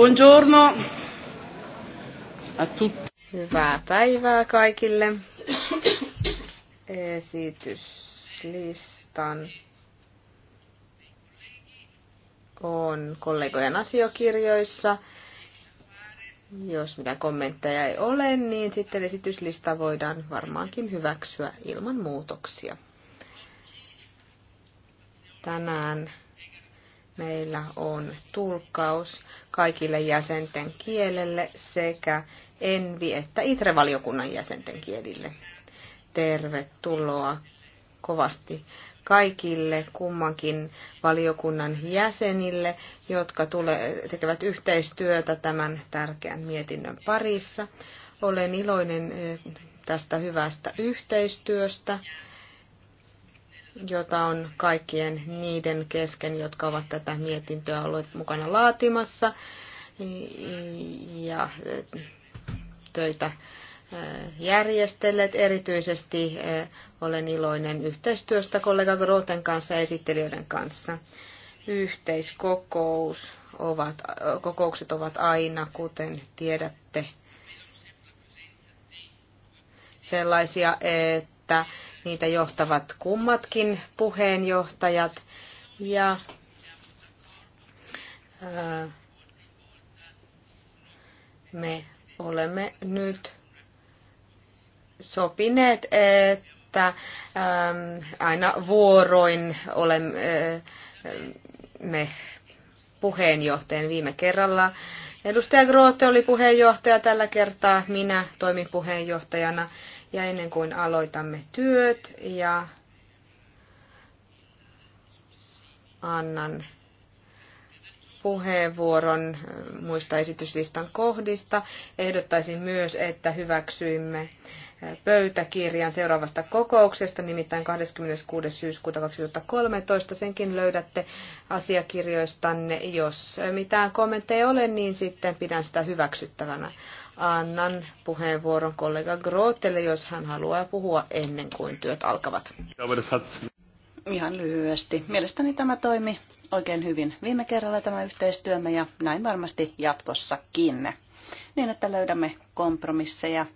Buongiorno a tutti. Hyvää päivää kaikille. Esityslistan on kollegojen asiakirjoissa. Jos mitä kommentteja ei ole, niin sitten esityslista voidaan varmaankin hyväksyä ilman muutoksia. Tänään Meillä on tulkkaus kaikille jäsenten kielelle sekä Envi- että Itre-valiokunnan jäsenten kielille. Tervetuloa kovasti kaikille kummankin valiokunnan jäsenille, jotka tule, tekevät yhteistyötä tämän tärkeän mietinnön parissa. Olen iloinen eh, tästä hyvästä yhteistyöstä jota on kaikkien niiden kesken, jotka ovat tätä mietintöä olleet mukana laatimassa ja eh, töitä eh, järjestelleet. Erityisesti eh, olen iloinen yhteistyöstä kollega Groten kanssa ja esittelijöiden kanssa. Yhteiskokous ovat, kokoukset ovat aina, kuten tiedätte, sellaisia, että Niitä johtavat kummatkin puheenjohtajat ja ää, me olemme nyt sopineet, että ää, aina vuoroin olemme me puheenjohtajan viime kerralla. Edustaja Groote oli puheenjohtaja tällä kertaa, minä toimin puheenjohtajana ja ennen kuin aloitamme työt ja annan puheenvuoron äh, muista esityslistan kohdista. Ehdottaisin myös, että hyväksyimme äh, pöytäkirjan seuraavasta kokouksesta, nimittäin 26. syyskuuta 2013. Senkin löydätte asiakirjoistanne. Jos mitään kommentteja ei ole, niin sitten pidän sitä hyväksyttävänä annan puheenvuoron kollega Grootelle, jos hän haluaa puhua ennen kuin työt alkavat. Ihan lyhyesti. Mielestäni tämä toimi oikein hyvin viime kerralla tämä yhteistyömme ja näin varmasti jatkossakin. Niin, että löydämme kompromisseja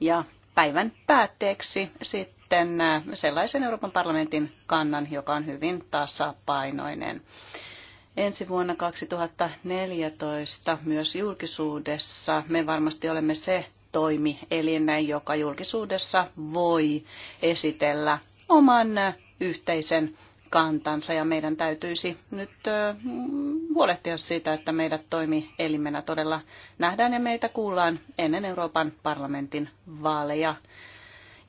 ja päivän päätteeksi sitten äh, sellaisen Euroopan parlamentin kannan, joka on hyvin tasapainoinen ensi vuonna 2014 myös julkisuudessa. Me varmasti olemme se toimielin, joka julkisuudessa voi esitellä oman yhteisen kantansa ja meidän täytyisi nyt huolehtia siitä, että meidät toimielimenä todella nähdään ja meitä kuullaan ennen Euroopan parlamentin vaaleja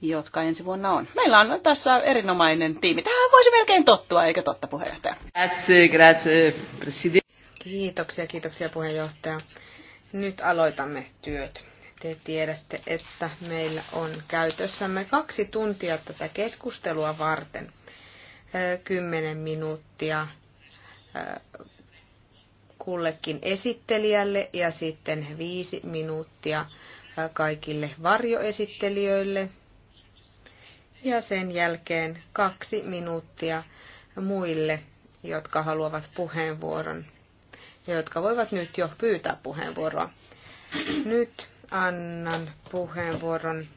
jotka ensi vuonna on. Meillä on tässä erinomainen tiimi. Tähän voisi melkein tottua, eikö totta puheenjohtaja? Grazie, grazie, presidente. Kiitoksia, kiitoksia puheenjohtaja. Nyt aloitamme työt. Te tiedätte, että meillä on käytössämme kaksi tuntia tätä keskustelua varten. Kymmenen minuuttia kullekin esittelijälle ja sitten viisi minuuttia kaikille varjoesittelijöille ja sen jälkeen kaksi minuuttia muille, jotka haluavat puheenvuoron ja jotka voivat nyt jo pyytää puheenvuoroa. Nyt annan puheenvuoron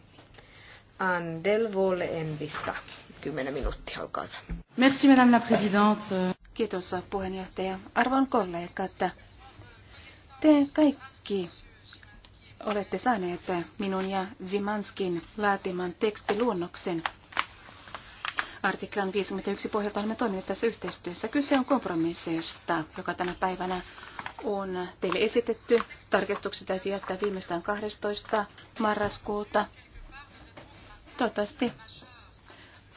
Andelvolle Envista. Kymmenen minuuttia, olkaa hyvä. Merci, madame la présidente. Kiitos, puheenjohtaja. Arvon kollegat, te kaikki olette saaneet minun ja Zimanskin laatiman tekstiluonnoksen. Artiklan 51 pohjalta olemme toimineet tässä yhteistyössä. Kyse on kompromisseista, joka tänä päivänä on teille esitetty. Tarkistukset täytyy jättää viimeistään 12. marraskuuta. Toivottavasti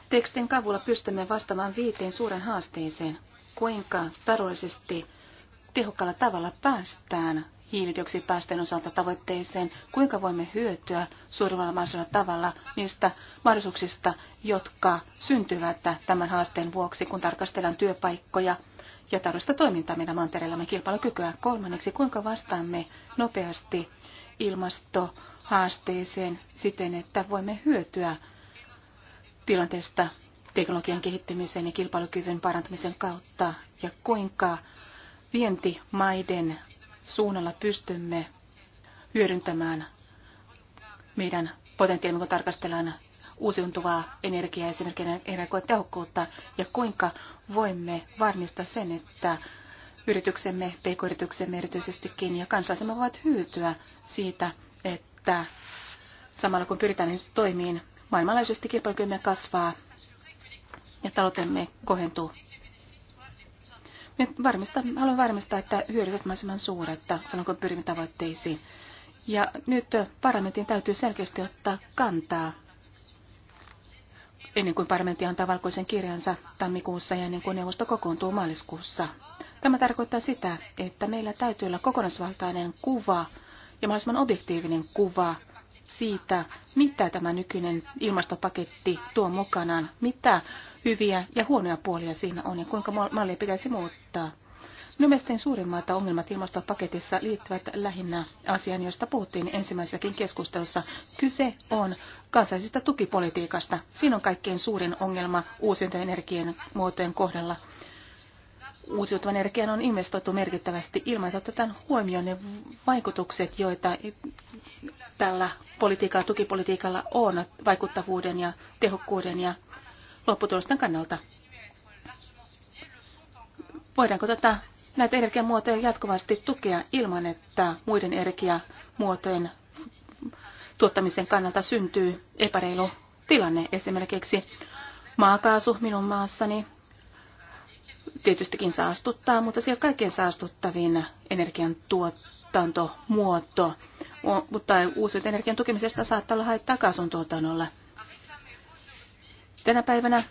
tekstin kavulla pystymme vastaamaan viiteen suuren haasteeseen. Kuinka taloudellisesti tehokkaalla tavalla päästään hiilidioksidipäästöjen osalta tavoitteeseen, kuinka voimme hyötyä suurimmalla mahdollisella tavalla niistä mahdollisuuksista, jotka syntyvät tämän haasteen vuoksi, kun tarkastellaan työpaikkoja ja taloudellista toimintaa meidän mantereellamme kilpailukykyä. Kolmanneksi, kuinka vastaamme nopeasti ilmastohaasteeseen siten, että voimme hyötyä tilanteesta teknologian kehittymisen ja kilpailukyvyn parantamisen kautta ja kuinka vientimaiden suunnalla pystymme hyödyntämään meidän potentiaalimme, kun tarkastellaan uusiutuvaa energiaa, esimerkiksi tehokkuutta ja kuinka voimme varmistaa sen, että yrityksemme, pk-yrityksemme erityisestikin ja kansalaisemme voivat hyötyä siitä, että samalla kun pyritään niin toimiin, maailmanlaajuisesti kilpailukykymme kasvaa ja taloutemme kohentuu varmista, haluan varmistaa, että hyödyt ovat mahdollisimman suuret, silloin kun pyrimme tavoitteisiin. Ja nyt parlamentin täytyy selkeästi ottaa kantaa ennen kuin parlamentti antaa valkoisen kirjansa tammikuussa ja ennen kuin neuvosto kokoontuu maaliskuussa. Tämä tarkoittaa sitä, että meillä täytyy olla kokonaisvaltainen kuva ja mahdollisimman objektiivinen kuva siitä, mitä tämä nykyinen ilmastopaketti tuo mukanaan, mitä hyviä ja huonoja puolia siinä on ja kuinka mallia pitäisi muuttaa. mielestäni suurimmat ongelmat ilmastopaketissa liittyvät lähinnä asiaan, josta puhuttiin ensimmäisessäkin keskustelussa. Kyse on kansallisesta tukipolitiikasta. Siinä on kaikkein suurin ongelma uusiutuvan energian muotojen kohdalla. Uusiutuvan energian on investoitu merkittävästi ilman, että otetaan huomioon ne vaikutukset, joita tällä politiikalla, tukipolitiikalla on vaikuttavuuden ja tehokkuuden ja lopputulosten kannalta. Voidaanko tätä, näitä energiamuotoja jatkuvasti tukea ilman, että muiden energiamuotojen tuottamisen kannalta syntyy epäreilu tilanne. Esimerkiksi maakaasu minun maassani tietystikin saastuttaa, mutta siellä kaikkein saastuttavin energian tuotantomuoto. mutta uusiut energian tukemisesta saattaa olla haittaa kaasun tuotannolle. Tänä päivänä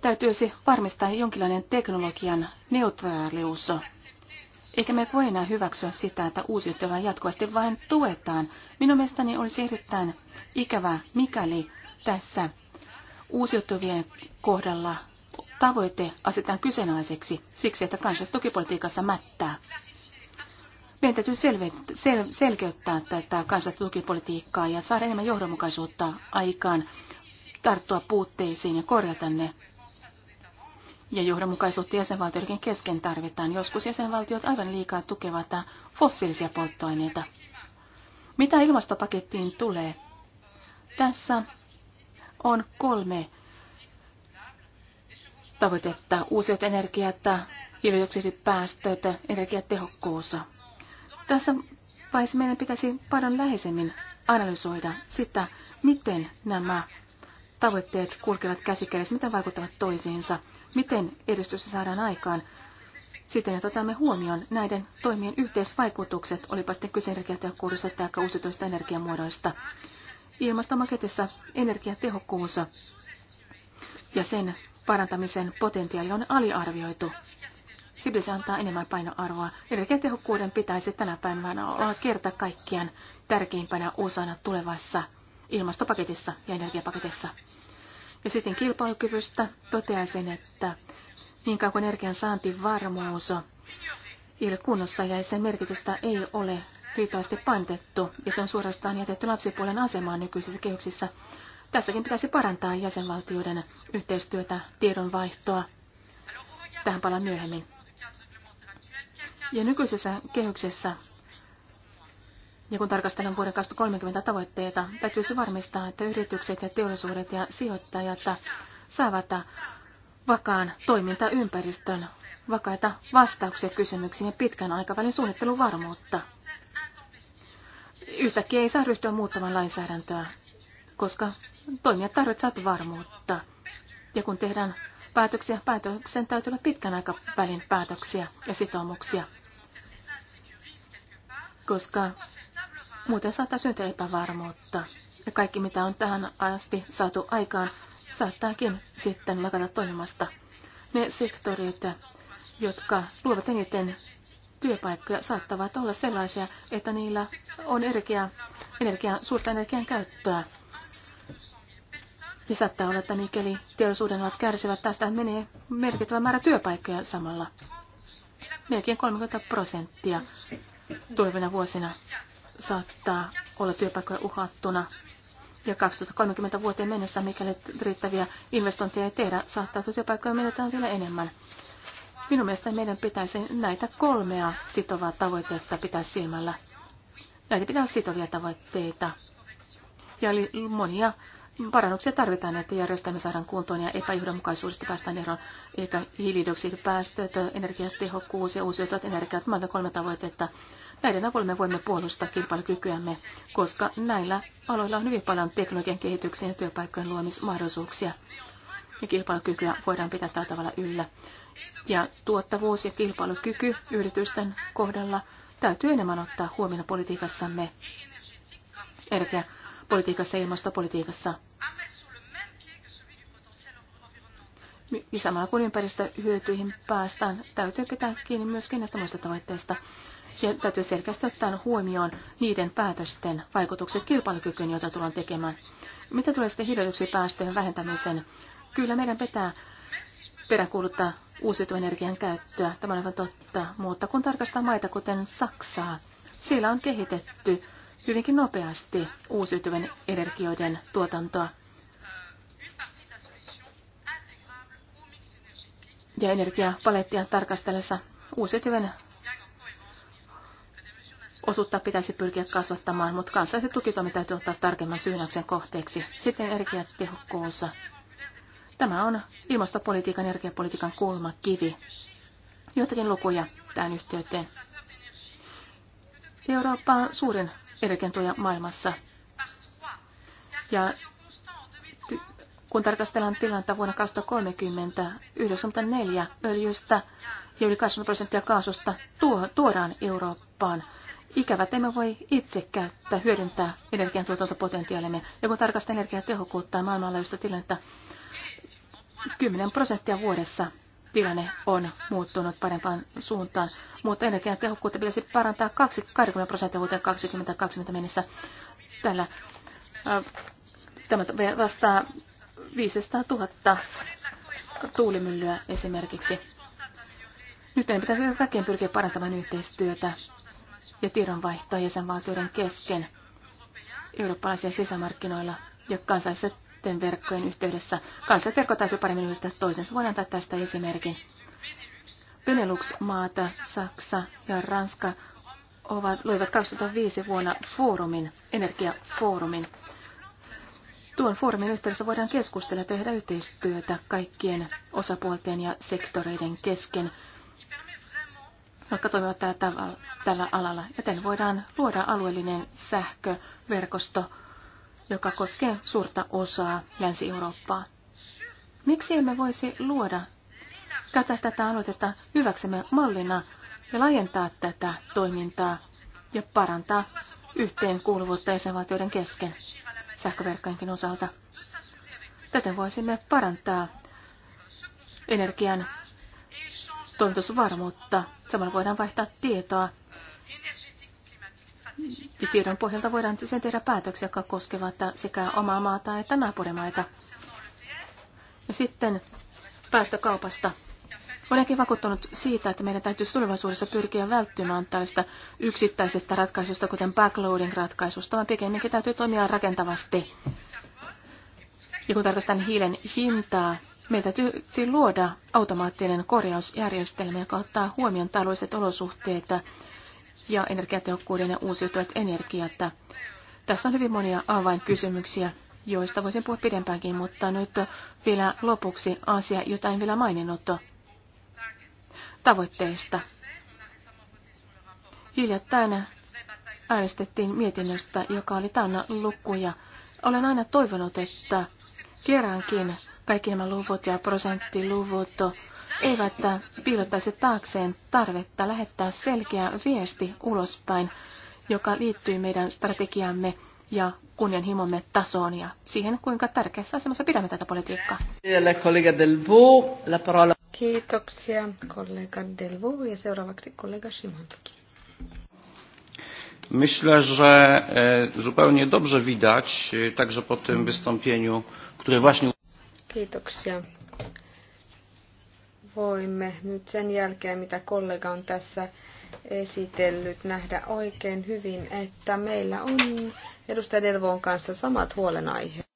täytyisi varmistaa jonkinlainen teknologian neutraalius. Eikä me voi enää hyväksyä sitä, että uusiutuvaa jatkuvasti vain tuetaan. Minun mielestäni olisi erittäin ikävää, mikäli tässä uusiutuvien kohdalla tavoite asetetaan kyseenalaiseksi siksi, että kansallisessa tukipolitiikassa mättää. Meidän täytyy selvet- sel- selkeyttää tätä kansallista tukipolitiikkaa ja saada enemmän johdonmukaisuutta aikaan tarttua puutteisiin ja korjata ne. Ja johdonmukaisuutta jäsenvaltioiden kesken tarvitaan. Joskus jäsenvaltiot aivan liikaa tukevat fossiilisia polttoaineita. Mitä ilmastopakettiin tulee? Tässä on kolme tavoitetta. Uusiot energiat, hiilidioksidipäästöt, energiatehokkuus. Tässä vaiheessa meidän pitäisi paljon läheisemmin analysoida sitä, miten nämä tavoitteet kulkevat käsikädessä, miten vaikuttavat toisiinsa, miten edistystä saadaan aikaan. Siten, että otamme huomioon näiden toimien yhteisvaikutukset, olipa sitten kyse energiatehokkuudesta tai uusitoista energiamuodoista. Ilmastomaketissa energiatehokkuus ja sen parantamisen potentiaali on aliarvioitu. Siksi se antaa enemmän painoarvoa. Energiatehokkuuden pitäisi tänä päivänä olla kerta kaikkiaan tärkeimpänä osana tulevassa ilmastopaketissa ja energiapaketissa. Ja sitten kilpailukyvystä toteaisin, että niin kauan kuin energian saantivarmuus ei ole kunnossa ja sen merkitystä ei ole riittävästi pantettu ja se on suorastaan jätetty lapsipuolen asemaan nykyisissä kehyksissä. Tässäkin pitäisi parantaa jäsenvaltioiden yhteistyötä, tiedonvaihtoa. Tähän palaan myöhemmin. Ja nykyisessä kehyksessä ja kun tarkastellaan vuoden 2030 tavoitteita, täytyisi varmistaa, että yritykset ja teollisuudet ja sijoittajat saavat vakaan toimintaympäristön, vakaita vastauksia kysymyksiin ja pitkän aikavälin suunnittelun varmuutta. Yhtäkkiä ei saa ryhtyä muuttamaan lainsäädäntöä, koska toimijat tarvitsevat varmuutta. Ja kun tehdään päätöksiä, päätöksen täytyy olla pitkän aikavälin päätöksiä ja sitoumuksia, koska Muuten saattaa syntyä epävarmuutta. Ja kaikki, mitä on tähän asti saatu aikaan, saattaakin sitten lakata toimimasta. Ne sektorit, jotka luovat eniten työpaikkoja, saattavat olla sellaisia, että niillä on energia, energia, suurta energian käyttöä. Ja saattaa olla, että mikäli teollisuuden alat kärsivät tästä, menee merkittävä määrä työpaikkoja samalla. Melkein 30 prosenttia tulevina vuosina saattaa olla työpaikkoja uhattuna. Ja 2030 vuoteen mennessä, mikäli riittäviä investointeja ei tehdä, saattaa työpaikkoja menetään vielä enemmän. Minun mielestäni meidän pitäisi näitä kolmea sitovaa tavoitetta pitää silmällä. Näitä pitää olla sitovia tavoitteita. Ja monia parannuksia tarvitaan, että järjestelmä saadaan kuntoon ja epäjohdonmukaisuudesta päästään eroon, eikä hiilidioksidipäästöt, energiatehokkuus ja uusiutuvat energiat, monta kolme tavoitetta, Näiden avulla me voimme puolustaa kilpailukykyämme, koska näillä aloilla on hyvin paljon teknologian kehityksen ja työpaikkojen luomismahdollisuuksia. Ja kilpailukykyä voidaan pitää tällä tavalla yllä. Ja tuottavuus ja kilpailukyky yritysten kohdalla täytyy enemmän ottaa huomioon politiikassamme, politiikassa ja ilmastopolitiikassa. Ja samalla kun ympäristöhyötyihin päästään, täytyy pitää kiinni myöskin näistä muista tavoitteista ja täytyy selkeästi ottaa huomioon niiden päätösten vaikutukset kilpailukykyyn, joita tullaan tekemään. Mitä tulee sitten päästöjen vähentämiseen? Kyllä meidän pitää peräkuuluttaa uusiutuvan energian käyttöä, tämä on aivan totta, mutta kun tarkastaa maita kuten Saksaa, siellä on kehitetty hyvinkin nopeasti uusiutuvan energioiden tuotantoa. Ja energiapalettia tarkastellessa uusiutuvan osuutta pitäisi pyrkiä kasvattamaan, mutta kansalliset tukitoimet täytyy ottaa tarkemman syynäyksen kohteeksi. Sitten energiatehokkuus. Tämä on ilmastopolitiikan, energiapolitiikan kulmakivi. Joitakin lukuja tähän yhteyteen. Eurooppa on suurin energiantuoja maailmassa. Ja kun tarkastellaan tilannetta vuonna 2030, 94 öljystä ja yli 80 prosenttia kaasusta tuodaan Eurooppaan. Ikävä, että emme voi itse käyttää, hyödyntää energiantuotantopotentiaalimme. Ja kun tarkastaa energiatehokkuutta ja maailmanlaajuista tilannetta, 10 prosenttia vuodessa tilanne on muuttunut parempaan suuntaan, mutta energiatehokkuutta pitäisi parantaa 20 prosenttia vuoteen 2020 mennessä. Tällä, äh, tämä vastaa 500 000 tuulimyllyä esimerkiksi. Nyt meidän pitää kaikkien pyrkiä parantamaan yhteistyötä ja tiedonvaihtoa jäsenvaltioiden kesken eurooppalaisilla sisämarkkinoilla ja kansallisten verkkojen yhteydessä. Kansalliset verkot täytyy paremmin yhdistää toisensa. Voin antaa tästä esimerkin. Benelux-maata, Saksa ja Ranska ovat, luivat 2005 vuonna foorumin, energiafoorumin. Tuon foorumin yhteydessä voidaan keskustella ja tehdä yhteistyötä kaikkien osapuolten ja sektoreiden kesken jotka toimivat tällä, tällä alalla. Joten voidaan luoda alueellinen sähköverkosto, joka koskee suurta osaa Länsi-Eurooppaa. Miksi emme voisi luoda käyttää tätä aloitetta hyväksemme mallina ja laajentaa tätä toimintaa ja parantaa yhteenkuuluvuutta jäsenvaltioiden kesken sähköverkkojenkin osalta. Täten voisimme parantaa energian toimitusvarmuutta. Samalla voidaan vaihtaa tietoa. Ja tiedon pohjalta voidaan sen tehdä päätöksiä, jotka koskevat sekä omaa maata että naapurimaita. Ja sitten päästökaupasta. Olenkin vakuuttunut siitä, että meidän täytyy tulevaisuudessa pyrkiä välttymään tällaista yksittäisestä ratkaisusta, kuten backloading ratkaisusta, vaan pikemminkin täytyy toimia rakentavasti. Ja kun tarkastan hiilen hintaa, meidän täytyy luoda automaattinen korjausjärjestelmä, joka ottaa huomioon taloudelliset olosuhteet ja energiatehokkuuden ja uusiutuvat energiat. Tässä on hyvin monia avainkysymyksiä, joista voisin puhua pidempäänkin, mutta nyt vielä lopuksi asia, jota en vielä maininnut tavoitteista. Hiljattain äänestettiin mietinnöstä, joka oli täynnä lukuja. Olen aina toivonut, että kerrankin kaikki nämä luvut ja prosenttiluvut eivät piilottaisi taakseen tarvetta lähettää selkeä viesti ulospäin, joka liittyy meidän strategiamme ja kunnianhimomme tasoon ja siihen, kuinka tärkeässä asemassa pidämme tätä politiikkaa. Kiitoksia kollega Delvu ja seuraavaksi kollega Szymanski. Myślę, że e, zupełnie dobrze widać, e, także po tym wystąpieniu, które właśnie Kiitoksia. Voimme nyt sen jälkeen, mitä kollega on tässä esitellyt, nähdä oikein hyvin, että meillä on edustaja Delvon kanssa samat huolenaiheet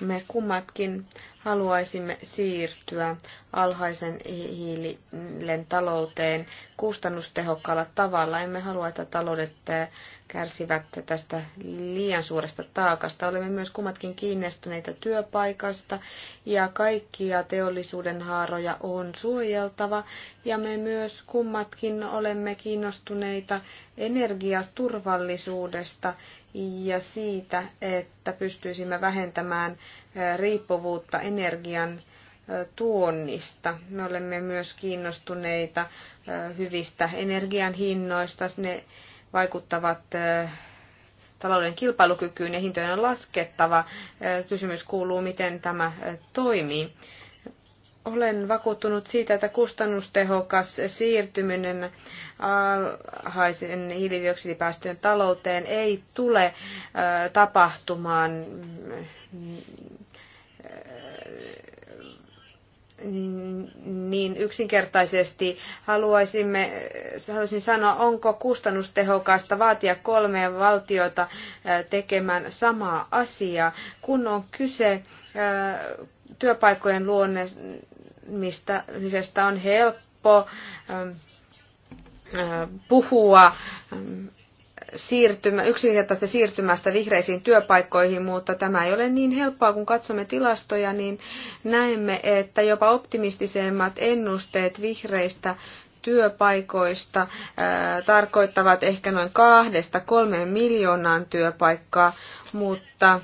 me kummatkin haluaisimme siirtyä alhaisen hiilen talouteen kustannustehokkaalla tavalla. Emme halua, että taloudet kärsivät tästä liian suuresta taakasta. Olemme myös kummatkin kiinnostuneita työpaikasta ja kaikkia teollisuuden haaroja on suojeltava. Ja me myös kummatkin olemme kiinnostuneita energiaturvallisuudesta ja siitä, että pystyisimme vähentämään riippuvuutta energian tuonnista. Me olemme myös kiinnostuneita hyvistä energian hinnoista. Ne vaikuttavat talouden kilpailukykyyn ja hintojen on laskettava. Kysymys kuuluu, miten tämä toimii. Olen vakuuttunut siitä, että kustannustehokas siirtyminen alhaisen hiilidioksidipäästöjen talouteen ei tule tapahtumaan mm, niin yksinkertaisesti haluaisimme, haluaisin sanoa, onko kustannustehokasta vaatia kolmea valtiota äh, tekemään samaa asiaa, kun on kyse äh, työpaikkojen luonnemisesta on helppo ähm, äh, puhua ähm, siirtymä, yksinkertaista siirtymästä vihreisiin työpaikkoihin, mutta tämä ei ole niin helppoa, kun katsomme tilastoja, niin näemme, että jopa optimistisemmat ennusteet vihreistä työpaikoista ää, tarkoittavat ehkä noin kahdesta kolmeen miljoonaan työpaikkaa, mutta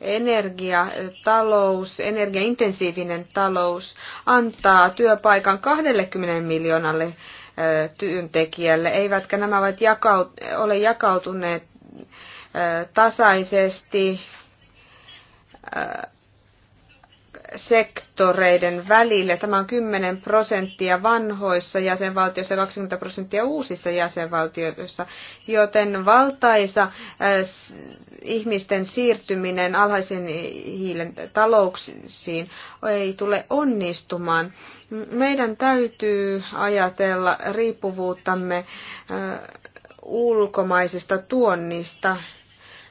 energiatalous, energiaintensiivinen talous antaa työpaikan 20 miljoonalle työntekijälle, eivätkä nämä ole jakautuneet tasaisesti sektoreiden välille. Tämä on 10 prosenttia vanhoissa jäsenvaltioissa ja 20 prosenttia uusissa jäsenvaltioissa, joten valtaisa äh, ihmisten siirtyminen alhaisen hiilen talouksiin ei tule onnistumaan. Meidän täytyy ajatella riippuvuuttamme äh, ulkomaisesta tuonnista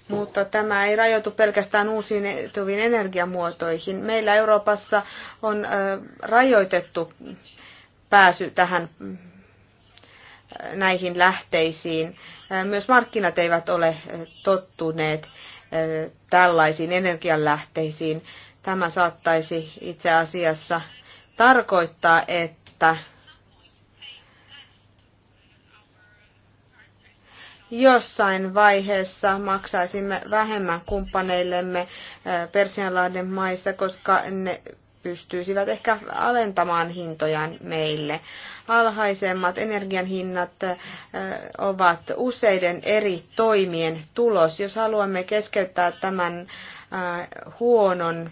mutta tämä ei rajoitu pelkästään uusiin tuviin energiamuotoihin. Meillä Euroopassa on rajoitettu pääsy tähän näihin lähteisiin. Myös markkinat eivät ole tottuneet tällaisiin energianlähteisiin. Tämä saattaisi itse asiassa tarkoittaa, että jossain vaiheessa maksaisimme vähemmän kumppaneillemme Persianlahden maissa, koska ne pystyisivät ehkä alentamaan hintojaan meille. Alhaisemmat energian hinnat ovat useiden eri toimien tulos. Jos haluamme keskeyttää tämän huonon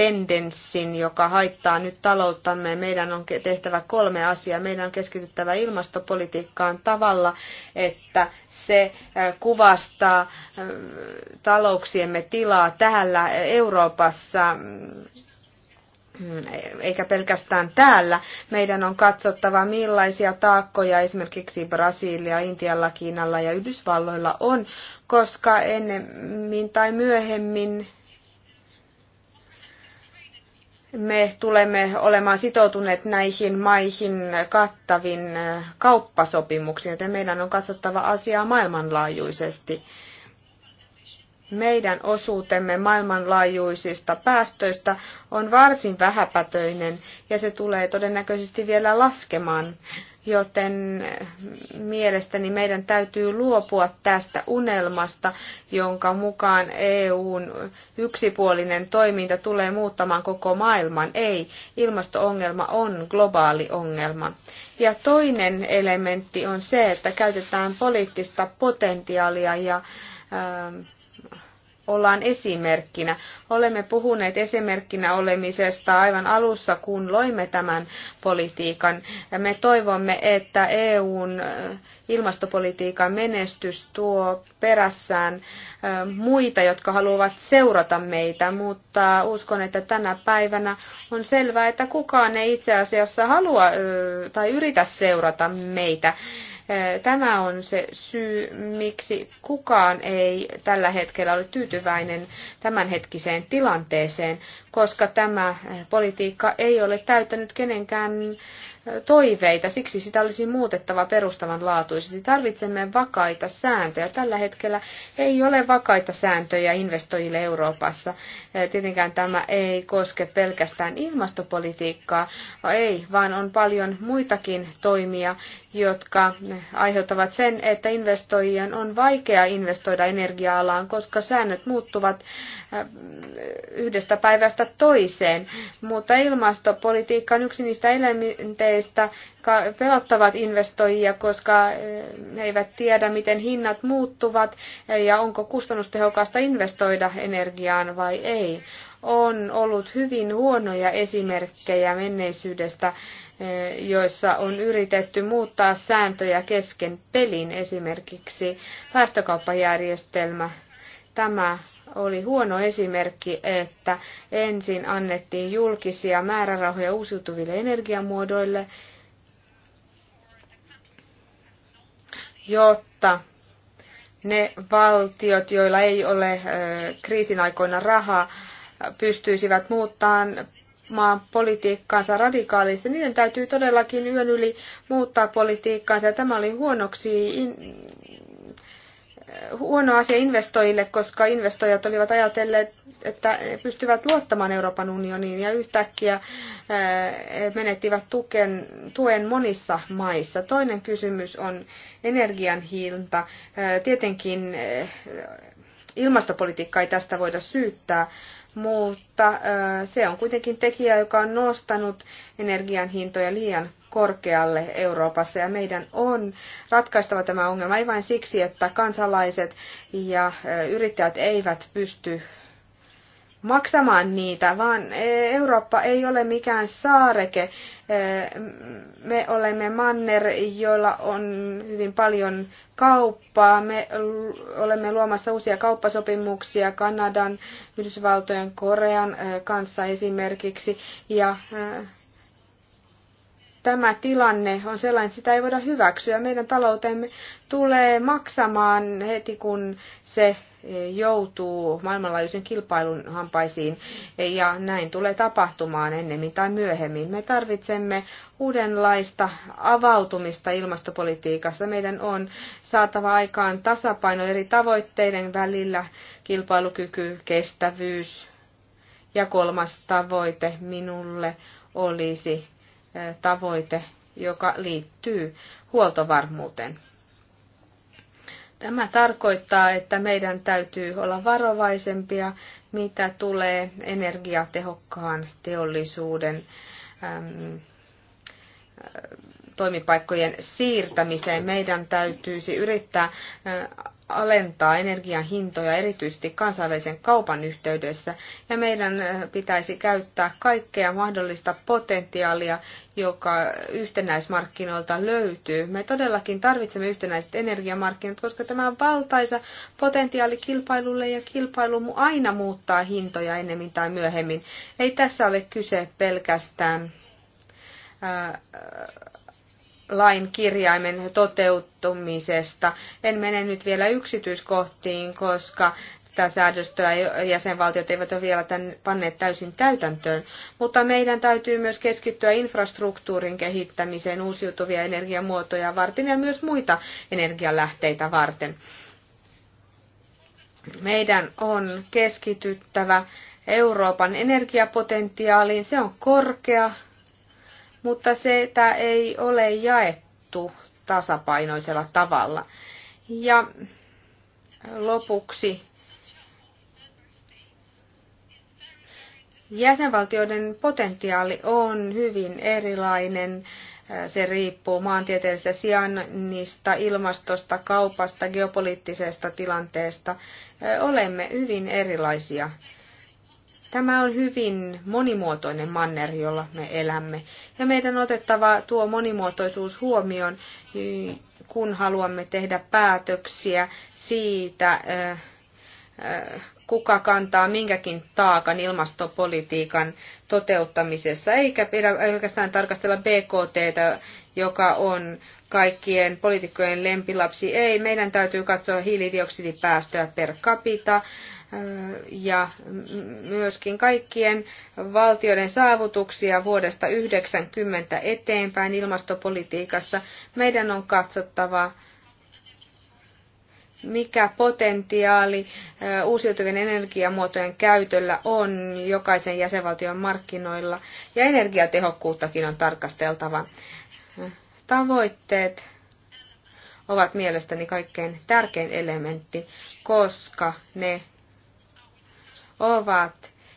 tendenssin, joka haittaa nyt talouttamme. Meidän on tehtävä kolme asiaa. Meidän on keskityttävä ilmastopolitiikkaan tavalla, että se äh, kuvastaa äh, talouksiemme tilaa täällä Euroopassa mm, eikä pelkästään täällä. Meidän on katsottava, millaisia taakkoja esimerkiksi Brasilia, Intialla, Kiinalla ja Yhdysvalloilla on, koska ennemmin tai myöhemmin me tulemme olemaan sitoutuneet näihin maihin kattavin kauppasopimuksiin, joten meidän on katsottava asiaa maailmanlaajuisesti. Meidän osuutemme maailmanlaajuisista päästöistä on varsin vähäpätöinen ja se tulee todennäköisesti vielä laskemaan joten mielestäni meidän täytyy luopua tästä unelmasta, jonka mukaan EUn yksipuolinen toiminta tulee muuttamaan koko maailman. Ei, ilmastoongelma on globaali ongelma. Ja toinen elementti on se, että käytetään poliittista potentiaalia ja ähm, ollaan esimerkkinä. Olemme puhuneet esimerkkinä olemisesta aivan alussa, kun loimme tämän politiikan. ja Me toivomme, että EUn ilmastopolitiikan menestys tuo perässään muita, jotka haluavat seurata meitä, mutta uskon, että tänä päivänä on selvää, että kukaan ei itse asiassa halua tai yritä seurata meitä. Tämä on se syy, miksi kukaan ei tällä hetkellä ole tyytyväinen tämänhetkiseen tilanteeseen, koska tämä politiikka ei ole täyttänyt kenenkään toiveita, siksi sitä olisi muutettava perustavanlaatuisesti. Tarvitsemme vakaita sääntöjä. Tällä hetkellä ei ole vakaita sääntöjä investoijille Euroopassa. Tietenkään tämä ei koske pelkästään ilmastopolitiikkaa, ei, vaan on paljon muitakin toimia, jotka aiheuttavat sen, että investoijien on vaikea investoida energia-alaan, koska säännöt muuttuvat äh, yhdestä päivästä toiseen. Mutta ilmastopolitiikka on yksi niistä elementeistä, jotka pelottavat investoijia, koska he äh, eivät tiedä, miten hinnat muuttuvat ja onko kustannustehokasta investoida energiaan vai ei on ollut hyvin huonoja esimerkkejä menneisyydestä joissa on yritetty muuttaa sääntöjä kesken pelin, esimerkiksi päästökauppajärjestelmä. Tämä oli huono esimerkki, että ensin annettiin julkisia määrärahoja uusiutuville energiamuodoille, jotta ne valtiot, joilla ei ole kriisin aikoina rahaa, pystyisivät muuttamaan omaa politiikkaansa radikaalisti. Niiden täytyy todellakin yön yli muuttaa politiikkaansa. Ja tämä oli huonoksi in, huono asia investoijille, koska investoijat olivat ajatelleet, että pystyvät luottamaan Euroopan unioniin ja yhtäkkiä eh, menettivät tuken, tuen monissa maissa. Toinen kysymys on energian hinta. Eh, tietenkin eh, ilmastopolitiikka ei tästä voida syyttää, mutta se on kuitenkin tekijä, joka on nostanut energian hintoja liian korkealle Euroopassa ja meidän on ratkaistava tämä ongelma ei vain siksi, että kansalaiset ja yrittäjät eivät pysty maksamaan niitä, vaan e, Eurooppa ei ole mikään saareke. E, me olemme manner, jolla on hyvin paljon kauppaa. Me olemme luomassa uusia kauppasopimuksia Kanadan, Yhdysvaltojen, Korean e, kanssa esimerkiksi. Ja tämä tilanne on sellainen, että sitä ei voida hyväksyä. Meidän taloutemme tulee maksamaan heti, kun se joutuu maailmanlaajuisen kilpailun hampaisiin ja näin tulee tapahtumaan ennemmin tai myöhemmin. Me tarvitsemme uudenlaista avautumista ilmastopolitiikassa. Meidän on saatava aikaan tasapaino eri tavoitteiden välillä, kilpailukyky, kestävyys ja kolmas tavoite minulle olisi eh, tavoite, joka liittyy huoltovarmuuteen. Tämä tarkoittaa, että meidän täytyy olla varovaisempia, mitä tulee energiatehokkaan teollisuuden toimipaikkojen siirtämiseen. Meidän täytyisi yrittää alentaa energian hintoja erityisesti kansainvälisen kaupan yhteydessä ja meidän pitäisi käyttää kaikkea mahdollista potentiaalia, joka yhtenäismarkkinoilta löytyy. Me todellakin tarvitsemme yhtenäiset energiamarkkinat, koska tämä on valtaisa potentiaali kilpailulle ja kilpailu aina muuttaa hintoja ennemmin tai myöhemmin. Ei tässä ole kyse pelkästään ää, lain kirjaimen toteuttumisesta. En mene nyt vielä yksityiskohtiin, koska tätä säädöstöä jäsenvaltiot eivät ole vielä tämän, panneet täysin täytäntöön, mutta meidän täytyy myös keskittyä infrastruktuurin kehittämiseen uusiutuvia energiamuotoja varten ja myös muita energialähteitä varten. Meidän on keskityttävä Euroopan energiapotentiaaliin. Se on korkea, mutta sitä ei ole jaettu tasapainoisella tavalla. Ja lopuksi jäsenvaltioiden potentiaali on hyvin erilainen. Se riippuu maantieteellisestä sijainnista, ilmastosta, kaupasta, geopoliittisesta tilanteesta. Olemme hyvin erilaisia Tämä on hyvin monimuotoinen manner, jolla me elämme. Ja meidän on otettava tuo monimuotoisuus huomioon, kun haluamme tehdä päätöksiä siitä, eh, eh, kuka kantaa minkäkin taakan ilmastopolitiikan toteuttamisessa, eikä pidä oikeastaan tarkastella BKT, joka on kaikkien poliitikkojen lempilapsi. Ei, meidän täytyy katsoa hiilidioksidipäästöä per capita, ja myöskin kaikkien valtioiden saavutuksia vuodesta 90 eteenpäin ilmastopolitiikassa. Meidän on katsottava, mikä potentiaali uusiutuvien energiamuotojen käytöllä on jokaisen jäsenvaltion markkinoilla, ja energiatehokkuuttakin on tarkasteltava. Tavoitteet ovat mielestäni kaikkein tärkein elementti, koska ne ovat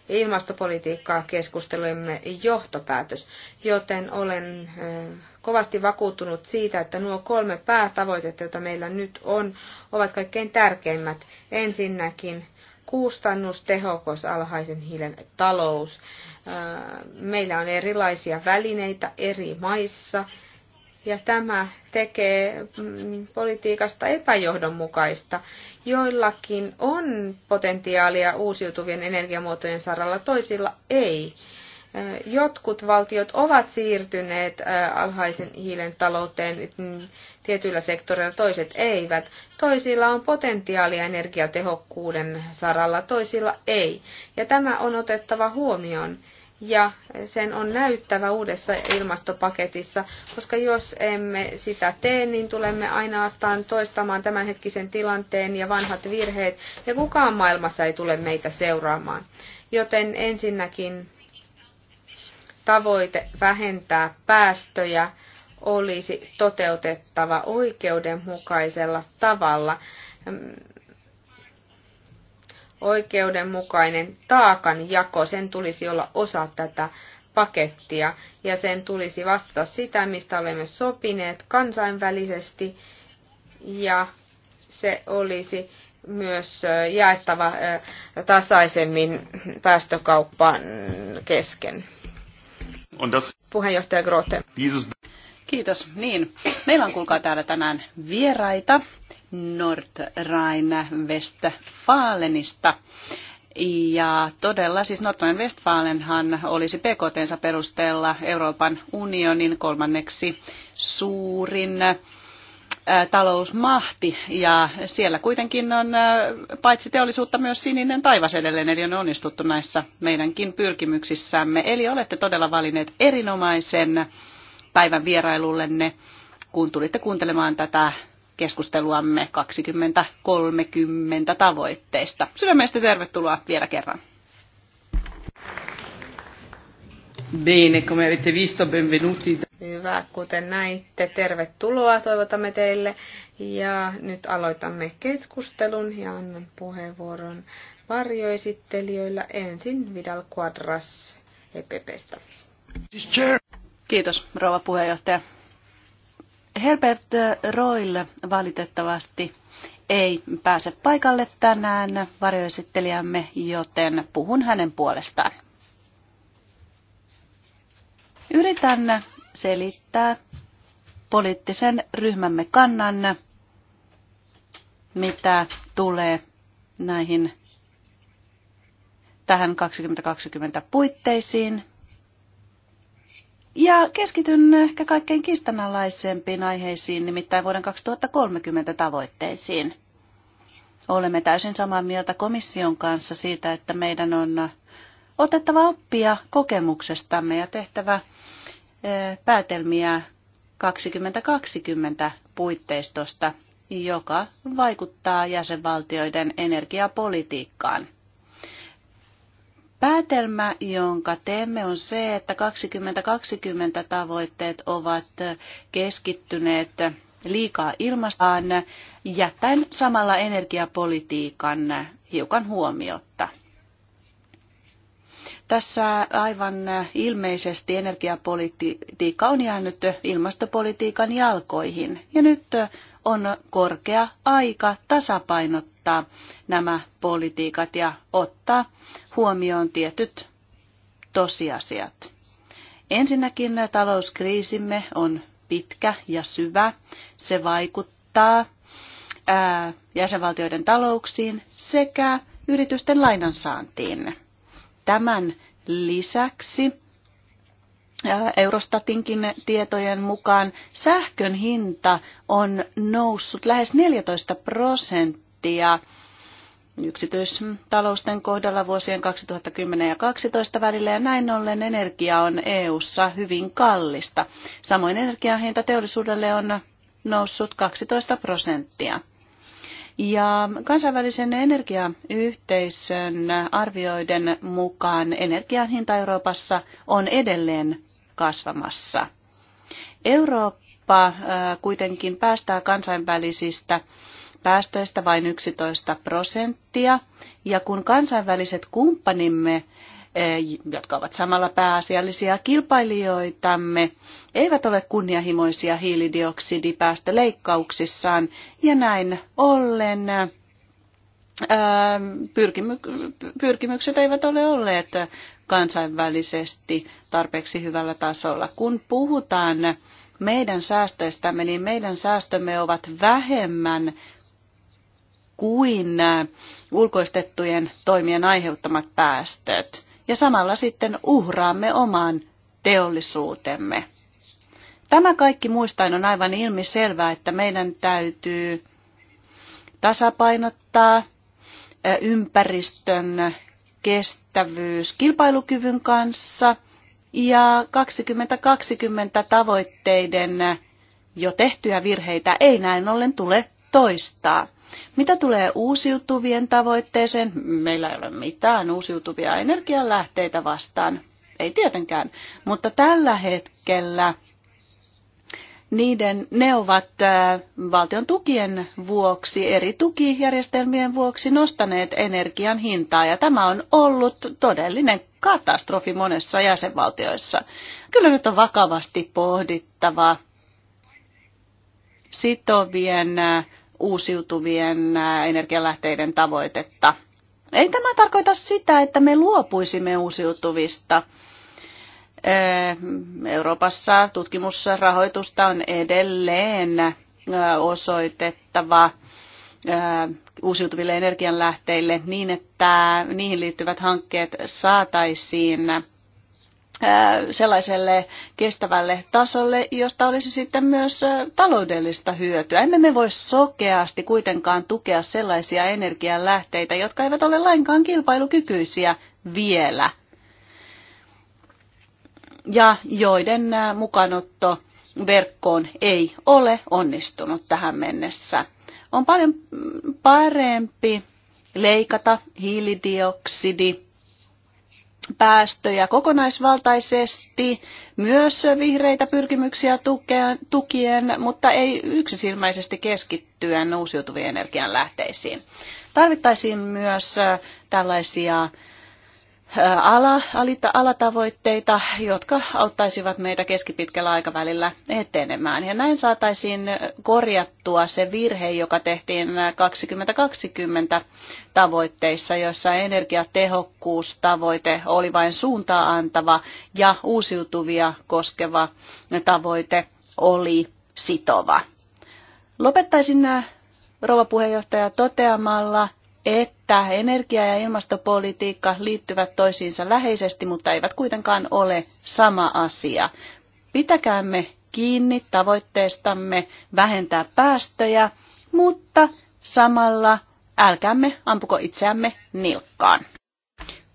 ilmastopolitiikkaa keskustelujemme johtopäätös, joten olen kovasti vakuuttunut siitä, että nuo kolme päätavoitetta, joita meillä nyt on, ovat kaikkein tärkeimmät. Ensinnäkin kustannustehokas alhaisen hiilen talous. Meillä on erilaisia välineitä eri maissa ja tämä tekee mm, politiikasta epäjohdonmukaista. Joillakin on potentiaalia uusiutuvien energiamuotojen saralla, toisilla ei. Jotkut valtiot ovat siirtyneet alhaisen hiilen talouteen mm, tietyillä sektoreilla, toiset eivät. Toisilla on potentiaalia energiatehokkuuden saralla, toisilla ei. Ja tämä on otettava huomioon ja sen on näyttävä uudessa ilmastopaketissa, koska jos emme sitä tee, niin tulemme ainoastaan toistamaan tämänhetkisen tilanteen ja vanhat virheet, ja kukaan maailmassa ei tule meitä seuraamaan. Joten ensinnäkin tavoite vähentää päästöjä olisi toteutettava oikeudenmukaisella tavalla Oikeudenmukainen taakan jako sen tulisi olla osa tätä pakettia ja sen tulisi vastata sitä, mistä olemme sopineet kansainvälisesti ja se olisi myös jaettava tasaisemmin päästökauppaan kesken. On das Puheenjohtaja Grote. Kiitos. Niin, meillä on kuulkaa täällä tänään vieraita Nordrhein-Westfalenista. Ja todella siis Nordrhein Westfalenhan olisi PKTnsa perusteella Euroopan unionin kolmanneksi suurin äh, talousmahti ja siellä kuitenkin on äh, paitsi teollisuutta myös sininen taivas edelleen, eli on onnistuttu näissä meidänkin pyrkimyksissämme. Eli olette todella valinneet erinomaisen päivän vierailullenne, kun tulitte kuuntelemaan tätä keskusteluamme 2030 tavoitteista. Sydämestä tervetuloa vielä kerran. Bene, come avete visto, benvenuti. Hyvä, kuten näitte, tervetuloa toivotamme teille. Ja nyt aloitamme keskustelun ja annan puheenvuoron varjoesittelijöillä ensin Vidal Quadras EPPstä. Kiitos, rouva puheenjohtaja. Herbert Roil valitettavasti ei pääse paikalle tänään varjoesittelijämme, joten puhun hänen puolestaan. Yritän selittää poliittisen ryhmämme kannan, mitä tulee näihin tähän 2020 puitteisiin, ja keskityn ehkä kaikkein kistanalaisempiin aiheisiin, nimittäin vuoden 2030 tavoitteisiin. Olemme täysin samaa mieltä komission kanssa siitä, että meidän on otettava oppia kokemuksestamme ja tehtävä eh, päätelmiä 2020 puitteistosta, joka vaikuttaa jäsenvaltioiden energiapolitiikkaan – Päätelmä, jonka teemme, on se, että 2020 tavoitteet ovat keskittyneet liikaa ilmastaan, jättäen samalla energiapolitiikan hiukan huomiotta. Tässä aivan ilmeisesti energiapolitiikka on jäänyt ilmastopolitiikan jalkoihin ja nyt on korkea aika tasapainottaa nämä politiikat ja ottaa huomioon tietyt tosiasiat. Ensinnäkin talouskriisimme on pitkä ja syvä. Se vaikuttaa ää, jäsenvaltioiden talouksiin sekä yritysten lainansaantiin. Tämän lisäksi Eurostatinkin tietojen mukaan sähkön hinta on noussut lähes 14 prosenttia yksityistalousten kohdalla vuosien 2010 ja 2012 välillä ja näin ollen energia on EU:ssa hyvin kallista. Samoin energian hinta teollisuudelle on noussut 12 prosenttia. Ja kansainvälisen energiayhteisön arvioiden mukaan energian hinta Euroopassa on edelleen kasvamassa. Eurooppa äh, kuitenkin päästää kansainvälisistä päästöistä vain 11 prosenttia, ja kun kansainväliset kumppanimme jotka ovat samalla pääasiallisia kilpailijoitamme, eivät ole kunnianhimoisia hiilidioksidipäästöleikkauksissaan ja näin ollen pyrkimykset eivät ole olleet kansainvälisesti tarpeeksi hyvällä tasolla. Kun puhutaan meidän säästöistämme, niin meidän säästömme ovat vähemmän kuin ulkoistettujen toimien aiheuttamat päästöt ja samalla sitten uhraamme omaan teollisuutemme. Tämä kaikki muistain on aivan ilmiselvää, että meidän täytyy tasapainottaa ympäristön kestävyys kilpailukyvyn kanssa ja 2020 tavoitteiden jo tehtyjä virheitä ei näin ollen tule toistaa. Mitä tulee uusiutuvien tavoitteeseen? Meillä ei ole mitään uusiutuvia energialähteitä vastaan. Ei tietenkään, mutta tällä hetkellä niiden, ne ovat äh, valtion tukien vuoksi, eri tukijärjestelmien vuoksi nostaneet energian hintaa ja tämä on ollut todellinen katastrofi monessa jäsenvaltioissa. Kyllä nyt on vakavasti pohdittava sitovien äh, uusiutuvien äh, energialähteiden tavoitetta. Ei tämä tarkoita sitä, että me luopuisimme uusiutuvista. Äh, Euroopassa tutkimusrahoitusta on edelleen äh, osoitettava uusiutuville energianlähteille niin, että niihin liittyvät hankkeet saataisiin sellaiselle kestävälle tasolle, josta olisi sitten myös taloudellista hyötyä. Emme me voi sokeasti kuitenkaan tukea sellaisia energianlähteitä, jotka eivät ole lainkaan kilpailukykyisiä vielä ja joiden mukanotto verkkoon ei ole onnistunut tähän mennessä. On paljon mm, parempi leikata hiilidioksidi päästöjä kokonaisvaltaisesti, myös vihreitä pyrkimyksiä tukien, mutta ei yksisilmäisesti keskittyen uusiutuvien lähteisiin. Tarvittaisiin myös tällaisia ala, alita, alatavoitteita, jotka auttaisivat meitä keskipitkällä aikavälillä etenemään. Ja näin saataisiin korjattua se virhe, joka tehtiin 2020 tavoitteissa, jossa energiatehokkuustavoite oli vain suuntaa antava ja uusiutuvia koskeva tavoite oli sitova. Lopettaisin nämä rouva puheenjohtaja toteamalla, että energia- ja ilmastopolitiikka liittyvät toisiinsa läheisesti, mutta eivät kuitenkaan ole sama asia. Pitäkäämme kiinni tavoitteestamme vähentää päästöjä, mutta samalla älkäämme ampuko itseämme nilkkaan.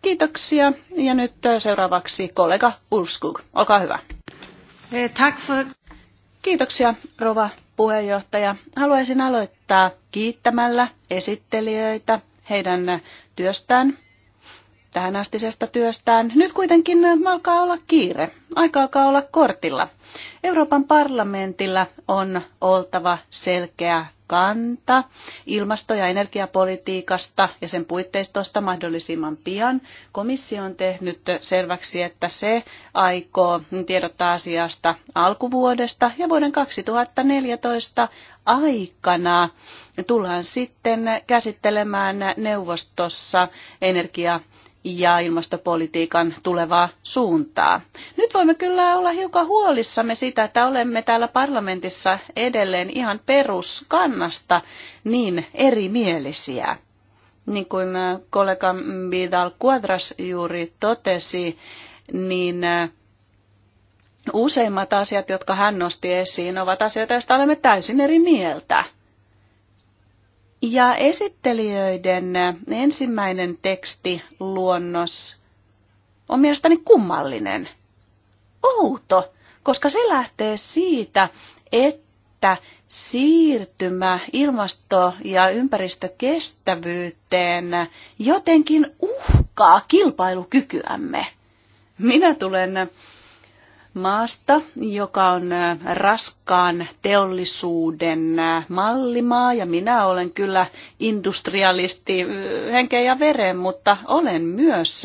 Kiitoksia ja nyt seuraavaksi kollega Ulskog. Olkaa hyvä. Eh, Kiitoksia, Rova puheenjohtaja. Haluaisin aloittaa kiittämällä esittelijöitä heidän työstään, tähänastisesta työstään. Nyt kuitenkin alkaa olla kiire, aika alkaa olla kortilla. Euroopan parlamentilla on oltava selkeä kanta ilmasto- ja energiapolitiikasta ja sen puitteistosta mahdollisimman pian. Komissio on tehnyt selväksi, että se aikoo tiedottaa asiasta alkuvuodesta ja vuoden 2014 aikana tullaan sitten käsittelemään neuvostossa energia- ja ilmastopolitiikan tulevaa suuntaa. Nyt voimme kyllä olla hiukan huolissamme sitä, että olemme täällä parlamentissa edelleen ihan peruskannasta niin erimielisiä. Niin kuin äh, kollega Vidal Quadras juuri totesi, niin äh, useimmat asiat, jotka hän nosti esiin, ovat asioita, joista olemme täysin eri mieltä. Ja esittelijöiden ensimmäinen teksti luonnos on mielestäni kummallinen, outo, koska se lähtee siitä, että siirtymä ilmasto- ja ympäristökestävyyteen jotenkin uhkaa kilpailukykyämme. Minä tulen maasta, joka on raskaan teollisuuden mallimaa ja minä olen kyllä industrialisti henkeä ja veren, mutta olen myös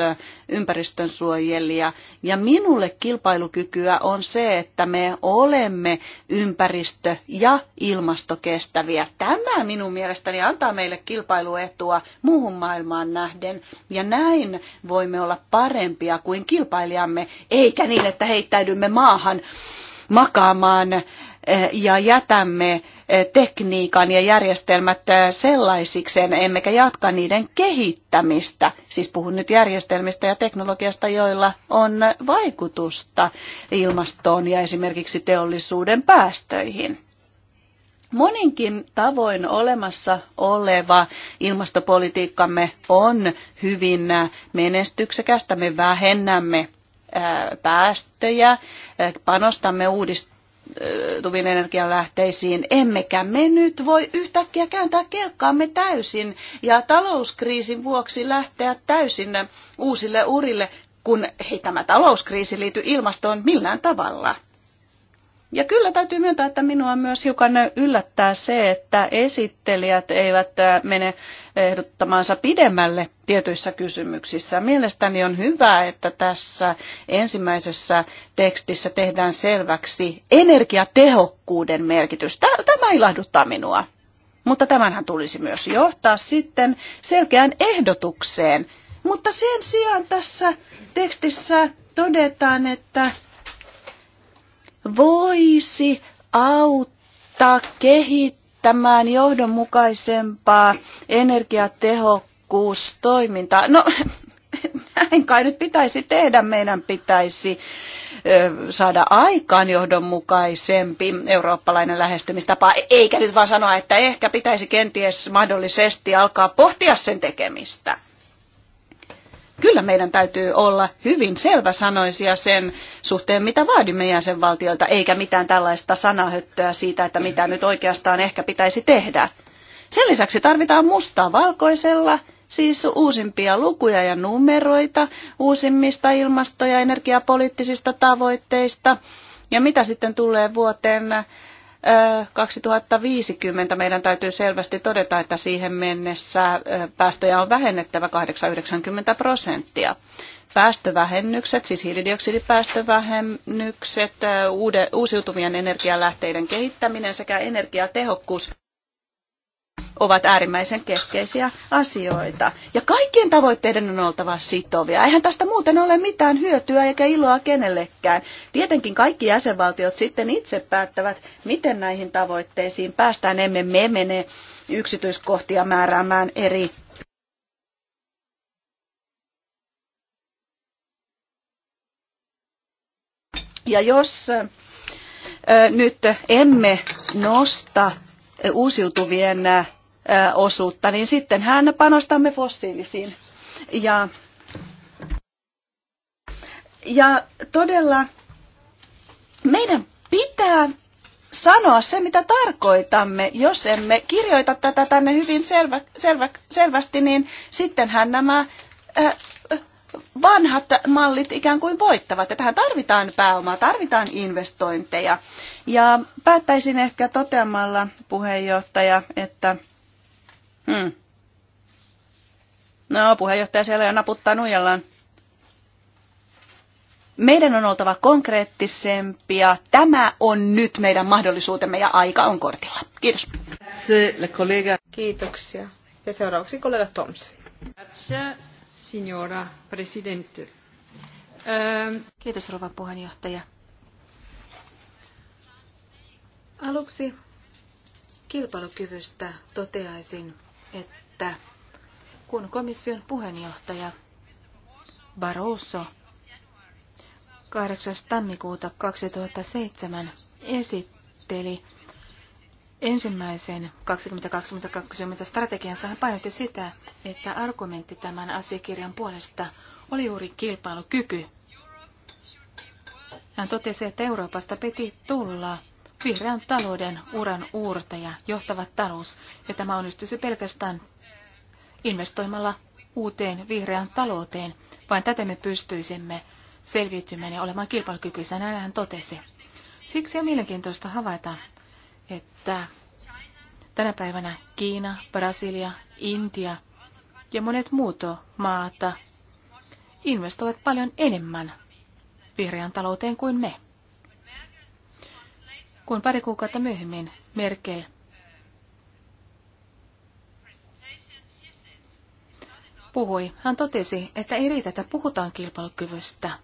ympäristön suojelija. Ja minulle kilpailukykyä on se, että me olemme ympäristö- ja ilmastokestäviä. Tämä minun mielestäni antaa meille kilpailuetua muuhun maailmaan nähden. Ja näin voimme olla parempia kuin kilpailijamme, eikä niin, että heittäydymme maahan makaamaan ja jätämme eh, tekniikan ja järjestelmät eh, sellaisikseen, emmekä jatka niiden kehittämistä. Siis puhun nyt järjestelmistä ja teknologiasta, joilla on vaikutusta ilmastoon ja esimerkiksi teollisuuden päästöihin. Moninkin tavoin olemassa oleva ilmastopolitiikkamme on hyvin eh, menestyksekästä. Me vähennämme päästöjä, panostamme uudist- uusiutuviin energialähteisiin, emmekä me nyt voi yhtäkkiä kääntää kelkkaamme täysin ja talouskriisin vuoksi lähteä täysin uusille urille, kun ei tämä talouskriisi liity ilmastoon millään tavalla. Ja kyllä täytyy myöntää, että minua myös hiukan yllättää se, että esittelijät eivät mene ehdottamaansa pidemmälle tietyissä kysymyksissä. Mielestäni on hyvä, että tässä ensimmäisessä tekstissä tehdään selväksi energiatehokkuuden merkitys. Tämä ilahduttaa minua. Mutta tämänhän tulisi myös johtaa sitten selkeään ehdotukseen. Mutta sen sijaan tässä tekstissä todetaan, että voisi auttaa kehittämään tämän johdonmukaisempaa energiatehokkuustoimintaa. No, näin kai nyt pitäisi tehdä. Meidän pitäisi saada aikaan johdonmukaisempi eurooppalainen lähestymistapa, eikä nyt vaan sanoa, että ehkä pitäisi kenties mahdollisesti alkaa pohtia sen tekemistä kyllä meidän täytyy olla hyvin selväsanoisia sen suhteen, mitä vaadimme jäsenvaltioilta, eikä mitään tällaista sanahöttöä siitä, että mitä nyt oikeastaan ehkä pitäisi tehdä. Sen lisäksi tarvitaan mustaa valkoisella, siis uusimpia lukuja ja numeroita uusimmista ilmasto- ja energiapoliittisista tavoitteista. Ja mitä sitten tulee vuoteen 2050 meidän täytyy selvästi todeta, että siihen mennessä päästöjä on vähennettävä 890 prosenttia. Päästövähennykset, siis hiilidioksidipäästövähennykset, uusiutuvien energialähteiden kehittäminen sekä energiatehokkuus ovat äärimmäisen keskeisiä asioita. Ja kaikkien tavoitteiden on oltava sitovia. Eihän tästä muuten ole mitään hyötyä eikä iloa kenellekään. Tietenkin kaikki jäsenvaltiot sitten itse päättävät, miten näihin tavoitteisiin päästään. Emme me mene yksityiskohtia määräämään eri Ja jos nyt emme nosta uusiutuvien osuutta, niin sittenhän panostamme fossiilisiin. Ja, ja todella meidän pitää sanoa se, mitä tarkoitamme. Jos emme kirjoita tätä tänne hyvin selvä, selvä, selvästi, niin sittenhän nämä vanhat mallit ikään kuin voittavat. Ja tähän tarvitaan pääomaa, tarvitaan investointeja. Ja päättäisin ehkä toteamalla puheenjohtaja, että Hmm. No, puheenjohtaja siellä jo naputtaa nuijallaan. Meidän on oltava konkreettisempia. Tämä on nyt meidän mahdollisuutemme ja aika on kortilla. Kiitos. Kiitoksia. Ja seuraavaksi kollega Thompson. Signora ehm, Kiitos rouva puheenjohtaja. Aluksi kilpailukyvystä toteaisin, että kun komission puheenjohtaja Barroso 8. tammikuuta 2007 esitteli ensimmäisen 2020 strategiansa hän painotti sitä, että argumentti tämän asiakirjan puolesta oli juuri kilpailukyky. Hän totesi, että Euroopasta piti tulla vihreän talouden uran uurtaja, johtavat talous, ja tämä onnistuisi pelkästään investoimalla uuteen vihreään talouteen. Vain tätä me pystyisimme selviytymään ja olemaan kilpailukykyisiä, näin hän totesi. Siksi on mielenkiintoista havaita, että tänä päivänä Kiina, Brasilia, Intia ja monet muut maata investoivat paljon enemmän vihreän talouteen kuin me kun pari kuukautta myöhemmin Merkel puhui. Hän totesi, että ei riitä, että puhutaan kilpailukyvystä,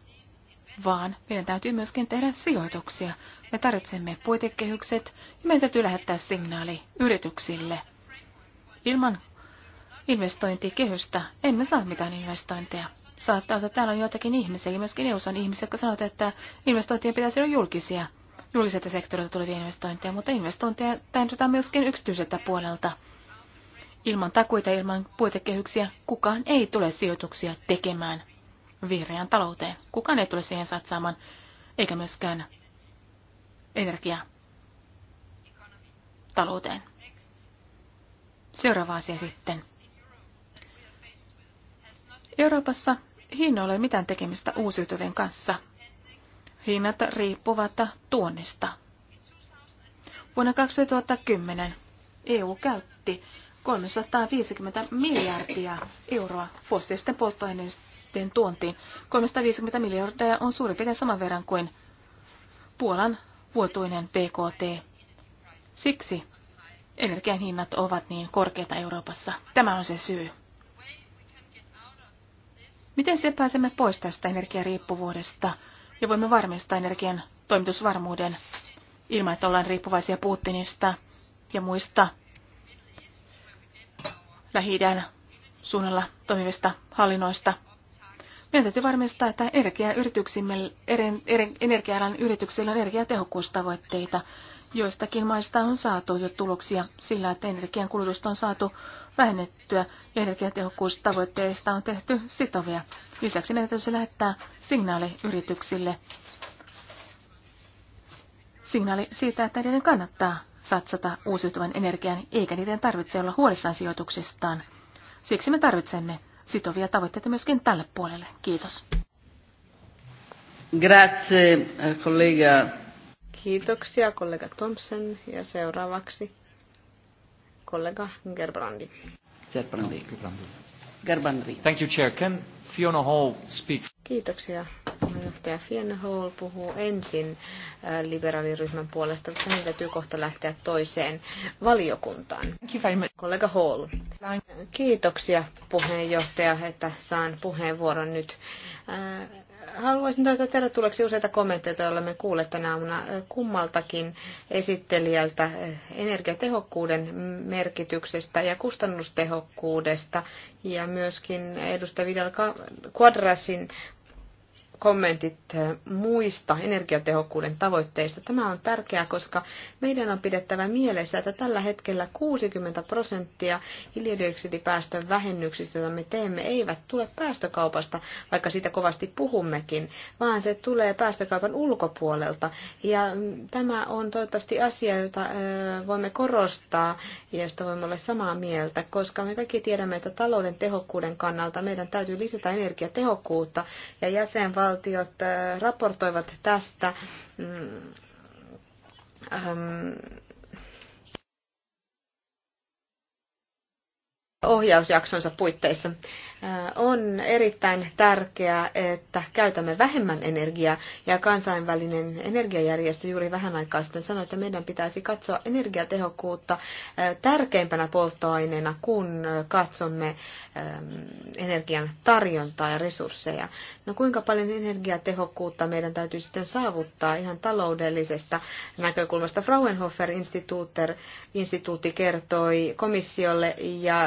vaan meidän täytyy myöskin tehdä sijoituksia. Me tarvitsemme puitekehykset ja meidän täytyy lähettää signaali yrityksille. Ilman investointikehystä emme saa mitään investointeja. Saattaa olla, että täällä on joitakin ihmisiä, myöskin EU:ssa on ihmisiä, jotka sanovat, että investointien pitäisi olla julkisia julkiselta sektorilta tulevia investointeja, mutta investointeja tarvitaan myöskin yksityiseltä puolelta. Ilman takuita, ilman puitekehyksiä kukaan ei tule sijoituksia tekemään vihreään talouteen. Kukaan ei tule siihen satsaamaan, eikä myöskään energiaa talouteen. Seuraava asia sitten. Euroopassa hinnoilla ei ole mitään tekemistä uusiutuvien kanssa – hinnat riippuvat tuonnista. Vuonna 2010 EU käytti 350 miljardia euroa fossiilisten polttoaineiden tuontiin. 350 miljardia on suurin piirtein saman verran kuin Puolan vuotuinen PKT. Siksi energian hinnat ovat niin korkeita Euroopassa. Tämä on se syy. Miten se pääsemme pois tästä energiariippuvuudesta? ja voimme varmistaa energian toimitusvarmuuden ilman, että ollaan riippuvaisia Putinista ja muista lähi suunnalla toimivista hallinnoista. Meidän täytyy varmistaa, että energiayrityksillä, energia-alan yrityksillä on energiatehokkuustavoitteita Joistakin maista on saatu jo tuloksia sillä, että energian kulutusta on saatu vähennettyä ja energiatehokkuustavoitteista on tehty sitovia. Lisäksi meidän täytyy lähettää signaali yrityksille. Signaali siitä, että niiden kannattaa satsata uusiutuvan energian, eikä niiden tarvitse olla huolissaan sijoituksistaan. Siksi me tarvitsemme sitovia tavoitteita myöskin tälle puolelle. Kiitos. Grazie, eh, Kiitoksia kollega Thompson ja seuraavaksi kollega Gerbrandi. No, Gerbrandi. Gerbrandi. Thank you, Chair. Can Fiona Hall speak? Kiitoksia. Puheenjohtaja Fiona Hall puhuu ensin äh, liberaaliryhmän puolesta, mutta hänen täytyy kohta lähteä toiseen valiokuntaan. Kollega Hall. Kiitoksia puheenjohtaja, että saan puheenvuoron nyt. Äh, Haluaisin toivottaa tervetulleeksi useita kommentteja, joilla me kuulee tänä aamuna kummaltakin esittelijältä energiatehokkuuden merkityksestä ja kustannustehokkuudesta ja myöskin edustaja Vidal Quadrasin kommentit eh, muista energiatehokkuuden tavoitteista. Tämä on tärkeää, koska meidän on pidettävä mielessä, että tällä hetkellä 60 prosenttia hiilidioksidipäästön vähennyksistä, joita me teemme, eivät tule päästökaupasta, vaikka siitä kovasti puhummekin, vaan se tulee päästökaupan ulkopuolelta. Ja mm, tämä on toivottavasti asia, jota eh, voimme korostaa ja josta voimme olla samaa mieltä, koska me kaikki tiedämme, että talouden tehokkuuden kannalta meidän täytyy lisätä energiatehokkuutta ja jäsenvaltioita jäsenvaltiot äh, raportoivat tästä mm, ähm, ohjausjaksonsa puitteissa. On erittäin tärkeää, että käytämme vähemmän energiaa ja kansainvälinen energiajärjestö juuri vähän aikaa sitten sanoi, että meidän pitäisi katsoa energiatehokkuutta tärkeimpänä polttoaineena, kun katsomme energian tarjontaa ja resursseja. No kuinka paljon energiatehokkuutta meidän täytyy sitten saavuttaa ihan taloudellisesta näkökulmasta? Fraunhofer-instituutti kertoi komissiolle ja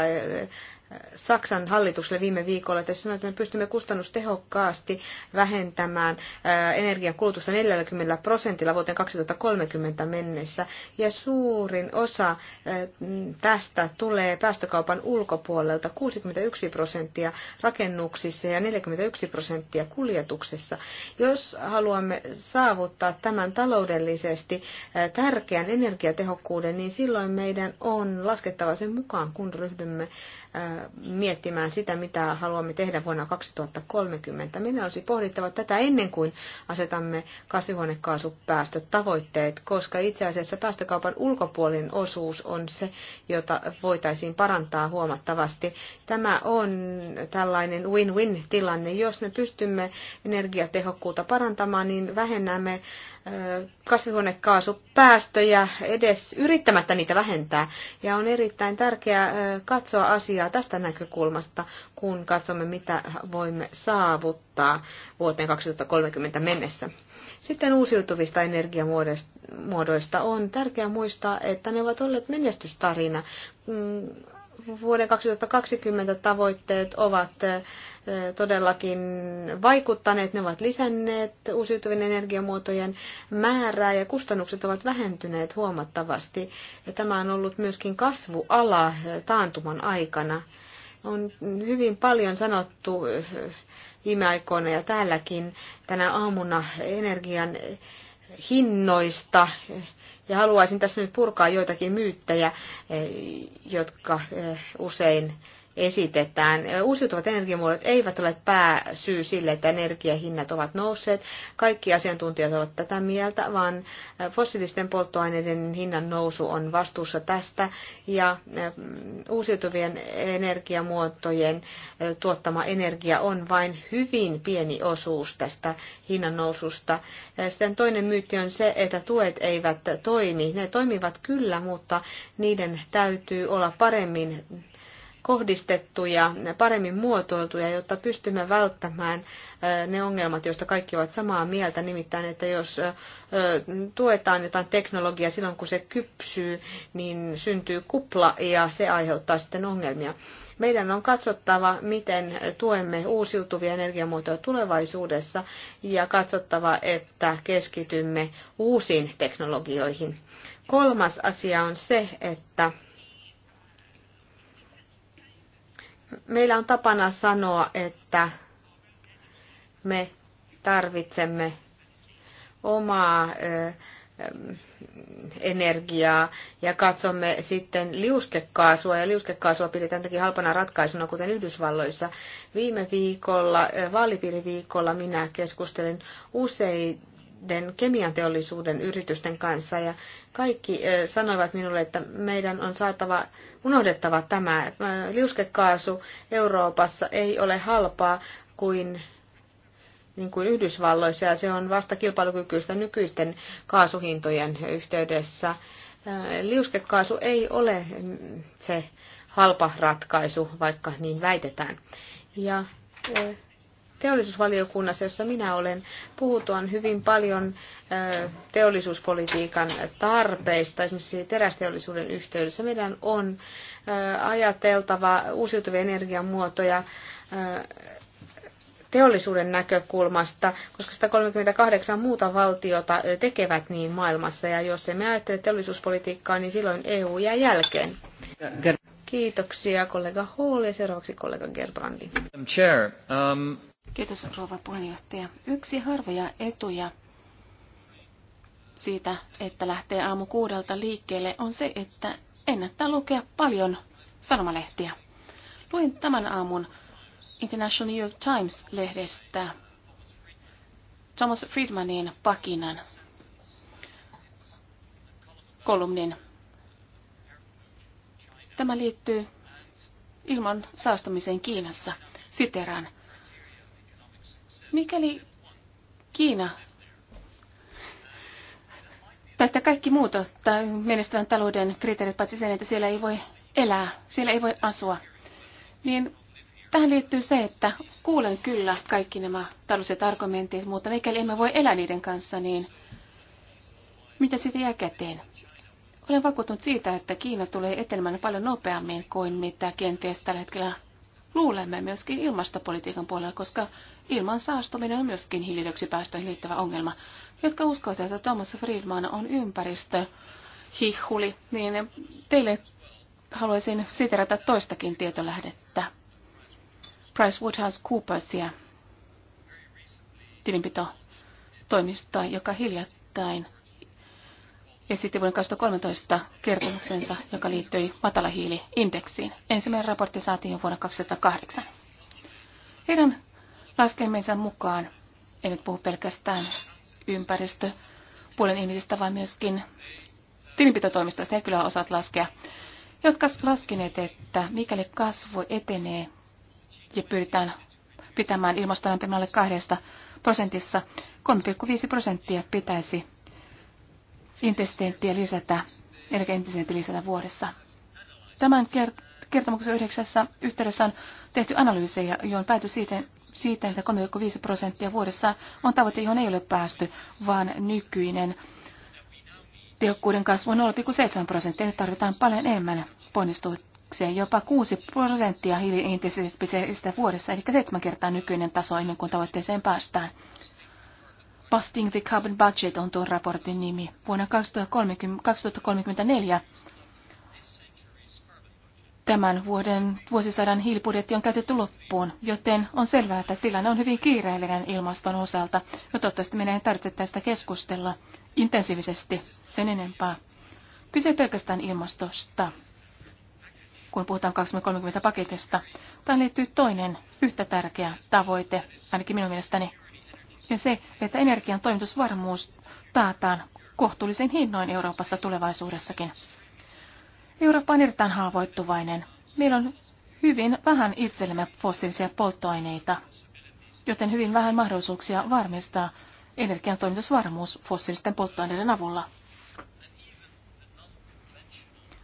Saksan hallitukselle viime viikolla, että sanoivat, että me pystymme kustannustehokkaasti vähentämään energian kulutusta 40 prosentilla vuoteen 2030 mennessä. Ja suurin osa tästä tulee päästökaupan ulkopuolelta, 61 prosenttia rakennuksissa ja 41 prosenttia kuljetuksessa. Jos haluamme saavuttaa tämän taloudellisesti tärkeän energiatehokkuuden, niin silloin meidän on laskettava sen mukaan, kun ryhdymme miettimään sitä, mitä haluamme tehdä vuonna 2030. Meidän olisi pohdittava tätä ennen kuin asetamme kasvihuonekaasupäästöt tavoitteet, koska itse asiassa päästökaupan ulkopuolinen osuus on se, jota voitaisiin parantaa huomattavasti. Tämä on tällainen win-win tilanne. Jos me pystymme energiatehokkuutta parantamaan, niin vähennämme kasvihuonekaasupäästöjä edes yrittämättä niitä vähentää. Ja on erittäin tärkeää katsoa asiaa tästä näkökulmasta, kun katsomme, mitä voimme saavuttaa vuoteen 2030 mennessä. Sitten uusiutuvista energiamuodoista on tärkeää muistaa, että ne ovat olleet menestystarina mm, vuoden 2020 tavoitteet ovat todellakin vaikuttaneet. Ne ovat lisänneet uusiutuvien energiamuotojen määrää ja kustannukset ovat vähentyneet huomattavasti. Ja tämä on ollut myöskin kasvuala taantuman aikana. On hyvin paljon sanottu viime aikoina ja täälläkin tänä aamuna energian hinnoista. Ja haluaisin tässä nyt purkaa joitakin myyttejä, eh, jotka eh, usein esitetään. Uusiutuvat energiamuodot eivät ole pääsyy sille, että energiahinnat ovat nousseet. Kaikki asiantuntijat ovat tätä mieltä, vaan fossiilisten polttoaineiden hinnan nousu on vastuussa tästä ja uusiutuvien energiamuotojen tuottama energia on vain hyvin pieni osuus tästä hinnan noususta. Sitten toinen myytti on se, että tuet eivät toimi. Ne toimivat kyllä, mutta niiden täytyy olla paremmin kohdistettuja, paremmin muotoiltuja, jotta pystymme välttämään ne ongelmat, joista kaikki ovat samaa mieltä. Nimittäin, että jos tuetaan jotain teknologiaa silloin, kun se kypsyy, niin syntyy kupla ja se aiheuttaa sitten ongelmia. Meidän on katsottava, miten tuemme uusiutuvia energiamuotoja tulevaisuudessa ja katsottava, että keskitymme uusiin teknologioihin. Kolmas asia on se, että Meillä on tapana sanoa, että me tarvitsemme omaa energiaa ja katsomme sitten liuskekaasua ja liuskekaasua pidetään takia halpana ratkaisuna, kuten Yhdysvalloissa. Viime viikolla, vaalipiiriviikolla, minä keskustelin usein näiden kemianteollisuuden yritysten kanssa ja kaikki sanoivat minulle, että meidän on saatava, unohdettava tämä. Liuskekaasu Euroopassa ei ole halpaa kuin niin kuin Yhdysvalloissa ja se on vasta kilpailukykyistä nykyisten kaasuhintojen yhteydessä. Liuskekaasu ei ole se halpa ratkaisu, vaikka niin väitetään. Ja teollisuusvaliokunnassa, jossa minä olen, puhutaan hyvin paljon teollisuuspolitiikan tarpeista, esimerkiksi terästeollisuuden yhteydessä. Meidän on ajateltava uusiutuvia energiamuotoja teollisuuden näkökulmasta, koska 138 muuta valtiota tekevät niin maailmassa, ja jos emme ajattele teollisuuspolitiikkaa, niin silloin EU jää jälkeen. Kiitoksia kollega Hall ja seuraavaksi kollega Gerbrandi. Chair, um... Kiitos rouva puheenjohtaja. Yksi harvoja etuja siitä, että lähtee aamu kuudelta liikkeelle, on se, että ennättää lukea paljon sanomalehtiä. Luin tämän aamun International New York Times-lehdestä Thomas Friedmanin pakinan kolumnin. Tämä liittyy ilman saastumiseen Kiinassa. Siteraan. Mikäli Kiina täyttää kaikki muut tai menestyvän talouden kriteerit, paitsi sen, että siellä ei voi elää, siellä ei voi asua, niin tähän liittyy se, että kuulen kyllä kaikki nämä taloudelliset argumentit, mutta mikäli emme voi elää niiden kanssa, niin mitä sitten jää käteen? Olen vakuuttunut siitä, että Kiina tulee etenemään paljon nopeammin kuin mitä kenties tällä hetkellä luulemme myöskin ilmastopolitiikan puolella, koska ilman saastuminen on myöskin hiilidioksipäästöihin liittyvä ongelma. Jotka uskovat, että Thomas Friedman on ympäristö hihuli, niin teille haluaisin siterätä toistakin tietolähdettä. Price PricewaterhouseCoopersia tilinpito toimista, joka hiljattain esitti vuoden 2013 kertomuksensa, joka liittyi matalahiiliindeksiin. Ensimmäinen raportti saatiin jo vuonna 2008. Heidän laskelmiensa mukaan, en nyt puhu pelkästään ympäristöpuolen ihmisistä, vaan myöskin tilinpitotoimista, ne kyllä osaat laskea, jotka laskineet, että mikäli kasvu etenee ja pyritään pitämään ilmaston kahdesta prosentissa, 3,5 prosenttia pitäisi intensiteettiä lisätä, energiaintensiteettiä lisätä vuodessa. Tämän kertomuksen yhdeksässä yhteydessä on tehty analyysejä, johon pääty siitä, siitä, että 3,5 prosenttia vuodessa on tavoite, johon ei ole päästy, vaan nykyinen tehokkuuden kasvu on 0,7 prosenttia. Nyt tarvitaan paljon enemmän ponnistuksia, jopa 6 prosenttia hiiliintensiteettiä vuodessa, eli seitsemän kertaa nykyinen taso ennen kuin tavoitteeseen päästään. Busting the Carbon Budget on tuon raportin nimi. Vuonna 2030, 2034 tämän vuoden vuosisadan hiilibudjetti on käytetty loppuun, joten on selvää, että tilanne on hyvin kiireellinen ilmaston osalta, ja toivottavasti meidän ei tarvitse tästä keskustella intensiivisesti sen enempää. Kyse pelkästään ilmastosta, kun puhutaan 2030 paketista. Tähän liittyy toinen yhtä tärkeä tavoite, ainakin minun mielestäni ja se, että energian toimitusvarmuus taataan kohtuullisen hinnoin Euroopassa tulevaisuudessakin. Eurooppa on erittäin haavoittuvainen. Meillä on hyvin vähän itsellemme fossiilisia polttoaineita, joten hyvin vähän mahdollisuuksia varmistaa energian toimitusvarmuus fossiilisten polttoaineiden avulla.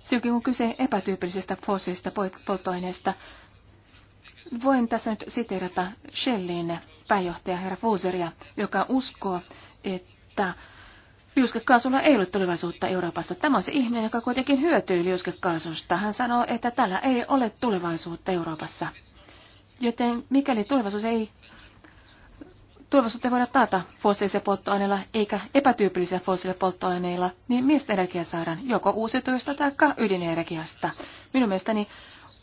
Silloin kun kyse epätyypillisistä fossiilisista polttoaineista, voin tässä nyt siteerata Shellin pääjohtaja herra Fuseria, joka uskoo, että liuskekaasulla ei ole tulevaisuutta Euroopassa. Tämä on se ihminen, joka kuitenkin hyötyy liuskekaasusta. Hän sanoo, että tällä ei ole tulevaisuutta Euroopassa. Joten mikäli tulevaisuus ei tulevaisuutta ei voida taata fossiilisilla polttoaineilla eikä epätyypillisillä fossiilisilla polttoaineilla, niin mistä energiaa saadaan? Joko uusiutuvista tai ydinenergiasta? Minun mielestäni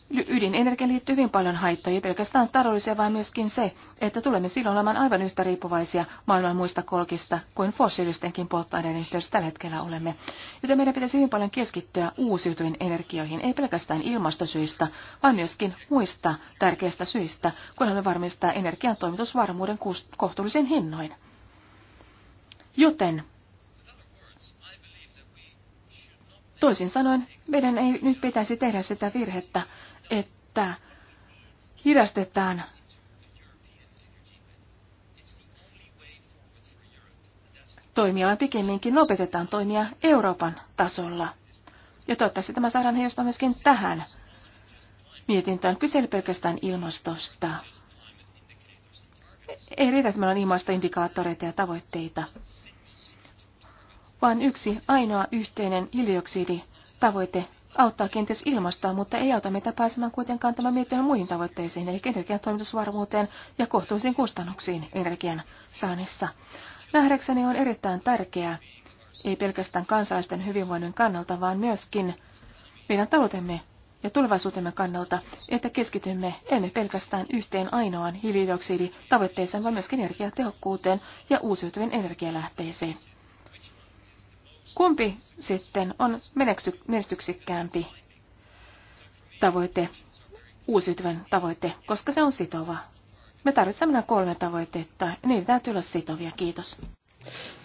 Ydinenergia liittyy hyvin paljon haittoja, ei pelkästään taloudellisia, vaan myöskin se, että tulemme silloin olemaan aivan yhtä riippuvaisia maailman muista kolkista kuin fossiilistenkin polttoaineiden yhteydessä tällä hetkellä olemme. Joten meidän pitäisi hyvin paljon keskittyä uusiutuviin energioihin, ei pelkästään ilmastosyistä, vaan myöskin muista tärkeistä syistä, kun haluamme varmistaa energian toimitusvarmuuden kohtuullisen hinnoin. Joten Toisin sanoen, meidän ei nyt pitäisi tehdä sitä virhettä, että hidastetaan vaan pikemminkin lopetetaan toimia Euroopan tasolla. Ja toivottavasti tämä saadaan heijastua myöskin tähän mietintöön. Kyse ei pelkästään ilmastosta. Ei riitä, että meillä on ilmastoindikaattoreita ja tavoitteita, vaan yksi ainoa yhteinen hiilidioksiditavoite auttaa kenties ilmastoa, mutta ei auta meitä pääsemään kuitenkaan tämän mietinnön muihin tavoitteisiin, eli energian toimitusvarmuuteen ja kohtuullisiin kustannuksiin energian saannissa. Nähdäkseni on erittäin tärkeää, ei pelkästään kansalaisten hyvinvoinnin kannalta, vaan myöskin meidän taloutemme ja tulevaisuutemme kannalta, että keskitymme emme pelkästään yhteen ainoaan hiilidioksiditavoitteeseen, vaan myöskin energiatehokkuuteen ja uusiutuvien energialähteisiin. Kumpi sitten on menestyksekkäämpi tavoite, uusiutuvan tavoite, koska se on sitova? Me tarvitsemme nämä kolme tavoitetta ja niitä täytyy olla sitovia. Kiitos.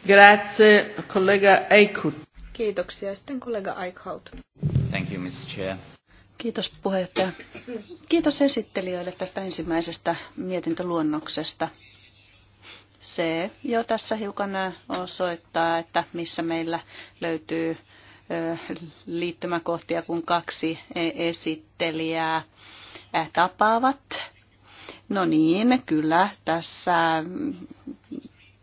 Grazie, kollega Eichhout. Kiitoksia. Sitten kollega Eichhout. Thank you, Mr. Chair. Kiitos puheenjohtaja. Kiitos esittelijöille tästä ensimmäisestä mietintöluonnoksesta se jo tässä hiukan osoittaa, että missä meillä löytyy liittymäkohtia, kun kaksi e- esittelijää tapaavat. No niin, kyllä tässä mm,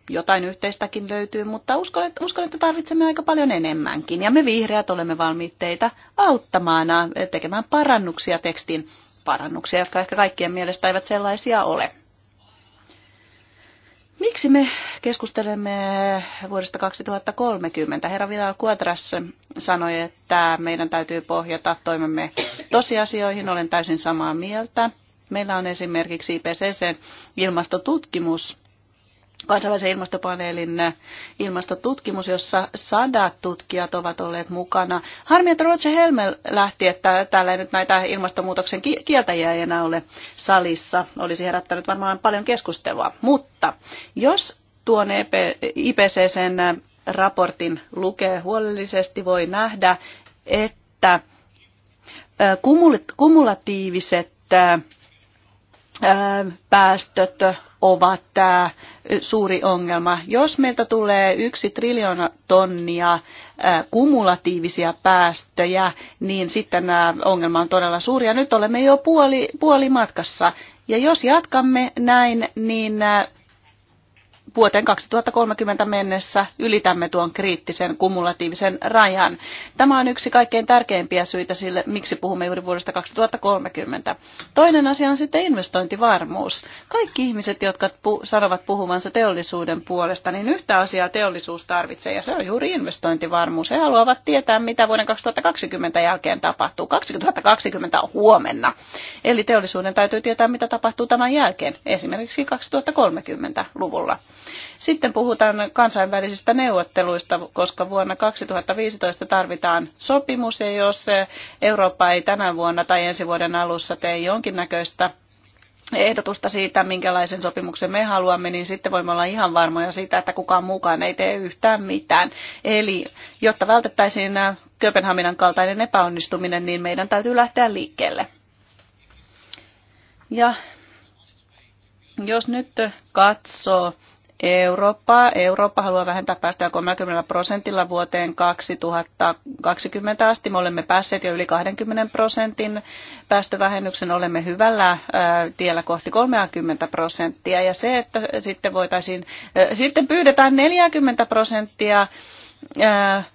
jotain yhteistäkin löytyy, mutta uskon, että, uskon, että tarvitsemme aika paljon enemmänkin. Ja me vihreät olemme valmiit teitä auttamaan tekemään parannuksia tekstin parannuksia, jotka ehkä kaikkien mielestä eivät sellaisia ole. Miksi me keskustelemme vuodesta 2030? Herra Vidal Kuotras sanoi, että meidän täytyy pohjata toimemme tosiasioihin. Olen täysin samaa mieltä. Meillä on esimerkiksi IPCC ilmastotutkimus, kansainvälisen ilmastopaneelin äh, ilmastotutkimus, jossa sadat tutkijat ovat olleet mukana. Harmi, että Roger Helmel lähti, että täällä ei nyt näitä ilmastonmuutoksen kieltäjiä ei enää ole salissa. Olisi herättänyt varmaan paljon keskustelua. Mutta jos tuon e IPCCn äh, raportin lukee huolellisesti, voi nähdä, että äh, kumulatiiviset päästöt ovat suuri ongelma. Jos meiltä tulee yksi triljoona tonnia kumulatiivisia päästöjä, niin sitten ongelma on todella suuri. Ja nyt olemme jo puoli, puoli matkassa. Ja jos jatkamme näin, niin vuoteen 2030 mennessä ylitämme tuon kriittisen kumulatiivisen rajan. Tämä on yksi kaikkein tärkeimpiä syitä sille, miksi puhumme juuri vuodesta 2030. Toinen asia on sitten investointivarmuus. Kaikki ihmiset, jotka pu- sanovat puhuvansa teollisuuden puolesta, niin yhtä asiaa teollisuus tarvitsee, ja se on juuri investointivarmuus. He haluavat tietää, mitä vuoden 2020 jälkeen tapahtuu. 2020 on huomenna. Eli teollisuuden täytyy tietää, mitä tapahtuu tämän jälkeen, esimerkiksi 2030-luvulla. Sitten puhutaan kansainvälisistä neuvotteluista, koska vuonna 2015 tarvitaan sopimus, ja jos Eurooppa ei tänä vuonna tai ensi vuoden alussa tee jonkinnäköistä ehdotusta siitä, minkälaisen sopimuksen me haluamme, niin sitten voimme olla ihan varmoja siitä, että kukaan mukaan ei tee yhtään mitään. Eli jotta vältettäisiin nämä Kööpenhaminan kaltainen epäonnistuminen, niin meidän täytyy lähteä liikkeelle. Ja jos nyt katsoo Eurooppaa. Eurooppa haluaa vähentää päästöjä 30 prosentilla vuoteen 2020 asti. Me olemme päässeet jo yli 20 prosentin päästövähennyksen. Olemme hyvällä äh, tiellä kohti 30 prosenttia. Ja se, että sitten voitaisiin, äh, sitten pyydetään 40 prosenttia äh,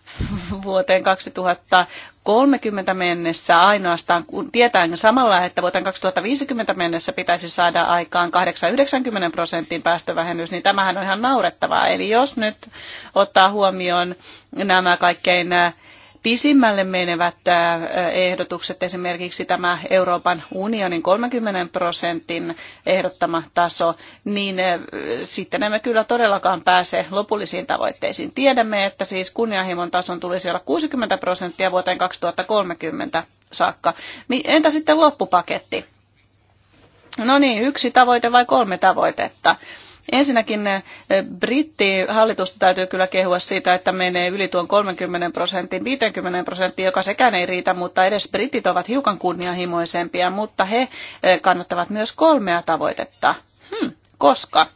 vuoteen 2000, 2030 mennessä ainoastaan, kun tietäen samalla, että vuoteen 2050 mennessä pitäisi saada aikaan 8-90 prosentin päästövähennys, niin tämähän on ihan naurettavaa. Eli jos nyt ottaa huomioon nämä kaikkein pisimmälle menevät ehdotukset, esimerkiksi tämä Euroopan unionin 30 prosentin ehdottama taso, niin sitten emme kyllä todellakaan pääse lopullisiin tavoitteisiin. Tiedämme, että siis kunnianhimon tason tulisi olla 60 prosenttia vuoteen 2030 saakka. Entä sitten loppupaketti? No niin, yksi tavoite vai kolme tavoitetta? Ensinnäkin eh, brittihallitusta täytyy kyllä kehua siitä, että menee yli tuon 30 prosentin, 50 prosenttia, joka sekään ei riitä, mutta edes britit ovat hiukan kunnianhimoisempia, mutta he eh, kannattavat myös kolmea tavoitetta. Hmm, koska?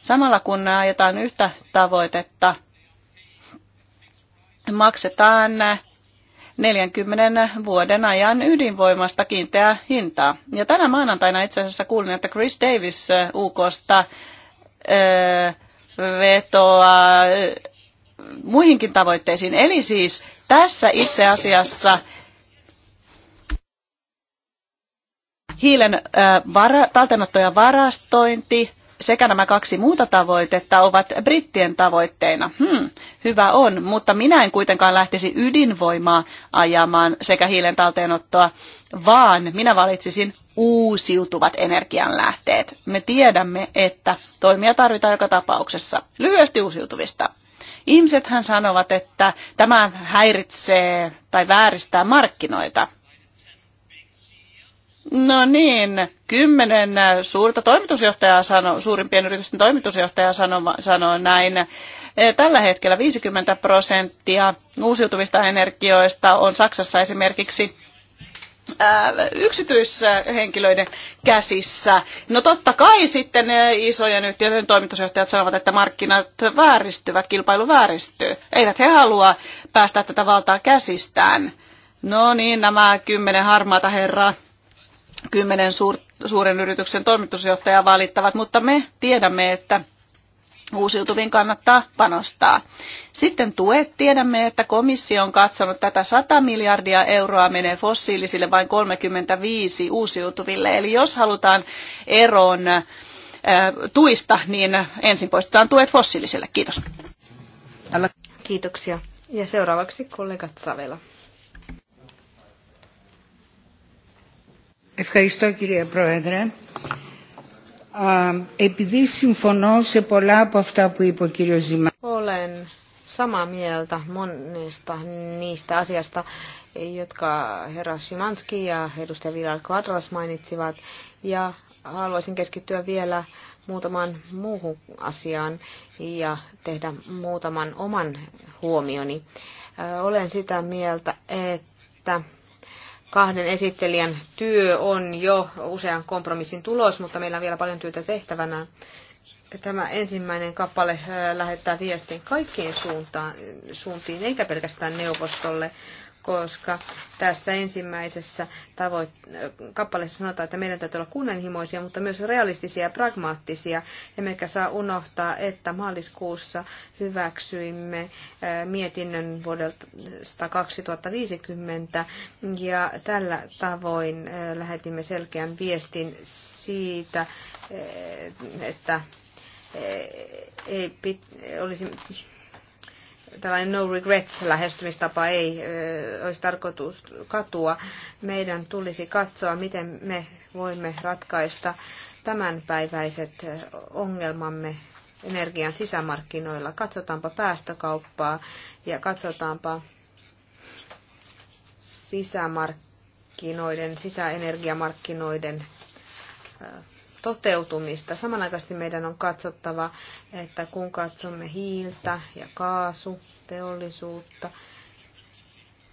Samalla kun ajetaan yhtä tavoitetta, maksetaan 40 vuoden ajan ydinvoimasta kiinteää hintaa. Ja tänä maanantaina itse asiassa kuulin, että Chris Davis eh, UKsta vetoa muihinkin tavoitteisiin. Eli siis tässä itse asiassa hiilen vara, talteenotto ja varastointi sekä nämä kaksi muuta tavoitetta ovat brittien tavoitteina. Hmm, hyvä on, mutta minä en kuitenkaan lähtisi ydinvoimaa ajamaan sekä hiilen talteenottoa vaan minä valitsisin uusiutuvat energianlähteet. Me tiedämme, että toimia tarvitaan joka tapauksessa. Lyhyesti uusiutuvista. Ihmisethän sanovat, että tämä häiritsee tai vääristää markkinoita. No niin, kymmenen suurta toimitusjohtajaa sano, suurimpien yritysten toimitusjohtajaa sano, sanoo näin. E, tällä hetkellä 50 prosenttia uusiutuvista energioista on Saksassa esimerkiksi Äh, yksityishenkilöiden käsissä. No totta kai sitten äh, isojen yhtiöiden toimitusjohtajat sanovat, että markkinat vääristyvät, kilpailu vääristyy. Eivät he halua päästä tätä valtaa käsistään. No niin, nämä kymmenen harmaata herraa, kymmenen suur, suuren yrityksen toimitusjohtajaa valittavat, mutta me tiedämme, että uusiutuviin kannattaa panostaa. Sitten tuet. Tiedämme, että komissio on katsonut tätä 100 miljardia euroa menee fossiilisille vain 35 uusiutuville. Eli jos halutaan eroon äh, tuista, niin ensin poistetaan tuet fossiilisille. Kiitos. Kiitoksia. Ja seuraavaksi kollegat Savela. Ευχαριστώ κύριε Πρόεδρε επειδή συμφωνώ σε πολλά από αυτά που είπε ο κύριος Olen samaa mieltä monista niistä asiasta, jotka herra Szymanski ja edustaja Vilar Quadras mainitsivat. Ja haluaisin keskittyä vielä muutamaan muuhun asiaan ja tehdä muutaman oman huomioni. Olen sitä mieltä, että kahden esittelijän työ on jo usean kompromissin tulos, mutta meillä on vielä paljon työtä tehtävänä. Tämä ensimmäinen kappale äh, lähettää viestin kaikkiin suuntaan, suuntiin, eikä pelkästään neuvostolle koska tässä ensimmäisessä tavoit- kappaleessa sanotaan, että meidän täytyy olla kunnianhimoisia, mutta myös realistisia ja pragmaattisia. Emmekä saa unohtaa, että maaliskuussa hyväksyimme mietinnön vuodelta 2050 ja tällä tavoin lähetimme selkeän viestin siitä, että ei pit, olisi tällainen no regrets lähestymistapa ei olisi tarkoitus katua. Meidän tulisi katsoa, miten me voimme ratkaista tämänpäiväiset ongelmamme energian sisämarkkinoilla. Katsotaanpa päästökauppaa ja katsotaanpa sisämarkkinoiden, sisäenergiamarkkinoiden toteutumista. Samanaikaisesti meidän on katsottava, että kun katsomme hiiltä ja kaasuteollisuutta,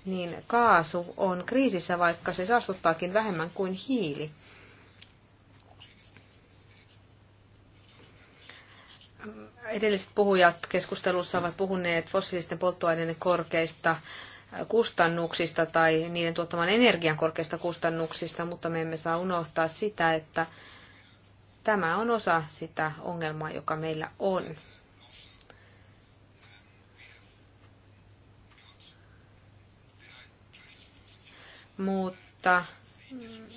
niin kaasu on kriisissä, vaikka se saastuttaakin vähemmän kuin hiili. Edelliset puhujat keskustelussa ovat puhuneet fossiilisten polttoaineiden korkeista kustannuksista tai niiden tuottaman energian korkeista kustannuksista, mutta me emme saa unohtaa sitä, että Tämä on osa sitä ongelmaa, joka meillä on. Mutta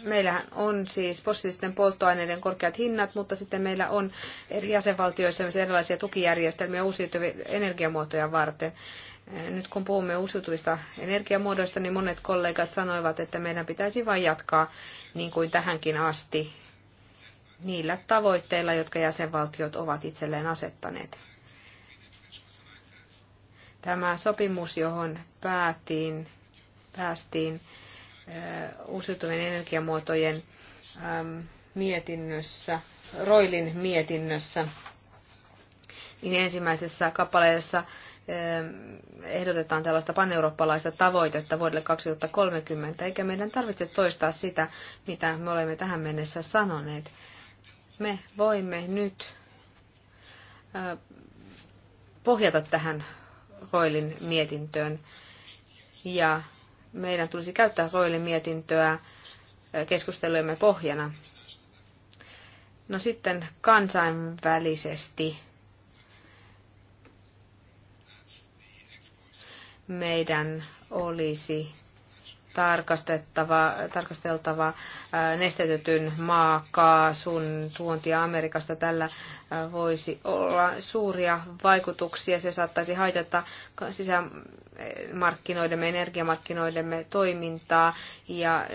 meillähän on siis fossiilisten polttoaineiden korkeat hinnat, mutta sitten meillä on eri jäsenvaltioissa myös erilaisia tukijärjestelmiä uusiutuvia energiamuotoja varten. Nyt kun puhumme uusiutuvista energiamuodoista, niin monet kollegat sanoivat, että meidän pitäisi vain jatkaa niin kuin tähänkin asti niillä tavoitteilla, jotka jäsenvaltiot ovat itselleen asettaneet. Tämä sopimus, johon päätiin, päästiin uusiutuvien energiamuotojen mietinnössä, Roilin mietinnössä, niin ensimmäisessä kappaleessa ehdotetaan tällaista paneurooppalaista tavoitetta vuodelle 2030, eikä meidän tarvitse toistaa sitä, mitä me olemme tähän mennessä sanoneet me voimme nyt pohjata tähän Roilin mietintöön. Ja meidän tulisi käyttää Roilin mietintöä keskustelujemme pohjana. No sitten kansainvälisesti meidän olisi tarkastettava, tarkasteltava nestetetyn maakaasun tuontia Amerikasta. Tällä voisi olla suuria vaikutuksia. Se saattaisi haitata sisämarkkinoidemme, energiamarkkinoidemme toimintaa ja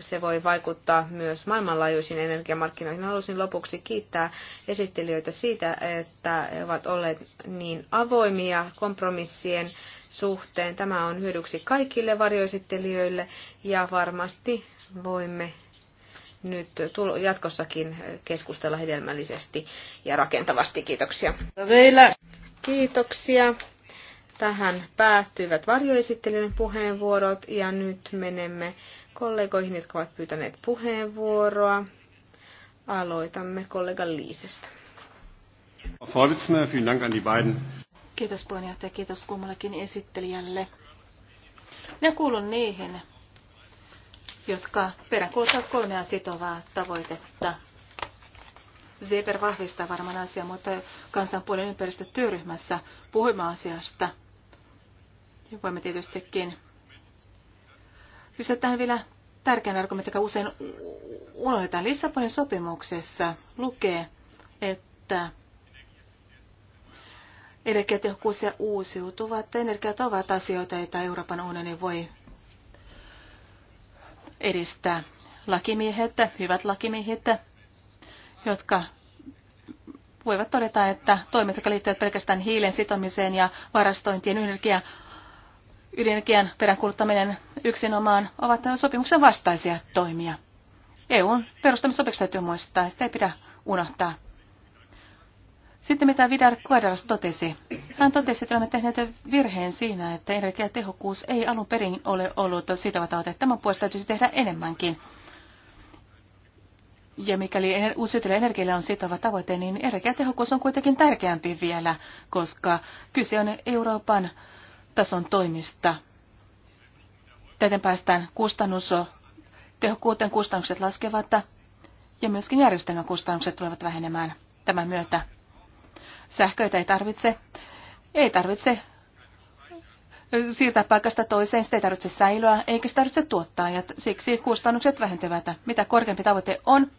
se voi vaikuttaa myös maailmanlaajuisiin energiamarkkinoihin. Haluaisin lopuksi kiittää esittelijöitä siitä, että he ovat olleet niin avoimia kompromissien suhteen. Tämä on hyödyksi kaikille varjoesittelijöille ja varmasti voimme nyt jatkossakin keskustella hedelmällisesti ja rakentavasti. Kiitoksia. Vielä. Kiitoksia. Tähän päättyivät varjoesittelijöiden puheenvuorot ja nyt menemme kollegoihin, jotka ovat pyytäneet puheenvuoroa. Aloitamme kollega Liisestä. Kiitos puheenjohtaja, kiitos kummallekin esittelijälle. Minä kuulun niihin, jotka peräänkuuluttavat kolmea sitovaa tavoitetta. Zeber vahvistaa varmaan asiaa, mutta kansanpuolen ympäristötyöryhmässä puhuimme asiasta. Ja voimme tietystikin lisätään vielä tärkeän argumentin, joka usein unohdetaan. Lissabonin sopimuksessa lukee, että Energiatehokkuus ja uusiutuvat energiat ovat asioita, joita Euroopan unioni voi edistää. Lakimiehet, hyvät lakimiehet, jotka voivat todeta, että toimet, jotka liittyvät pelkästään hiilen sitomiseen ja varastointien energia, ydinenergian peräänkuluttaminen yksinomaan, ovat sopimuksen vastaisia toimia. EUn perustamissopimus täytyy muistaa, sitä ei pidä unohtaa. Sitten mitä Vidar Kuadras totesi. Hän totesi, että olemme tehneet virheen siinä, että energiatehokkuus ei alun perin ole ollut sitova tavoite. Tämän puolesta täytyisi tehdä enemmänkin. Ja mikäli uusiutuvilla energialla on sitova tavoite, niin energiatehokkuus on kuitenkin tärkeämpi vielä, koska kyse on Euroopan tason toimista. Täten päästään kustannus, tehokkuuteen kustannukset laskevat ja myöskin järjestelmän kustannukset tulevat vähenemään tämän myötä. Sähköitä ei tarvitse, ei tarvitse siirtää paikasta toiseen, sitä ei tarvitse säilyä, eikä sitä tarvitse tuottaa, ja siksi kustannukset vähentyvät. Mitä korkeampi tavoite on,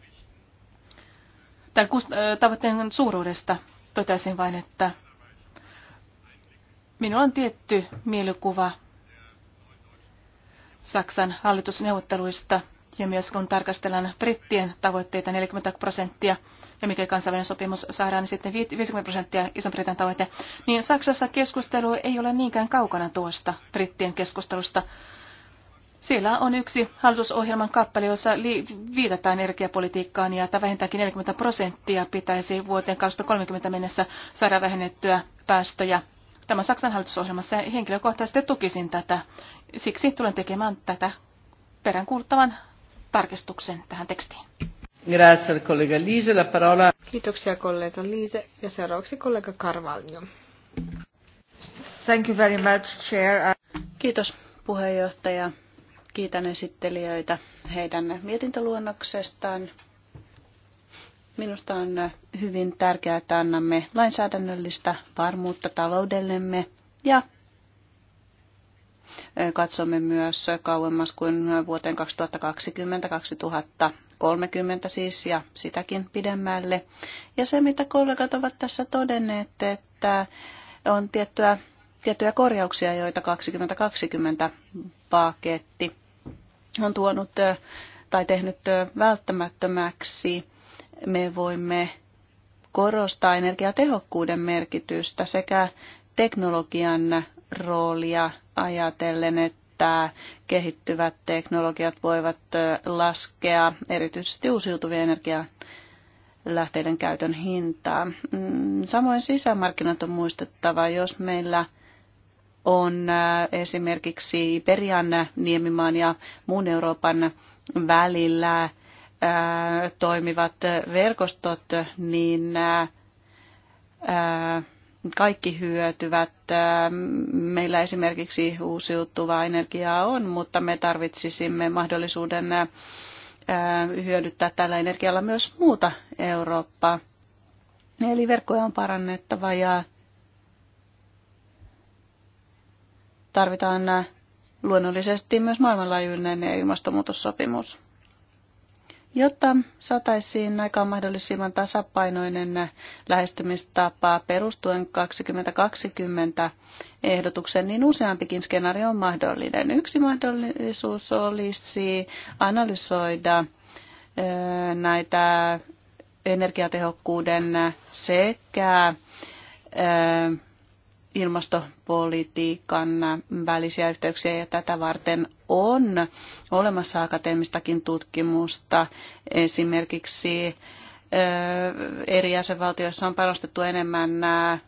tämän tavoitteen suuruudesta totesin vain, että minulla on tietty mielikuva Saksan hallitusneuvotteluista – ja myös kun tarkastellaan brittien tavoitteita 40 prosenttia, ja mikä kansainvälinen sopimus saadaan, niin sitten 50 prosenttia Iso-Britannian tavoite, niin Saksassa keskustelu ei ole niinkään kaukana tuosta brittien keskustelusta. Siellä on yksi hallitusohjelman kappale, jossa viitataan energiapolitiikkaan ja että vähintäänkin 40 prosenttia pitäisi vuoteen 2030 mennessä saada vähennettyä päästöjä. Tämä Saksan hallitusohjelmassa henkilökohtaisesti tukisin tätä. Siksi tulen tekemään tätä peräänkuuluttavan tarkistuksen tähän tekstiin. Grazie, kollega Lise, La parola. Kiitoksia, kollega Liise. Ja seuraavaksi kollega Carvalho. Thank you very much, Chair. Kiitos, puheenjohtaja. Kiitän esittelijöitä heidän mietintöluonnoksestaan. Minusta on hyvin tärkeää, että annamme lainsäädännöllistä varmuutta taloudellemme ja Katsomme myös kauemmas kuin vuoteen 2020-2030 siis ja sitäkin pidemmälle. Ja se, mitä kollegat ovat tässä todenneet, että on tiettyä, tiettyjä korjauksia, joita 2020 paketti on tuonut tai tehnyt välttämättömäksi. Me voimme korostaa energiatehokkuuden merkitystä sekä teknologian roolia ajatellen, että kehittyvät teknologiat voivat laskea erityisesti uusiutuvien energian lähteiden käytön hintaa. Mm, samoin sisämarkkinat on muistettava, jos meillä on esimerkiksi Iberian niemimaan ja muun Euroopan välillä toimivat verkostot, niin kaikki hyötyvät. Ähm, meillä esimerkiksi uusiutuvaa energiaa on, mutta me tarvitsisimme mahdollisuuden äh, hyödyttää tällä energialla myös muuta Eurooppaa. Eli verkkoja on parannettava ja tarvitaan äh, luonnollisesti myös maailmanlaajuinen ilmastonmuutossopimus. Jotta saataisiin aikaan mahdollisimman tasapainoinen lähestymistapa perustuen 2020 ehdotuksen, niin useampikin skenaario on mahdollinen. Yksi mahdollisuus olisi analysoida näitä energiatehokkuuden sekä ilmastopolitiikan välisiä yhteyksiä ja tätä varten on olemassa akateemistakin tutkimusta. Esimerkiksi eri jäsenvaltioissa on panostettu enemmän nämä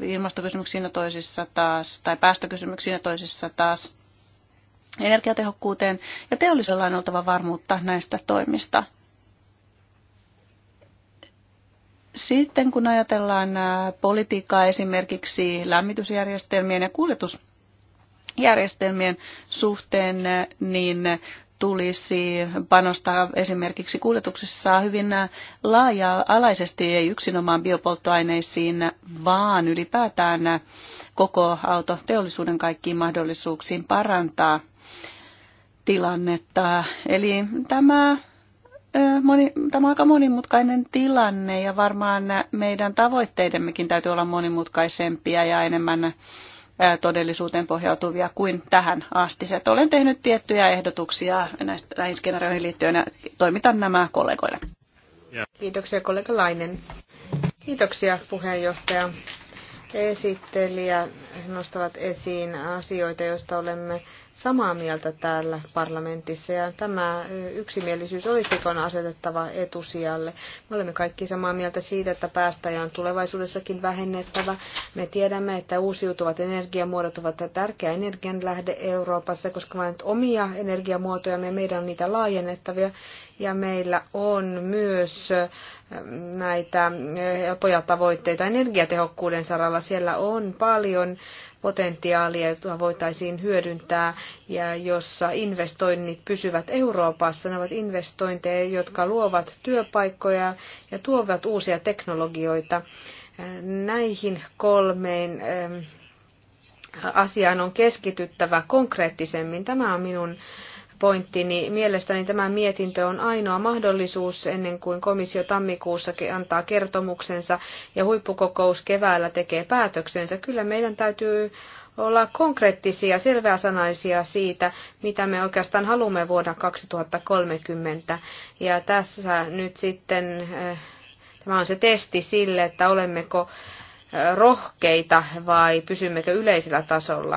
ilmastokysymyksiin ja toisissa taas, tai päästökysymyksiin ja toisissa taas energiatehokkuuteen, ja teollisella on oltava varmuutta näistä toimista. Sitten kun ajatellaan politiikkaa esimerkiksi lämmitysjärjestelmien ja kuljetusjärjestelmien suhteen, niin tulisi panostaa esimerkiksi kuljetuksissa hyvin laaja-alaisesti, ei yksinomaan biopolttoaineisiin, vaan ylipäätään koko autoteollisuuden kaikkiin mahdollisuuksiin parantaa tilannetta. Eli tämä moni, tämä on aika monimutkainen tilanne ja varmaan meidän tavoitteidemmekin täytyy olla monimutkaisempia ja enemmän todellisuuteen pohjautuvia kuin tähän asti. Olen tehnyt tiettyjä ehdotuksia näistä, näihin skenaarioihin liittyen ja toimitan nämä kollegoille. Kiitoksia kollega Lainen. Kiitoksia puheenjohtaja. Esittelijä nostavat esiin asioita, joista olemme samaa mieltä täällä parlamentissa ja tämä yksimielisyys olisiko asetettava etusijalle. Me olemme kaikki samaa mieltä siitä, että päästäjä on tulevaisuudessakin vähennettävä. Me tiedämme, että uusiutuvat energiamuodot ovat tärkeä energianlähde Euroopassa, koska vain omia energiamuotoja ja meidän on niitä laajennettavia ja meillä on myös näitä helpoja tavoitteita energiatehokkuuden saralla. Siellä on paljon potentiaalia, jota voitaisiin hyödyntää, ja jossa investoinnit pysyvät Euroopassa. Ne ovat investointeja, jotka luovat työpaikkoja ja tuovat uusia teknologioita. Näihin kolmeen asiaan on keskityttävä konkreettisemmin. Tämä on minun pointtini. Niin mielestäni tämä mietintö on ainoa mahdollisuus ennen kuin komissio tammikuussa antaa kertomuksensa ja huippukokous keväällä tekee päätöksensä. Kyllä meidän täytyy olla konkreettisia, selväsanaisia siitä, mitä me oikeastaan haluamme vuonna 2030. Ja tässä nyt sitten eh, tämä on se testi sille, että olemmeko rohkeita vai pysymmekö yleisellä tasolla.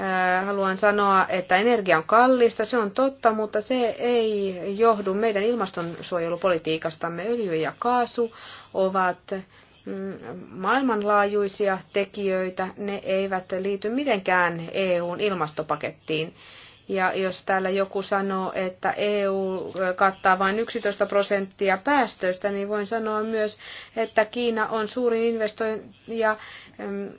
Äh, haluan sanoa, että energia on kallista, se on totta, mutta se ei johdu meidän ilmastonsuojelupolitiikastamme. Öljy ja kaasu ovat mm, maailmanlaajuisia tekijöitä, ne eivät liity mitenkään EUn ilmastopakettiin. Ja jos täällä joku sanoo, että EU kattaa vain 11 prosenttia päästöistä, niin voin sanoa myös, että Kiina on suurin investoija mm,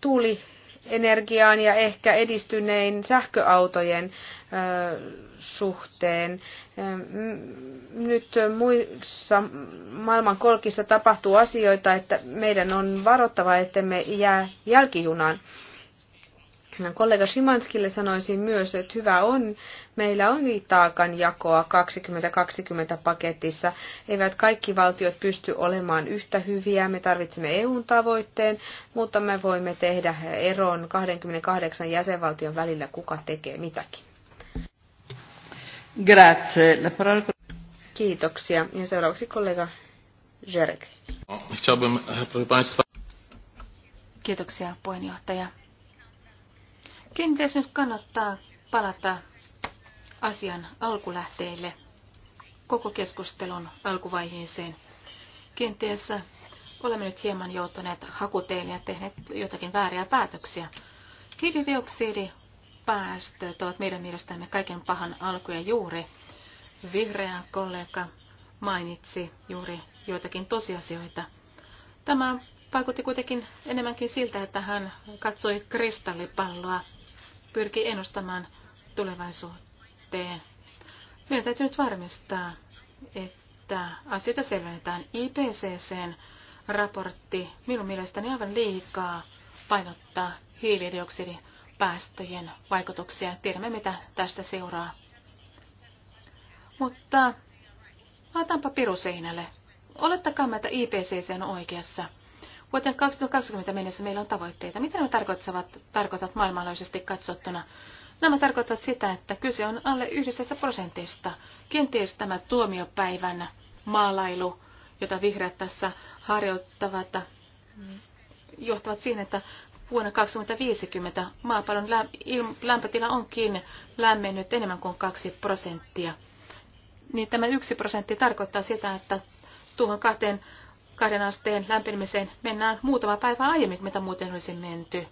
tuulienergiaan ja ehkä edistynein sähköautojen suhteen. Mm, nyt muissa kolkissa tapahtuu asioita, että meidän on varottava, ettemme jää jälkijunaan. Kollega Simanskille sanoisin myös, että hyvä on, meillä on taakan jakoa 2020 paketissa. Eivät kaikki valtiot pysty olemaan yhtä hyviä, me tarvitsemme EUn tavoitteen, mutta me voimme tehdä eron 28 jäsenvaltion välillä, kuka tekee mitäkin. Grazie. Kiitoksia. Ja seuraavaksi kollega Jerek. Kiitoksia puheenjohtaja. Kenties nyt kannattaa palata asian alkulähteille, koko keskustelun alkuvaiheeseen. Kenties olemme nyt hieman joutuneet hakuteille ja tehneet jotakin vääriä päätöksiä. Hiilidioksidipäästöt ovat meidän mielestämme kaiken pahan alku ja juuri. Vihreä kollega mainitsi juuri joitakin tosiasioita. Tämä vaikutti kuitenkin enemmänkin siltä, että hän katsoi kristallipalloa pyrkii ennustamaan tulevaisuuteen. Meidän täytyy nyt varmistaa, että asioita selvennetään. IPCCn raportti minun mielestäni aivan liikaa painottaa hiilidioksidipäästöjen vaikutuksia. Tiedämme, mitä tästä seuraa. Mutta laitetaanpa piru seinälle. Olettakaamme, että IPCC on oikeassa – Vuoteen 2020 mennessä meillä on tavoitteita. Mitä nämä tarkoittavat, tarkoitat maailmanlaajuisesti katsottuna? Nämä tarkoittavat sitä, että kyse on alle 11 prosentista. Kenties tämä tuomiopäivän maalailu, jota vihreät tässä harjoittavat, johtavat siihen, että vuonna 2050 maapallon lämpötila onkin lämmennyt enemmän kuin 2 prosenttia. Niin tämä 1 prosentti tarkoittaa sitä, että tuohon kahteen kahden asteen lämpenemiseen mennään muutama päivä aiemmin, mitä muuten olisi menty.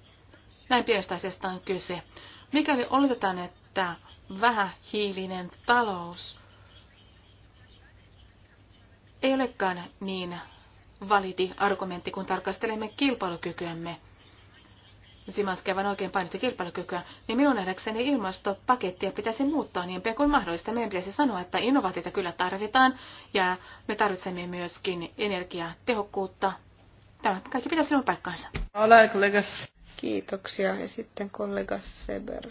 Näin pienestä asiasta on kyse. Mikäli oletetaan, että vähähiilinen talous ei olekaan niin validi argumentti, kun tarkastelemme kilpailukykyämme. Simanski aivan oikein painotti kilpailukykyä, niin minun nähdäkseni ilmastopakettia pitäisi muuttaa niin pian kuin mahdollista. Meidän pitäisi sanoa, että innovaatioita kyllä tarvitaan ja me tarvitsemme myöskin energiatehokkuutta. Tämä kaikki pitää sinun paikkaansa. Ole kollegas. Kiitoksia. Ja sitten kollega Seber.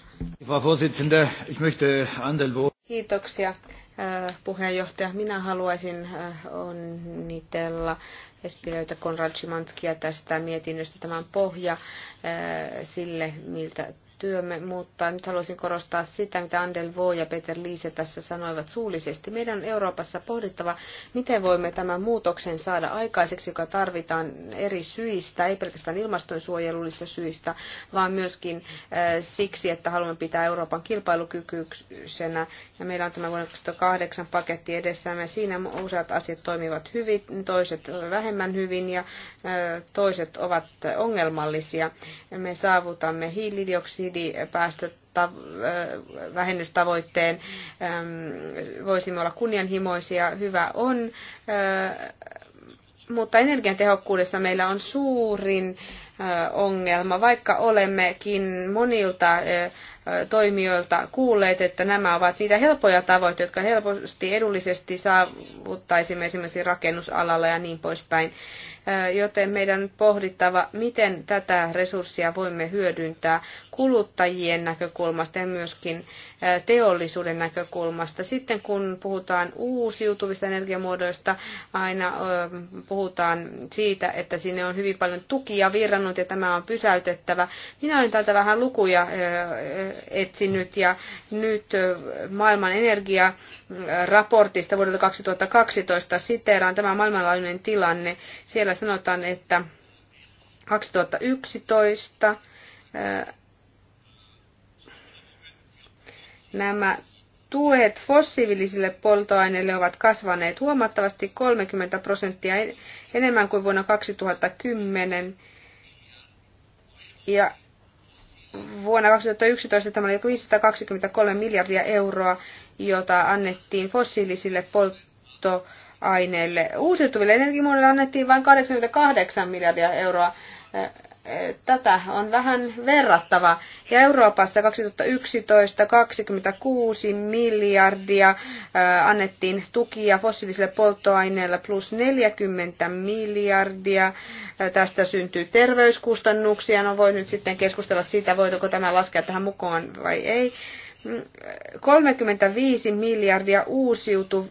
Kiitoksia. Äh, puheenjohtaja. Minä haluaisin äh, onnitella esittelijöitä Konrad Szymanskia tästä mietinnöstä tämän pohja äh, sille, miltä työmme, mutta nyt haluaisin korostaa sitä, mitä Andel Vo ja Peter Liise tässä sanoivat suullisesti. Meidän on Euroopassa pohdittava, miten voimme tämän muutoksen saada aikaiseksi, joka tarvitaan eri syistä, ei pelkästään ilmastonsuojelullista syistä, vaan myöskin äh, siksi, että haluamme pitää Euroopan kilpailukykyisenä. Ja meillä on tämä vuonna 2008 paketti edessämme. Siinä useat asiat toimivat hyvin, toiset vähemmän hyvin ja äh, toiset ovat ongelmallisia. Me saavutamme hiilidioksidia hiilidioksidipäästövähennystavoitteen. Voisimme olla kunnianhimoisia, hyvä on, mutta energiatehokkuudessa meillä on suurin ongelma, vaikka olemmekin monilta toimijoilta kuulleet, että nämä ovat niitä helpoja tavoitteita, jotka helposti edullisesti saavuttaisimme esimerkiksi rakennusalalla ja niin poispäin joten meidän on pohdittava, miten tätä resurssia voimme hyödyntää kuluttajien näkökulmasta ja myöskin teollisuuden näkökulmasta. Sitten kun puhutaan uusiutuvista energiamuodoista, aina puhutaan siitä, että sinne on hyvin paljon tukia virrannut ja tämä on pysäytettävä. Minä olen täältä vähän lukuja etsinyt ja nyt maailman energiaraportista vuodelta 2012 siteeraan tämä maailmanlaajuinen tilanne. Siellä sanotaan, että 2011 nämä tuet fossiilisille polttoaineille ovat kasvaneet huomattavasti 30 prosenttia enemmän kuin vuonna 2010. Ja vuonna 2011 tämä oli 523 miljardia euroa, jota annettiin fossiilisille polttoaineille aineille. Uusiutuville energiamuodoille annettiin vain 88 miljardia euroa. Tätä on vähän verrattava. Ja Euroopassa 2011 26 miljardia annettiin tukia fossiilisille polttoaineille plus 40 miljardia. Tästä syntyy terveyskustannuksia. No voi nyt sitten keskustella siitä, voidaanko tämä laskea tähän mukaan vai ei. 35 miljardia, uusiutu,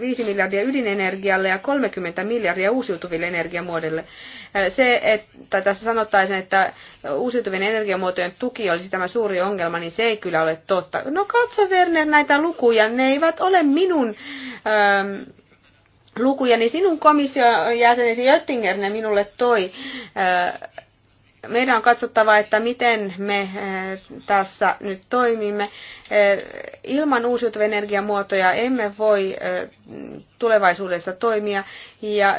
5 miljardia ydinenergialle ja 30 miljardia uusiutuville energiamuodoille. Se, että tässä sanottaisiin, että uusiutuvien energiamuotojen tuki olisi tämä suuri ongelma, niin se ei kyllä ole totta. No katso Werner näitä lukuja, ne eivät ole minun... Ähm, lukuja, niin sinun komission jäsenesi Göttinger ne minulle toi. Äh, meidän on katsottava, että miten me eh, tässä nyt toimimme. Eh, ilman uusiutuvia energiamuotoja emme voi eh, tulevaisuudessa toimia ja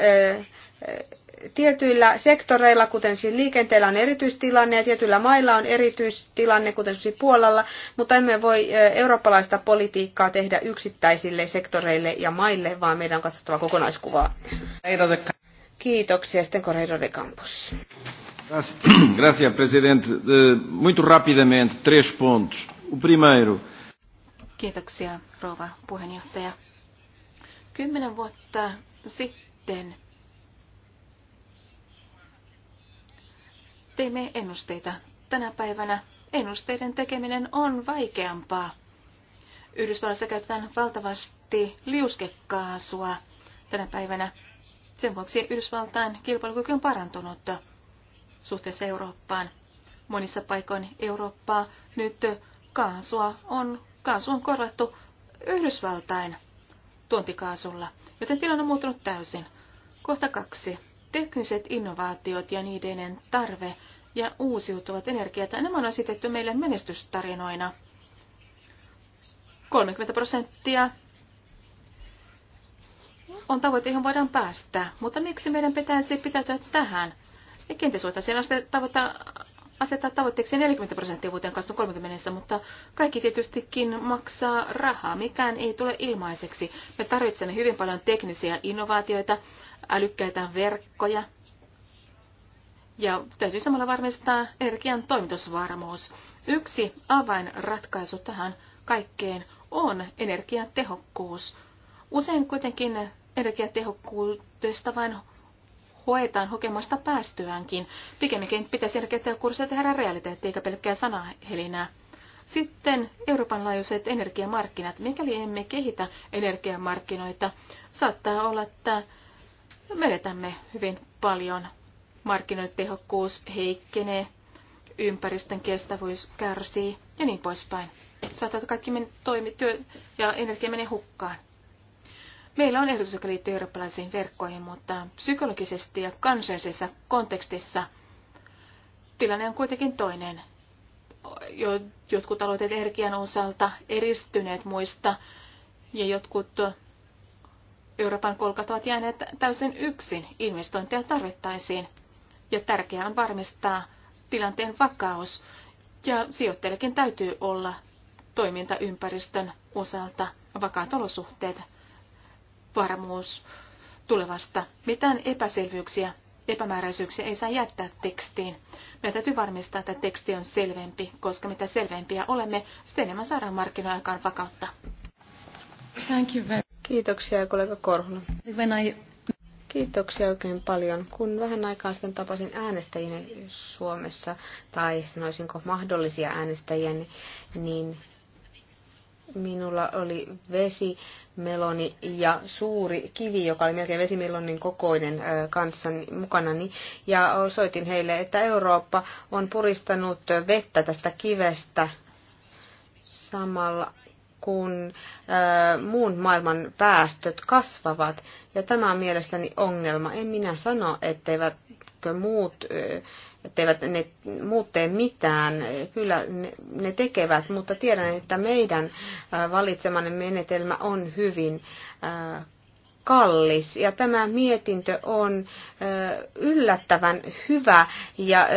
tietyillä sektoreilla, kuten siis liikenteellä on erityistilanne ja tietyillä mailla on erityistilanne, kuten siis Puolalla, mutta emme voi eurooppalaista politiikkaa tehdä yksittäisille sektoreille ja maille, vaan meidän on katsottava kokonaiskuvaa. Kiitoksia, Stenko Reido de Campos. Gracias, presidente. Muito Kiitoksia, rouva puheenjohtaja. Kymmenen vuotta sitten teimme ennusteita. Tänä päivänä ennusteiden tekeminen on vaikeampaa. Yhdysvalloissa käytetään valtavasti liuskekaasua tänä päivänä. Sen vuoksi Yhdysvaltain kilpailukyky on parantunut suhteessa Eurooppaan. Monissa paikoin Eurooppaa nyt kaasua on, kaasu on korvattu Yhdysvaltain tuontikaasulla, joten tilanne on muuttunut täysin. Kohta kaksi. Tekniset innovaatiot ja niiden tarve ja uusiutuvat energiat. Nämä on esitetty meille menestystarinoina. 30 prosenttia on tavoite, johon voidaan päästä, mutta miksi meidän pitäisi pitäytyä tähän? Ja kenties voitaisiin asettaa tavoitteeksi 40 prosenttia vuoteen 2030, mutta kaikki tietystikin maksaa rahaa. Mikään ei tule ilmaiseksi. Me tarvitsemme hyvin paljon teknisiä innovaatioita, älykkäitä verkkoja. Ja täytyy samalla varmistaa energian toimitusvarmuus. Yksi avainratkaisu tähän kaikkeen on energiatehokkuus. Usein kuitenkin energiatehokkuudesta vain hoetaan hokemasta päästyäänkin. Pikemminkin pitäisi järkeä kurssia tehdä realiteetti eikä pelkkää sanahelinää. Sitten Euroopan laajuiset energiamarkkinat. Mikäli emme kehitä energiamarkkinoita, saattaa olla, että menetämme hyvin paljon. Markkinoiden tehokkuus heikkenee, ympäristön kestävyys kärsii ja niin poispäin. Saattaa, että kaikki toimi, työ ja energia menee hukkaan. Meillä on ehdotus, joka liittyy eurooppalaisiin verkkoihin, mutta psykologisesti ja kansallisessa kontekstissa tilanne on kuitenkin toinen. jotkut aloitteet energian osalta eristyneet muista ja jotkut Euroopan kolkat ovat jääneet täysin yksin. Investointeja tarvittaisiin ja tärkeää on varmistaa tilanteen vakaus ja sijoittajillekin täytyy olla toimintaympäristön osalta vakaat olosuhteet varmuus tulevasta. Mitään epäselvyyksiä, epämääräisyyksiä ei saa jättää tekstiin. Meidän täytyy varmistaa, että teksti on selvempi, koska mitä selvempiä olemme, sitä enemmän saadaan markkinoaikaan vakautta. Thank you very Kiitoksia kollega Korhola. I... Kiitoksia oikein paljon. Kun vähän aikaa sitten tapasin äänestäjiä Suomessa, tai sanoisinko mahdollisia äänestäjiä, niin Minulla oli vesimeloni ja suuri kivi, joka oli melkein vesimelonin kokoinen äh, kanssa mukana. Ja osoitin heille, että Eurooppa on puristanut vettä tästä kivestä samalla kun äh, muun maailman päästöt kasvavat. Ja tämä on mielestäni ongelma. En minä sano, etteivätkö muut äh, etteivät ne muut tee mitään. Kyllä ne, ne tekevät, mutta tiedän, että meidän valitsemanne menetelmä on hyvin kallis ja tämä mietintö on yllättävän hyvä ja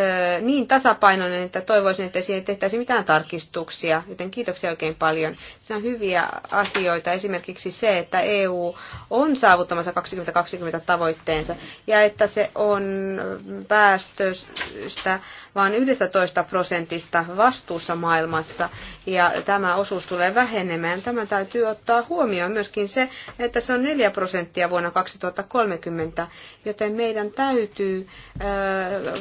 niin tasapainoinen, että toivoisin, että siihen tehtäisi mitään tarkistuksia, joten kiitoksia oikein paljon. Se on hyviä asioita, esimerkiksi se, että EU on saavuttamassa 2020 tavoitteensa ja että se on päästöstä vain 11 prosentista vastuussa maailmassa ja tämä osuus tulee vähenemään. Tämä täytyy ottaa huomioon myöskin se, että se on 4 prosenttia prosenttia vuonna 2030, joten meidän täytyy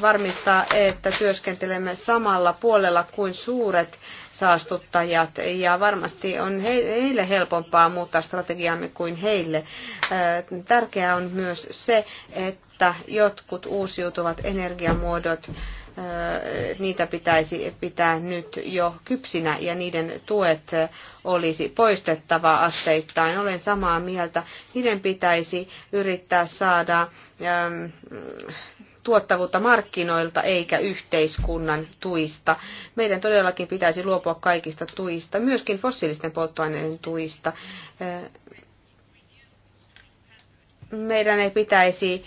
varmistaa, että työskentelemme samalla puolella kuin suuret saastuttajat ja varmasti on heille helpompaa muuttaa strategiaamme kuin heille. Tärkeää on myös se, että jotkut uusiutuvat energiamuodot niitä pitäisi pitää nyt jo kypsinä ja niiden tuet olisi poistettava asteittain. Olen samaa mieltä. Niiden pitäisi yrittää saada tuottavuutta markkinoilta eikä yhteiskunnan tuista. Meidän todellakin pitäisi luopua kaikista tuista, myöskin fossiilisten polttoaineiden tuista. Meidän ei pitäisi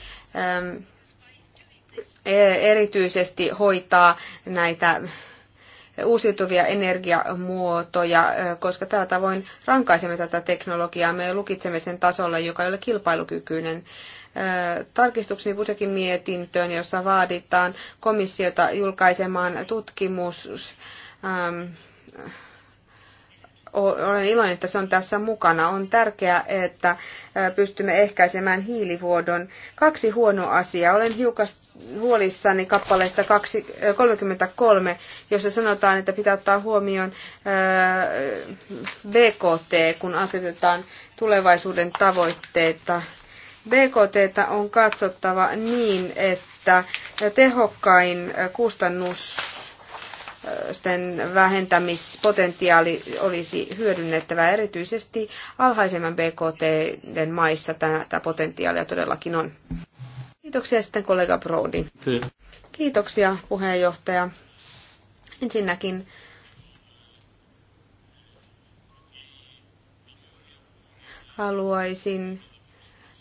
E, erityisesti hoitaa näitä uusiutuvia energiamuotoja, e, koska tällä tavoin rankaisemme tätä teknologiaa. Me lukitsemme sen tasolla, joka ei ole kilpailukykyinen. E, tarkistukseni Busekin mietintöön, jossa vaaditaan komissiota julkaisemaan tutkimus olen iloinen, että se on tässä mukana. On tärkeää, että pystymme ehkäisemään hiilivuodon. Kaksi huonoa asiaa. Olen hiukan huolissani kappaleesta 33, jossa sanotaan, että pitää ottaa huomioon BKT, kun asetetaan tulevaisuuden tavoitteita. BKT on katsottava niin, että tehokkain kustannus vähentämispotentiaali olisi hyödynnettävä erityisesti alhaisemman BKT maissa tätä potentiaalia todellakin on. Kiitoksia sitten kollega Brody. Kiitoksia puheenjohtaja. Ensinnäkin haluaisin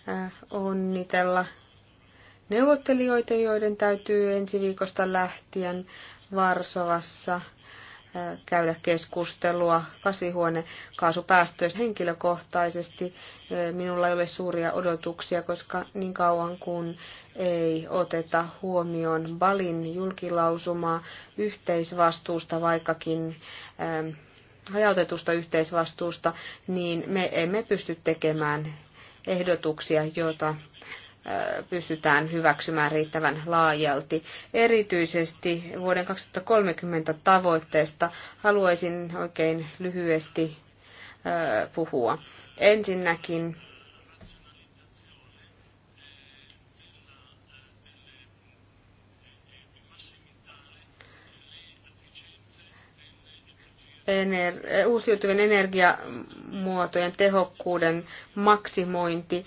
äh, onnitella neuvottelijoita, joiden täytyy ensi viikosta lähtien Varsovassa käydä keskustelua kasvihuonekaasupäästöistä henkilökohtaisesti. Minulla ei ole suuria odotuksia, koska niin kauan kuin ei oteta huomioon Balin julkilausumaa yhteisvastuusta, vaikkakin hajautetusta yhteisvastuusta, niin me emme pysty tekemään ehdotuksia, joita pystytään hyväksymään riittävän laajalti. Erityisesti vuoden 2030 tavoitteesta haluaisin oikein lyhyesti puhua. Ensinnäkin ener- eh, uusiutuvien energiamuotojen tehokkuuden maksimointi.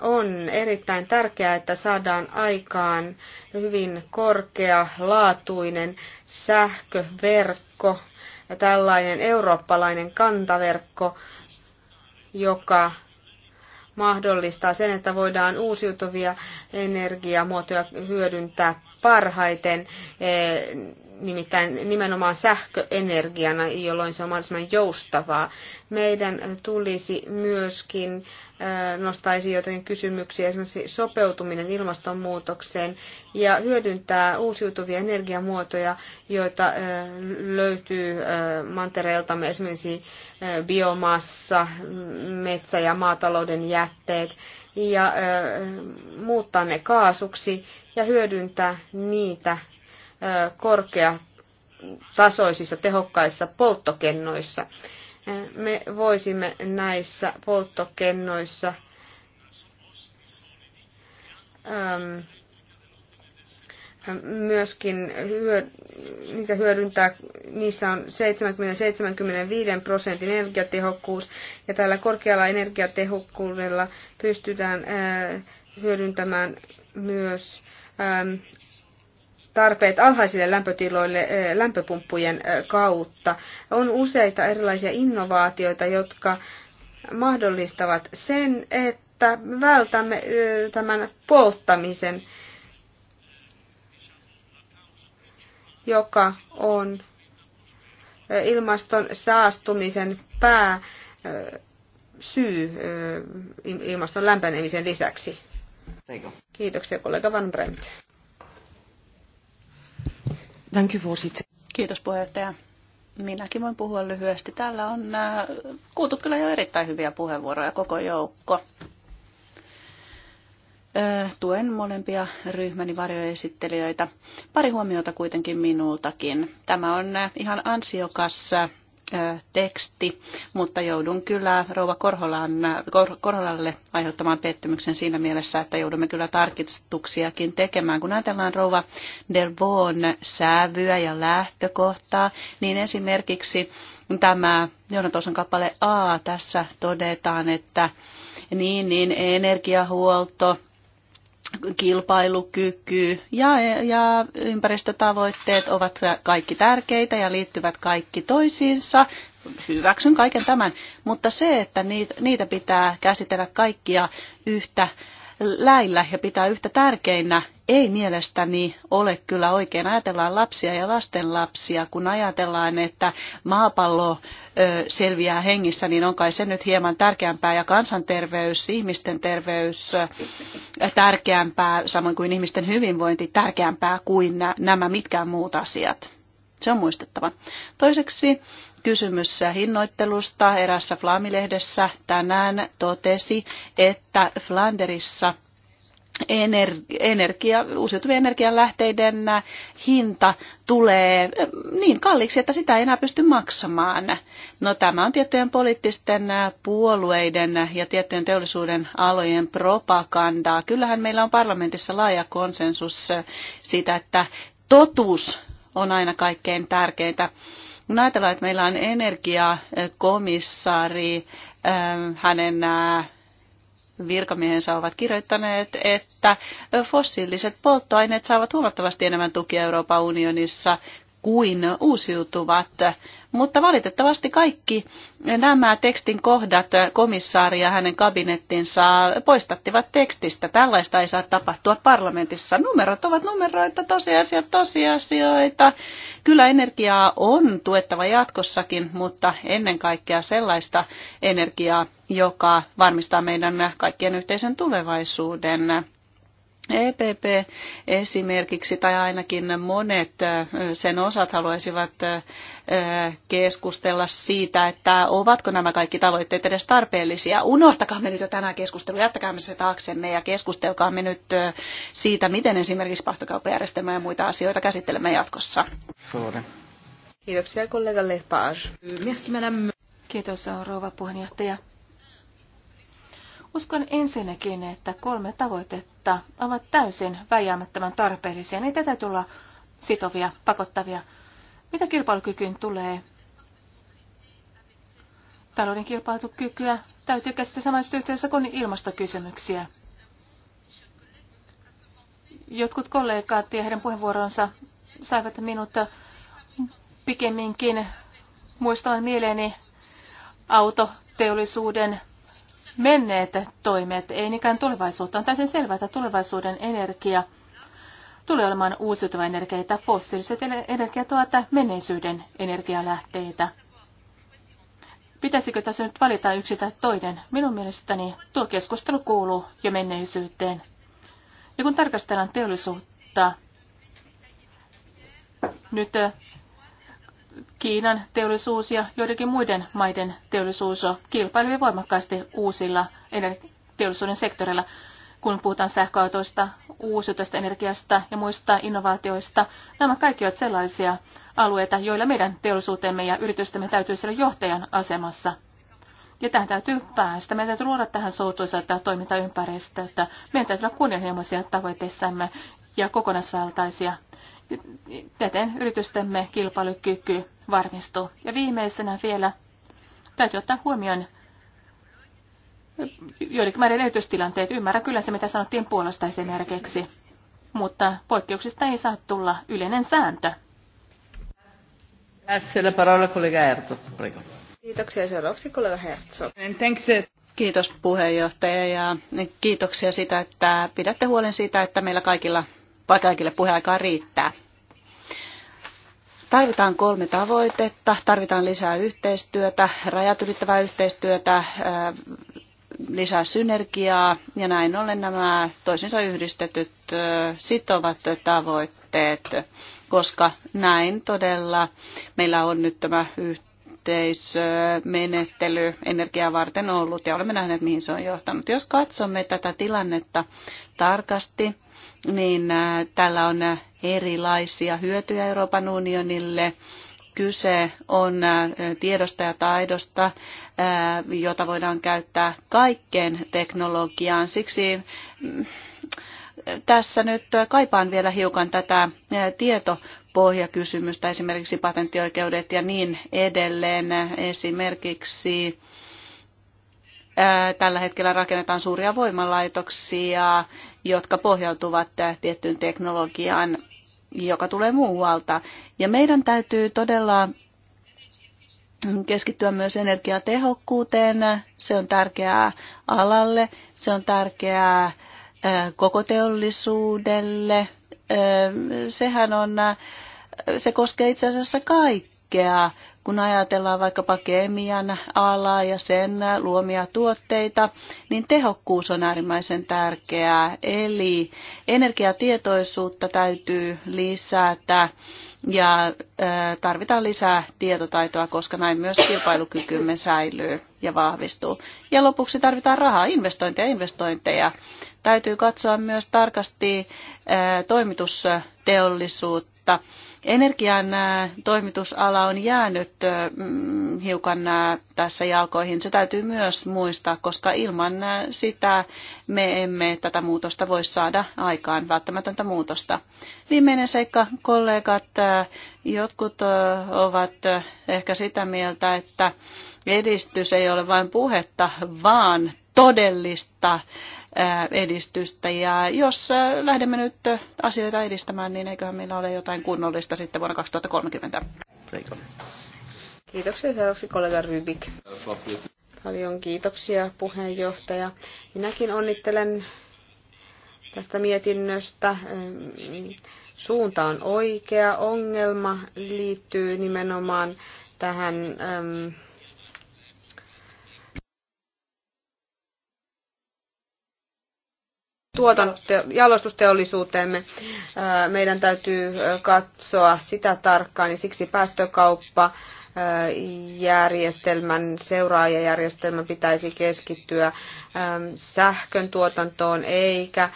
On erittäin tärkeää, että saadaan aikaan hyvin korkealaatuinen sähköverkko, tällainen eurooppalainen kantaverkko, joka mahdollistaa sen, että voidaan uusiutuvia energiamuotoja hyödyntää parhaiten, eh, nimittäin nimenomaan sähköenergiana, jolloin se on mahdollisimman joustavaa. Meidän tulisi myöskin eh, nostaisi jotain kysymyksiä, esimerkiksi sopeutuminen ilmastonmuutokseen ja hyödyntää uusiutuvia energiamuotoja, joita eh, löytyy mantereeltamme, esimerkiksi biomassa, metsä- ja maatalouden jätteet ja muuttaa ne kaasuksi ja hyödyntää niitä korkeatasoisissa tehokkaissa polttokennoissa. Me voisimme näissä polttokennoissa myöskin hyö, niitä hyödyntää, niissä on 70-75 prosentin energiatehokkuus ja tällä korkealla energiatehokkuudella pystytään hyödyntämään myös tarpeet alhaisille lämpötiloille lämpöpumppujen kautta. On useita erilaisia innovaatioita, jotka mahdollistavat sen, että vältämme tämän polttamisen joka on ilmaston saastumisen pää syy ilmaston lämpenemisen lisäksi. Kiitoksia kollega Van Brent. Thank you, Kiitos puheenjohtaja. Minäkin voin puhua lyhyesti. Täällä on kuultu kyllä jo erittäin hyviä puheenvuoroja koko joukko. Tuen molempia ryhmäni varjoesittelijöitä. Pari huomiota kuitenkin minultakin. Tämä on ihan ansiokas teksti, mutta joudun kyllä Rouva Korholan, Kor, Korholalle aiheuttamaan pettymyksen siinä mielessä, että joudumme kyllä tarkistuksiakin tekemään. Kun ajatellaan Rouva Delvon sävyä ja lähtökohtaa, niin esimerkiksi tämä Jonatosan kappale A tässä todetaan, että niin, niin energiahuolto, kilpailukyky ja, ja ympäristötavoitteet ovat kaikki tärkeitä ja liittyvät kaikki toisiinsa. Hyväksyn kaiken tämän, mutta se, että niitä pitää käsitellä kaikkia yhtä läillä ja pitää yhtä tärkeinä, ei mielestäni ole kyllä oikein. Ajatellaan lapsia ja lastenlapsia, kun ajatellaan, että maapallo selviää hengissä, niin on kai se nyt hieman tärkeämpää ja kansanterveys, ihmisten terveys tärkeämpää, samoin kuin ihmisten hyvinvointi tärkeämpää kuin nämä mitkään muut asiat. Se on muistettava. Toiseksi kysymys hinnoittelusta. Erässä Flaamilehdessä tänään totesi, että Flanderissa – energia, uusiutuvien energianlähteiden hinta tulee eh, niin kalliiksi, että sitä ei enää pysty maksamaan. No tämä on tiettyjen poliittisten puolueiden ja tiettyjen teollisuuden alojen propagandaa. Kyllähän meillä on parlamentissa laaja konsensus siitä, että totuus on aina kaikkein tärkeintä. Kun ajatellaan, että meillä on energiakomissaari, eh, hänen eh, virkamiehensä ovat kirjoittaneet, että fossiiliset polttoaineet saavat huomattavasti enemmän tukia Euroopan unionissa kuin uusiutuvat. Mutta valitettavasti kaikki nämä tekstin kohdat komissaari ja hänen kabinettinsa poistattivat tekstistä. Tällaista ei saa tapahtua parlamentissa. Numerot ovat numeroita, tosiasiat tosiasioita. Kyllä energiaa on tuettava jatkossakin, mutta ennen kaikkea sellaista energiaa, joka varmistaa meidän kaikkien yhteisen tulevaisuuden. EPP esimerkiksi, tai ainakin monet sen osat haluaisivat keskustella siitä, että ovatko nämä kaikki tavoitteet edes tarpeellisia. Unohtakaa me nyt jo tämä keskustelu, jättäkäämme se taaksemme ja keskustelkaamme nyt siitä, miten esimerkiksi pahtokauppajärjestelmä ja muita asioita käsittelemme jatkossa. Kiitoksia kollega Lehpaas. Kiitos rouva puheenjohtaja. Uskon ensinnäkin, että kolme tavoitetta ovat täysin väjäämättömän tarpeellisia. Niitä täytyy olla sitovia, pakottavia. Mitä kilpailukykyyn tulee? Talouden kilpailukykyä täytyy käsittää samassa yhteydessä kuin ilmastokysymyksiä. Jotkut kollegat ja heidän puheenvuoronsa saivat minut pikemminkin muistamaan mieleeni autoteollisuuden menneet toimet, ei niinkään tulevaisuutta. On täysin selvää, että tulevaisuuden energia tulee olemaan uusiutuva energia, että fossiiliset energiat ovat menneisyyden energialähteitä. Pitäisikö tässä nyt valita yksi tai toinen? Minun mielestäni tuo keskustelu kuuluu jo menneisyyteen. Ja kun tarkastellaan teollisuutta, nyt Kiinan teollisuus ja joidenkin muiden maiden teollisuus kilpailee voimakkaasti uusilla teollisuuden sektoreilla. Kun puhutaan sähköautoista, uusiutuvasta energiasta ja muista innovaatioista, nämä kaikki ovat sellaisia alueita, joilla meidän teollisuutemme ja yritystämme täytyy olla johtajan asemassa. Ja tähän täytyy päästä. Meidän täytyy luoda tähän suotuisaa toimintaympäristöä. Meidän täytyy olla kunnianhimoisia tavoitteissamme ja kokonaisvaltaisia. Täten yritystemme kilpailukyky varmistuu. Ja viimeisenä vielä täytyy ottaa huomioon joidenkin määrin erityistilanteet. Ymmärrän kyllä se, mitä sanottiin Puolasta esimerkiksi, mutta poikkeuksista ei saa tulla yleinen sääntö. Kiitoksia seuraavaksi kollega Herzog. Eh. Kiitos puheenjohtaja ja kiitoksia sitä, että pidätte huolen siitä, että meillä kaikilla vaikka kaikille puheaikaa riittää. Tarvitaan kolme tavoitetta. Tarvitaan lisää yhteistyötä, rajat ylittävää yhteistyötä, lisää synergiaa ja näin ollen nämä toisinsa yhdistetyt sitovat tavoitteet, koska näin todella meillä on nyt tämä yhteismenettely energiaa varten ollut ja olemme nähneet, mihin se on johtanut. Jos katsomme tätä tilannetta tarkasti, niin äh, tällä on äh, erilaisia hyötyjä Euroopan unionille. Kyse on äh, tiedosta ja taidosta, jota voidaan käyttää kaikkeen teknologiaan. Siksi mm, tässä nyt kaipaan vielä hiukan tätä tietopohjakysymystä, esimerkiksi patenttioikeudet ja niin edelleen. Esimerkiksi tällä hetkellä rakennetaan suuria voimalaitoksia jotka pohjautuvat äh, tiettyyn teknologiaan, joka tulee muualta. Ja meidän täytyy todella keskittyä myös energiatehokkuuteen. Se on tärkeää alalle, se on tärkeää äh, koko teollisuudelle. Äh, sehän on, se koskee itse asiassa kaikkea kun ajatellaan vaikkapa kemian alaa ja sen luomia tuotteita, niin tehokkuus on äärimmäisen tärkeää. Eli energiatietoisuutta täytyy lisätä ja tarvitaan lisää tietotaitoa, koska näin myös kilpailukykymme säilyy ja vahvistuu. Ja lopuksi tarvitaan rahaa, investointeja, investointeja. Täytyy katsoa myös tarkasti toimitusteollisuutta Energian toimitusala on jäänyt mm, hiukan tässä jalkoihin. Se täytyy myös muistaa, koska ilman sitä me emme tätä muutosta voi saada aikaan, välttämätöntä muutosta. Viimeinen seikka, kollegat, jotkut ovat ehkä sitä mieltä, että edistys ei ole vain puhetta, vaan todellista edistystä. Ja jos lähdemme nyt asioita edistämään, niin eiköhän meillä ole jotain kunnollista sitten vuonna 2030. Kiitoksia. Seuraavaksi kollega Rybik. Paljon kiitoksia puheenjohtaja. Minäkin onnittelen tästä mietinnöstä. Suunta on oikea. Ongelma liittyy nimenomaan tähän jalostusteollisuuteemme. Meidän täytyy katsoa sitä tarkkaan, niin siksi päästökauppa järjestelmän, seuraajajärjestelmän pitäisi keskittyä sähkön tuotantoon eikä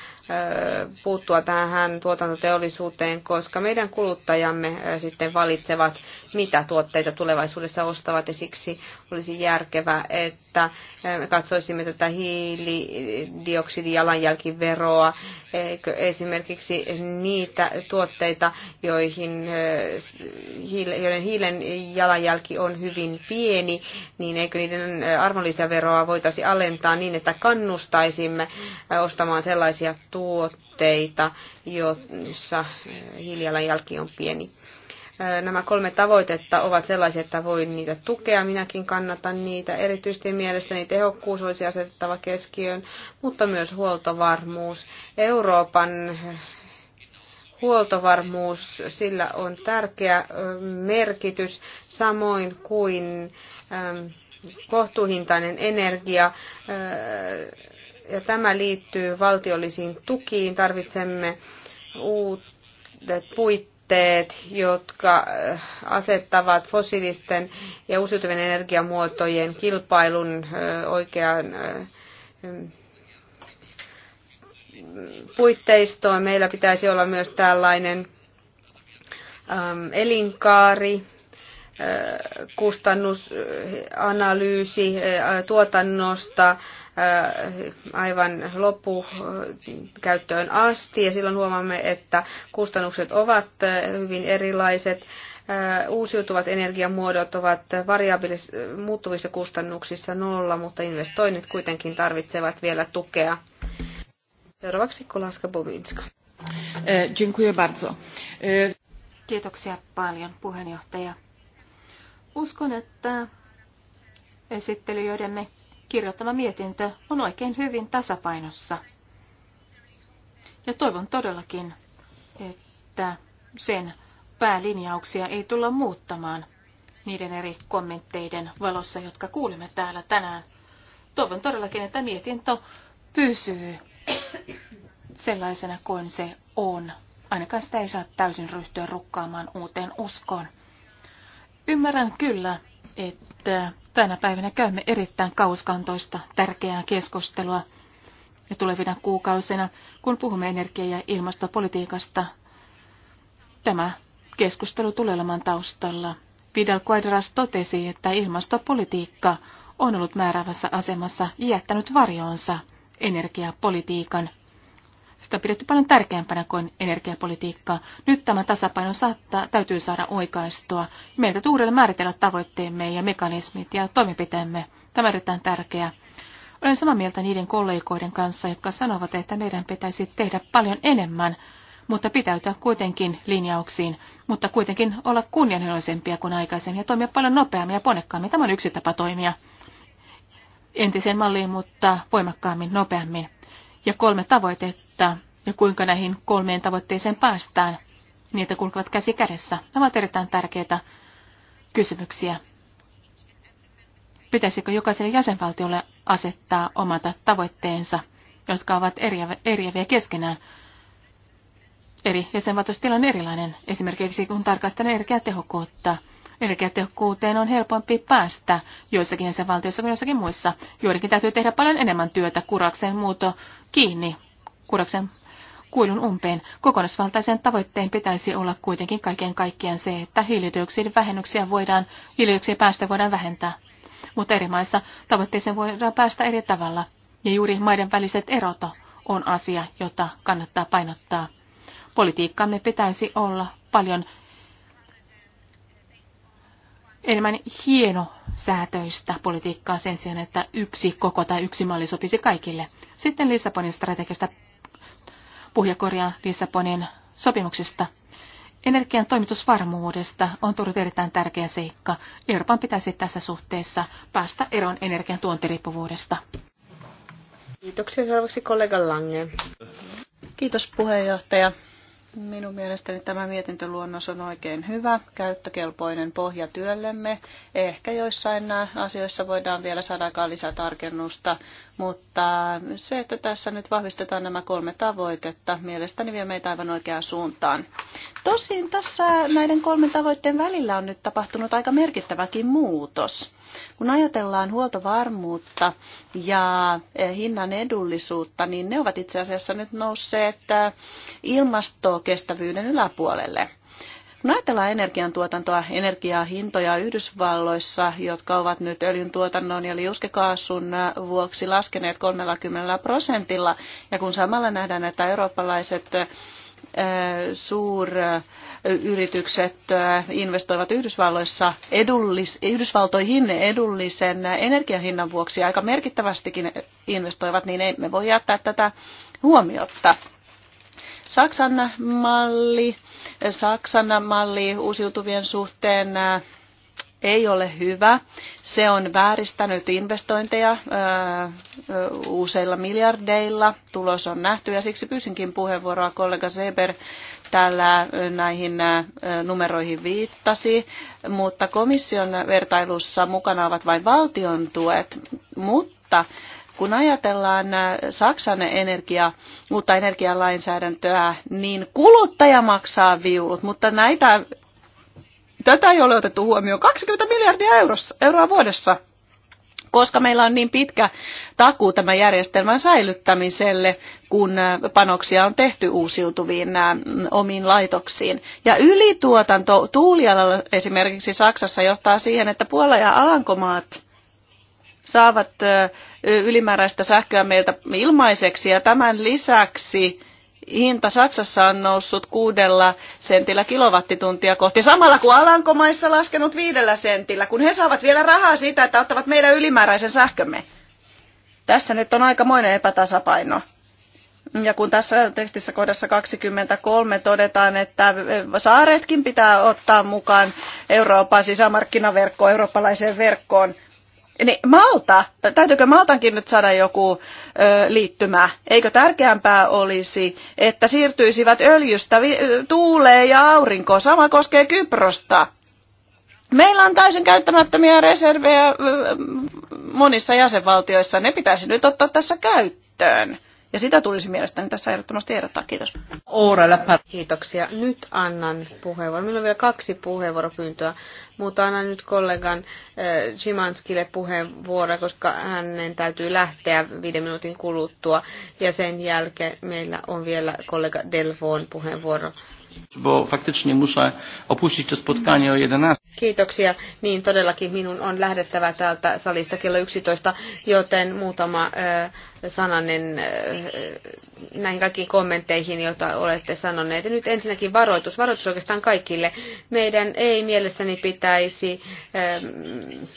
puuttua tähän tuotantoteollisuuteen, koska meidän kuluttajamme sitten valitsevat, mitä tuotteita tulevaisuudessa ostavat, ja siksi olisi järkevää, että me katsoisimme tätä hiilidioksidijalanjälkiveroa, esimerkiksi niitä tuotteita, joihin, joiden hiilen jalanjälki on hyvin pieni, niin eikö niiden arvonlisäveroa voitaisiin alentaa niin, että kannustaisimme ostamaan sellaisia tuotteita, tuotteita, joissa hiilijalanjälki on pieni. Nämä kolme tavoitetta ovat sellaisia, että voin niitä tukea. Minäkin kannatan niitä. Erityisesti mielestäni tehokkuus olisi asetettava keskiöön, mutta myös huoltovarmuus. Euroopan huoltovarmuus, sillä on tärkeä merkitys, samoin kuin kohtuuhintainen energia ja tämä liittyy valtiollisiin tukiin. Tarvitsemme uudet puitteet, jotka äh, asettavat fossiilisten ja uusiutuvien energiamuotojen kilpailun äh, oikeaan äh, puitteistoon. Meillä pitäisi olla myös tällainen ähm, elinkaari kustannusanalyysi tuotannosta aivan loppukäyttöön asti ja silloin huomaamme, että kustannukset ovat hyvin erilaiset. Uusiutuvat energiamuodot ovat variaabilis- muuttuvissa kustannuksissa nolla, mutta investoinnit kuitenkin tarvitsevat vielä tukea. Seuraavaksi Kolaska Bobinska. Dziękuję bardzo. Kiitoksia paljon puheenjohtaja. Uskon, että esittelijöidemme kirjoittama mietintö on oikein hyvin tasapainossa. Ja toivon todellakin, että sen päälinjauksia ei tulla muuttamaan niiden eri kommentteiden valossa, jotka kuulimme täällä tänään. Toivon todellakin, että mietintö pysyy sellaisena kuin se on. Ainakaan sitä ei saa täysin ryhtyä rukkaamaan uuteen uskoon. Ymmärrän kyllä, että tänä päivänä käymme erittäin kauskantoista tärkeää keskustelua. Ja tulevina kuukausina, kun puhumme energia- ja ilmastopolitiikasta, tämä keskustelu tulee olemaan taustalla. Vidal Quadras totesi, että ilmastopolitiikka on ollut määräävässä asemassa jättänyt varjoonsa energiapolitiikan sitä on pidetty paljon tärkeämpänä kuin energiapolitiikkaa. Nyt tämä tasapaino saattaa, täytyy saada oikaistua. Meiltä täytyy uudelleen määritellä tavoitteemme ja mekanismit ja toimenpiteemme. Tämä on erittäin tärkeää. Olen samaa mieltä niiden kollegoiden kanssa, jotka sanovat, että meidän pitäisi tehdä paljon enemmän, mutta pitäytyä kuitenkin linjauksiin, mutta kuitenkin olla kunnianhimoisempia kuin aikaisemmin ja toimia paljon nopeammin ja ponekkaammin Tämä on yksi tapa toimia entiseen malliin, mutta voimakkaammin, nopeammin. Ja kolme tavoite, tilannetta ja kuinka näihin kolmeen tavoitteeseen päästään. Niitä kulkevat käsi kädessä. Nämä ovat erittäin tärkeitä kysymyksiä. Pitäisikö jokaiselle jäsenvaltiolle asettaa omat tavoitteensa, jotka ovat eriäviä, keskenään? Eri jäsenvaltioissa on erilainen, esimerkiksi kun tarkastellaan energiatehokkuutta. Energiatehokkuuteen on helpompi päästä joissakin jäsenvaltioissa kuin joissakin muissa. Juurikin täytyy tehdä paljon enemmän työtä kurakseen muuto kiinni kuraksen kuilun umpeen. Kokonaisvaltaisen tavoitteen pitäisi olla kuitenkin kaiken kaikkiaan se, että hiilidioksidin vähennyksiä voidaan, hiilidioksidin päästä voidaan vähentää. Mutta eri maissa tavoitteeseen voidaan päästä eri tavalla. Ja juuri maiden väliset erot on asia, jota kannattaa painottaa. Politiikkamme pitäisi olla paljon enemmän hieno säätöistä politiikkaa sen sijaan, että yksi koko tai yksi malli sopisi kaikille. Sitten Lissabonin strategiasta puhjakorjaa Lissabonin sopimuksesta. Energian toimitusvarmuudesta on tullut erittäin tärkeä seikka. Euroopan pitäisi tässä suhteessa päästä eroon energian tuontiriippuvuudesta. Kiitoksia seuraavaksi kollega Lange. Kiitos puheenjohtaja. Minun mielestäni tämä mietintöluonnos on oikein hyvä, käyttökelpoinen pohja työllemme. Ehkä joissain asioissa voidaan vielä saada aikaan lisätarkennusta, mutta se, että tässä nyt vahvistetaan nämä kolme tavoitetta, mielestäni vie meitä aivan oikeaan suuntaan. Tosin tässä näiden kolmen tavoitteen välillä on nyt tapahtunut aika merkittäväkin muutos. Kun ajatellaan huoltovarmuutta ja eh, hinnan edullisuutta, niin ne ovat itse asiassa nyt nousseet eh, ilmastokestävyyden yläpuolelle. Kun ajatellaan energiantuotantoa, hintoja Yhdysvalloissa, jotka ovat nyt öljyntuotannon ja liuskekaasun eh, vuoksi laskeneet 30 prosentilla, ja kun samalla nähdään, että eurooppalaiset suur yritykset investoivat Yhdysvalloissa edullis, Yhdysvaltoihin edullisen energiahinnan vuoksi aika merkittävästikin investoivat, niin emme voi jättää tätä huomiotta. Saksan malli, Saksan malli uusiutuvien suhteen ei ole hyvä. Se on vääristänyt investointeja useilla miljardeilla. Tulos on nähty ja siksi pyysinkin puheenvuoroa kollega Seber täällä näihin numeroihin viittasi, mutta komission vertailussa mukana ovat vain valtion tuet, mutta kun ajatellaan Saksan energia, uutta energialainsäädäntöä, niin kuluttaja maksaa viulut, mutta näitä, tätä ei ole otettu huomioon 20 miljardia eurossa, euroa vuodessa koska meillä on niin pitkä takuu tämän järjestelmän säilyttämiselle, kun panoksia on tehty uusiutuviin omiin laitoksiin. Ja ylituotanto tuulialalla esimerkiksi Saksassa johtaa siihen, että Puola ja Alankomaat saavat ylimääräistä sähköä meiltä ilmaiseksi ja tämän lisäksi hinta Saksassa on noussut kuudella sentillä kilowattituntia kohti, samalla kuin Alankomaissa laskenut viidellä sentillä, kun he saavat vielä rahaa siitä, että ottavat meidän ylimääräisen sähkömme. Tässä nyt on aikamoinen epätasapaino. Ja kun tässä tekstissä kohdassa 23 todetaan, että saaretkin pitää ottaa mukaan Euroopan sisämarkkinaverkkoon, eurooppalaiseen verkkoon, niin Malta, täytyykö Maltankin nyt saada joku ö, liittymä? Eikö tärkeämpää olisi, että siirtyisivät öljystä vi- tuuleen ja aurinkoon? Sama koskee Kyprosta. Meillä on täysin käyttämättömiä reservejä monissa jäsenvaltioissa. Ne pitäisi nyt ottaa tässä käyttöön. Ja sitä tulisi mielestäni tässä ehdottomasti ehdottaa. Kiitos. Oora läppä. Kiitoksia. Nyt annan puheenvuoron. minulla on vielä kaksi puheenvuoropyyntöä, mutta annan nyt kollegan eh, Simanskille puheenvuoro, koska hänen täytyy lähteä viiden minuutin kuluttua. Ja sen jälkeen meillä on vielä kollega Delvon puheenvuoro bo faktycznie muszę opuścić to spotkanie o 11. Kiitoksia. Niin todellakin minun on lähdettävä täältä salista kello 11, joten muutama äh, sananen äh, näihin kaikkiin kommentteihin, joita olette sanoneet. Ja nyt ensinnäkin varoitus. Varoitus oikeastaan kaikille. Meidän ei mielestäni pitäisi ähm,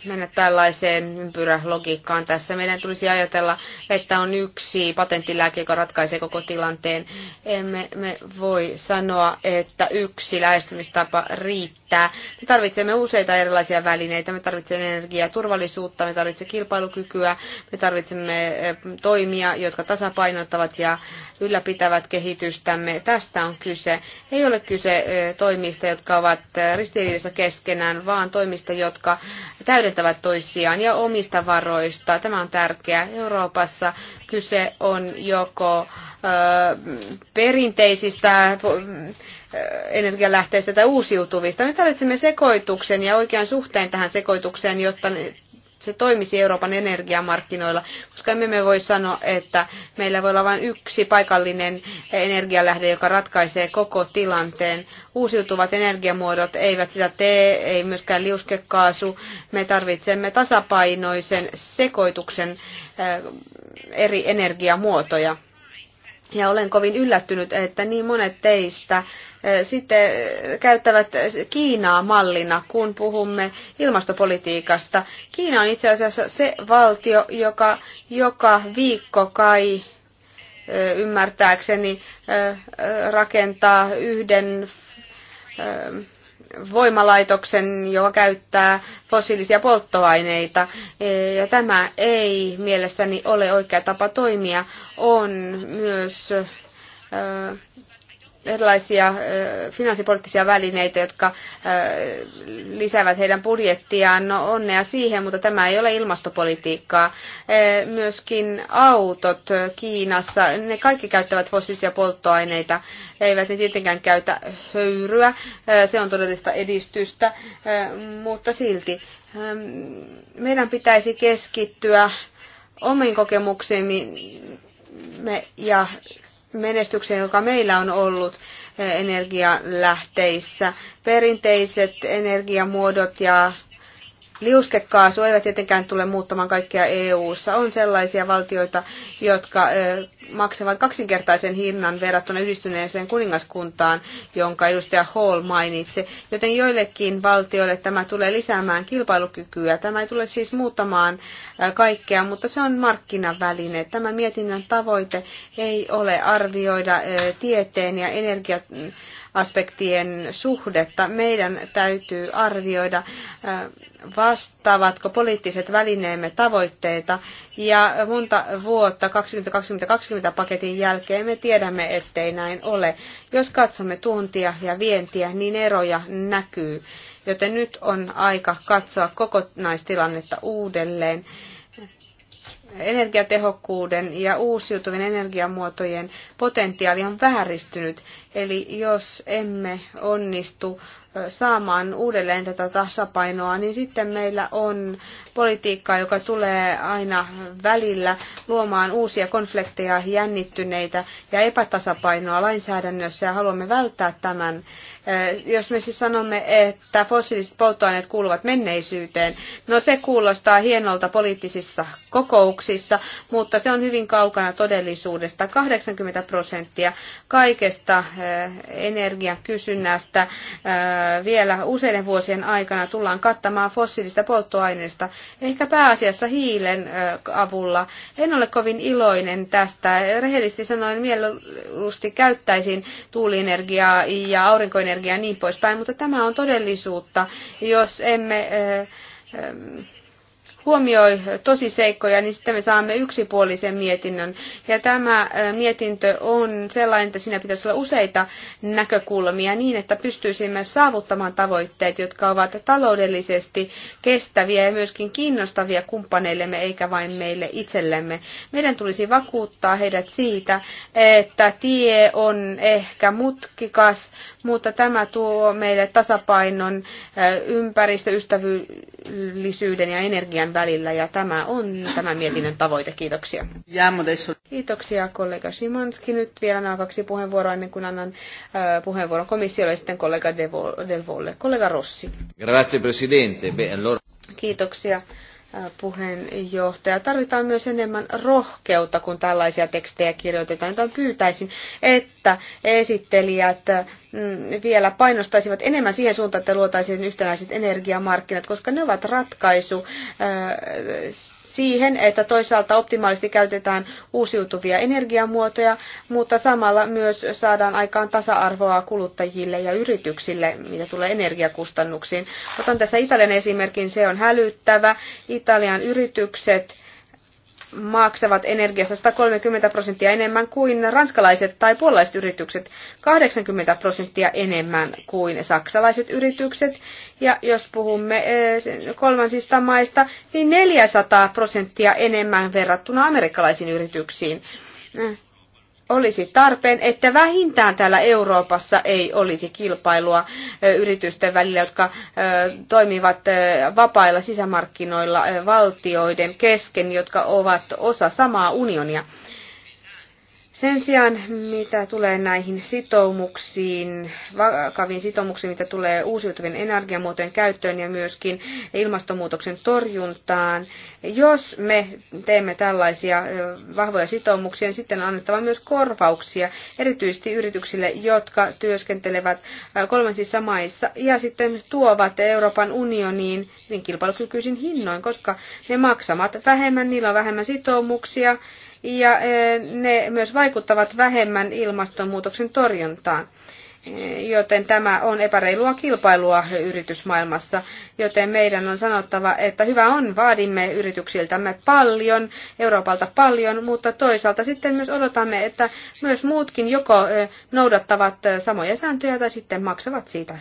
mennä tällaiseen ympyrälogiikkaan tässä. Meidän tulisi ajatella, että on yksi patenttilääke, joka ratkaisee koko tilanteen. Emme me voi sanoa, että yksi lähestymistapa riittää. Me tarvitsemme useita erilaisia välineitä. Me tarvitsemme energiaa, turvallisuutta, me tarvitsemme kilpailukykyä, me tarvitsemme toimintaa äh, toimia, jotka tasapainottavat ja ylläpitävät kehitystämme. Tästä on kyse. Ei ole kyse toimista, jotka ovat ristiriidassa keskenään, vaan toimista, jotka täydentävät toisiaan ja omista varoista. Tämä on tärkeää. Euroopassa kyse on joko perinteisistä energialähteistä tai uusiutuvista. Me tarvitsemme sekoituksen ja oikean suhteen tähän sekoitukseen, jotta se toimisi Euroopan energiamarkkinoilla, koska emme me voi sanoa, että meillä voi olla vain yksi paikallinen energialähde, joka ratkaisee koko tilanteen. Uusiutuvat energiamuodot eivät sitä tee, ei myöskään liuskekaasu. Me tarvitsemme tasapainoisen sekoituksen eh, eri energiamuotoja. Ja olen kovin yllättynyt, että niin monet teistä sitten käyttävät Kiinaa mallina, kun puhumme ilmastopolitiikasta. Kiina on itse asiassa se valtio, joka joka viikko kai ymmärtääkseni rakentaa yhden voimalaitoksen, joka käyttää fossiilisia polttoaineita. E, ja tämä ei mielestäni ole oikea tapa toimia. On myös erilaisia finanssipoliittisia välineitä, jotka lisäävät heidän budjettiaan. No onnea siihen, mutta tämä ei ole ilmastopolitiikkaa. Myöskin autot Kiinassa, ne kaikki käyttävät fossiilisia polttoaineita. Eivät ne tietenkään käytä höyryä, se on todellista edistystä, mutta silti meidän pitäisi keskittyä omiin kokemuksiimme ja menestykseen, joka meillä on ollut eh, energialähteissä. Perinteiset energiamuodot ja Liuskekaasu eivät tietenkään tule muuttamaan kaikkea EU-ssa. On sellaisia valtioita, jotka maksavat kaksinkertaisen hinnan verrattuna yhdistyneeseen kuningaskuntaan, jonka edustaja Hall mainitsi. Joten joillekin valtioille tämä tulee lisäämään kilpailukykyä. Tämä ei tule siis muuttamaan kaikkea, mutta se on markkinaväline. Tämä mietinnön tavoite ei ole arvioida tieteen ja energian aspektien suhdetta. Meidän täytyy arvioida, äh, vastaavatko poliittiset välineemme tavoitteita. Ja monta vuotta 2020-2020 paketin jälkeen me tiedämme, ettei näin ole. Jos katsomme tuntia ja vientiä, niin eroja näkyy. Joten nyt on aika katsoa kokonaistilannetta uudelleen energiatehokkuuden ja uusiutuvien energiamuotojen potentiaali on vääristynyt. Eli jos emme onnistu saamaan uudelleen tätä tasapainoa, niin sitten meillä on politiikkaa, joka tulee aina välillä luomaan uusia konflikteja, jännittyneitä ja epätasapainoa lainsäädännössä ja haluamme välttää tämän jos me siis sanomme, että fossiiliset polttoaineet kuuluvat menneisyyteen, no se kuulostaa hienolta poliittisissa kokouksissa, mutta se on hyvin kaukana todellisuudesta. 80 prosenttia kaikesta kysynnästä vielä useiden vuosien aikana tullaan kattamaan fossiilista polttoaineista, ehkä pääasiassa hiilen avulla. En ole kovin iloinen tästä. Rehellisesti sanoen mieluusti käyttäisin tuulienergiaa ja aurinkoenergiaa energia ja niin poispäin, mutta tämä on todellisuutta. Jos emme huomioi tosi seikkoja, niin sitten me saamme yksipuolisen mietinnön. Ja tämä mietintö on sellainen, että siinä pitäisi olla useita näkökulmia niin, että pystyisimme saavuttamaan tavoitteet, jotka ovat taloudellisesti kestäviä ja myöskin kiinnostavia kumppaneillemme eikä vain meille itsellemme. Meidän tulisi vakuuttaa heidät siitä, että tie on ehkä mutkikas, mutta tämä tuo meille tasapainon eh, ympäristöystävällisyyden ja energian välillä, ja tämä on tämä mietinnön tavoite. Kiitoksia. Kiitoksia kollega Simanski. Nyt vielä nämä kaksi puheenvuoroa ennen kuin annan eh, puheenvuoron komissiolle ja sitten kollega Delvolle. Kollega Rossi. Grazie, presidente. allora... Kiitoksia puheenjohtaja. Tarvitaan myös enemmän rohkeutta, kun tällaisia tekstejä kirjoitetaan. Joten pyytäisin, että esittelijät mm, vielä painostaisivat enemmän siihen suuntaan, että luotaisiin yhtenäiset energiamarkkinat, koska ne ovat ratkaisu äh, siihen, että toisaalta optimaalisesti käytetään uusiutuvia energiamuotoja, mutta samalla myös saadaan aikaan tasa-arvoa kuluttajille ja yrityksille, mitä tulee energiakustannuksiin. Otan tässä Italian esimerkin, se on hälyttävä. Italian yritykset maksavat energiasta 130 prosenttia enemmän kuin ranskalaiset tai puolalaiset yritykset, 80 prosenttia enemmän kuin saksalaiset yritykset. Ja jos puhumme eh, kolmansista maista, niin 400 prosenttia enemmän verrattuna amerikkalaisiin yrityksiin olisi tarpeen, että vähintään täällä Euroopassa ei olisi kilpailua yritysten välillä, jotka toimivat vapailla sisämarkkinoilla valtioiden kesken, jotka ovat osa samaa unionia. Sen sijaan, mitä tulee näihin sitoumuksiin, vakaviin sitoumuksiin, mitä tulee uusiutuvien energiamuotojen käyttöön ja myöskin ilmastonmuutoksen torjuntaan, jos me teemme tällaisia vahvoja sitoumuksia, niin sitten on annettava myös korvauksia, erityisesti yrityksille, jotka työskentelevät kolmansissa maissa ja sitten tuovat Euroopan unioniin hyvin kilpailukykyisin hinnoin, koska ne maksamat vähemmän, niillä on vähemmän sitoumuksia, ja eh, ne myös vaikuttavat vähemmän ilmastonmuutoksen torjuntaan. Eh, joten tämä on epäreilua kilpailua yritysmaailmassa, joten meidän on sanottava, että hyvä on, vaadimme yrityksiltämme paljon, Euroopalta paljon, mutta toisaalta sitten myös odotamme, että myös muutkin joko eh, noudattavat samoja sääntöjä tai sitten maksavat siitä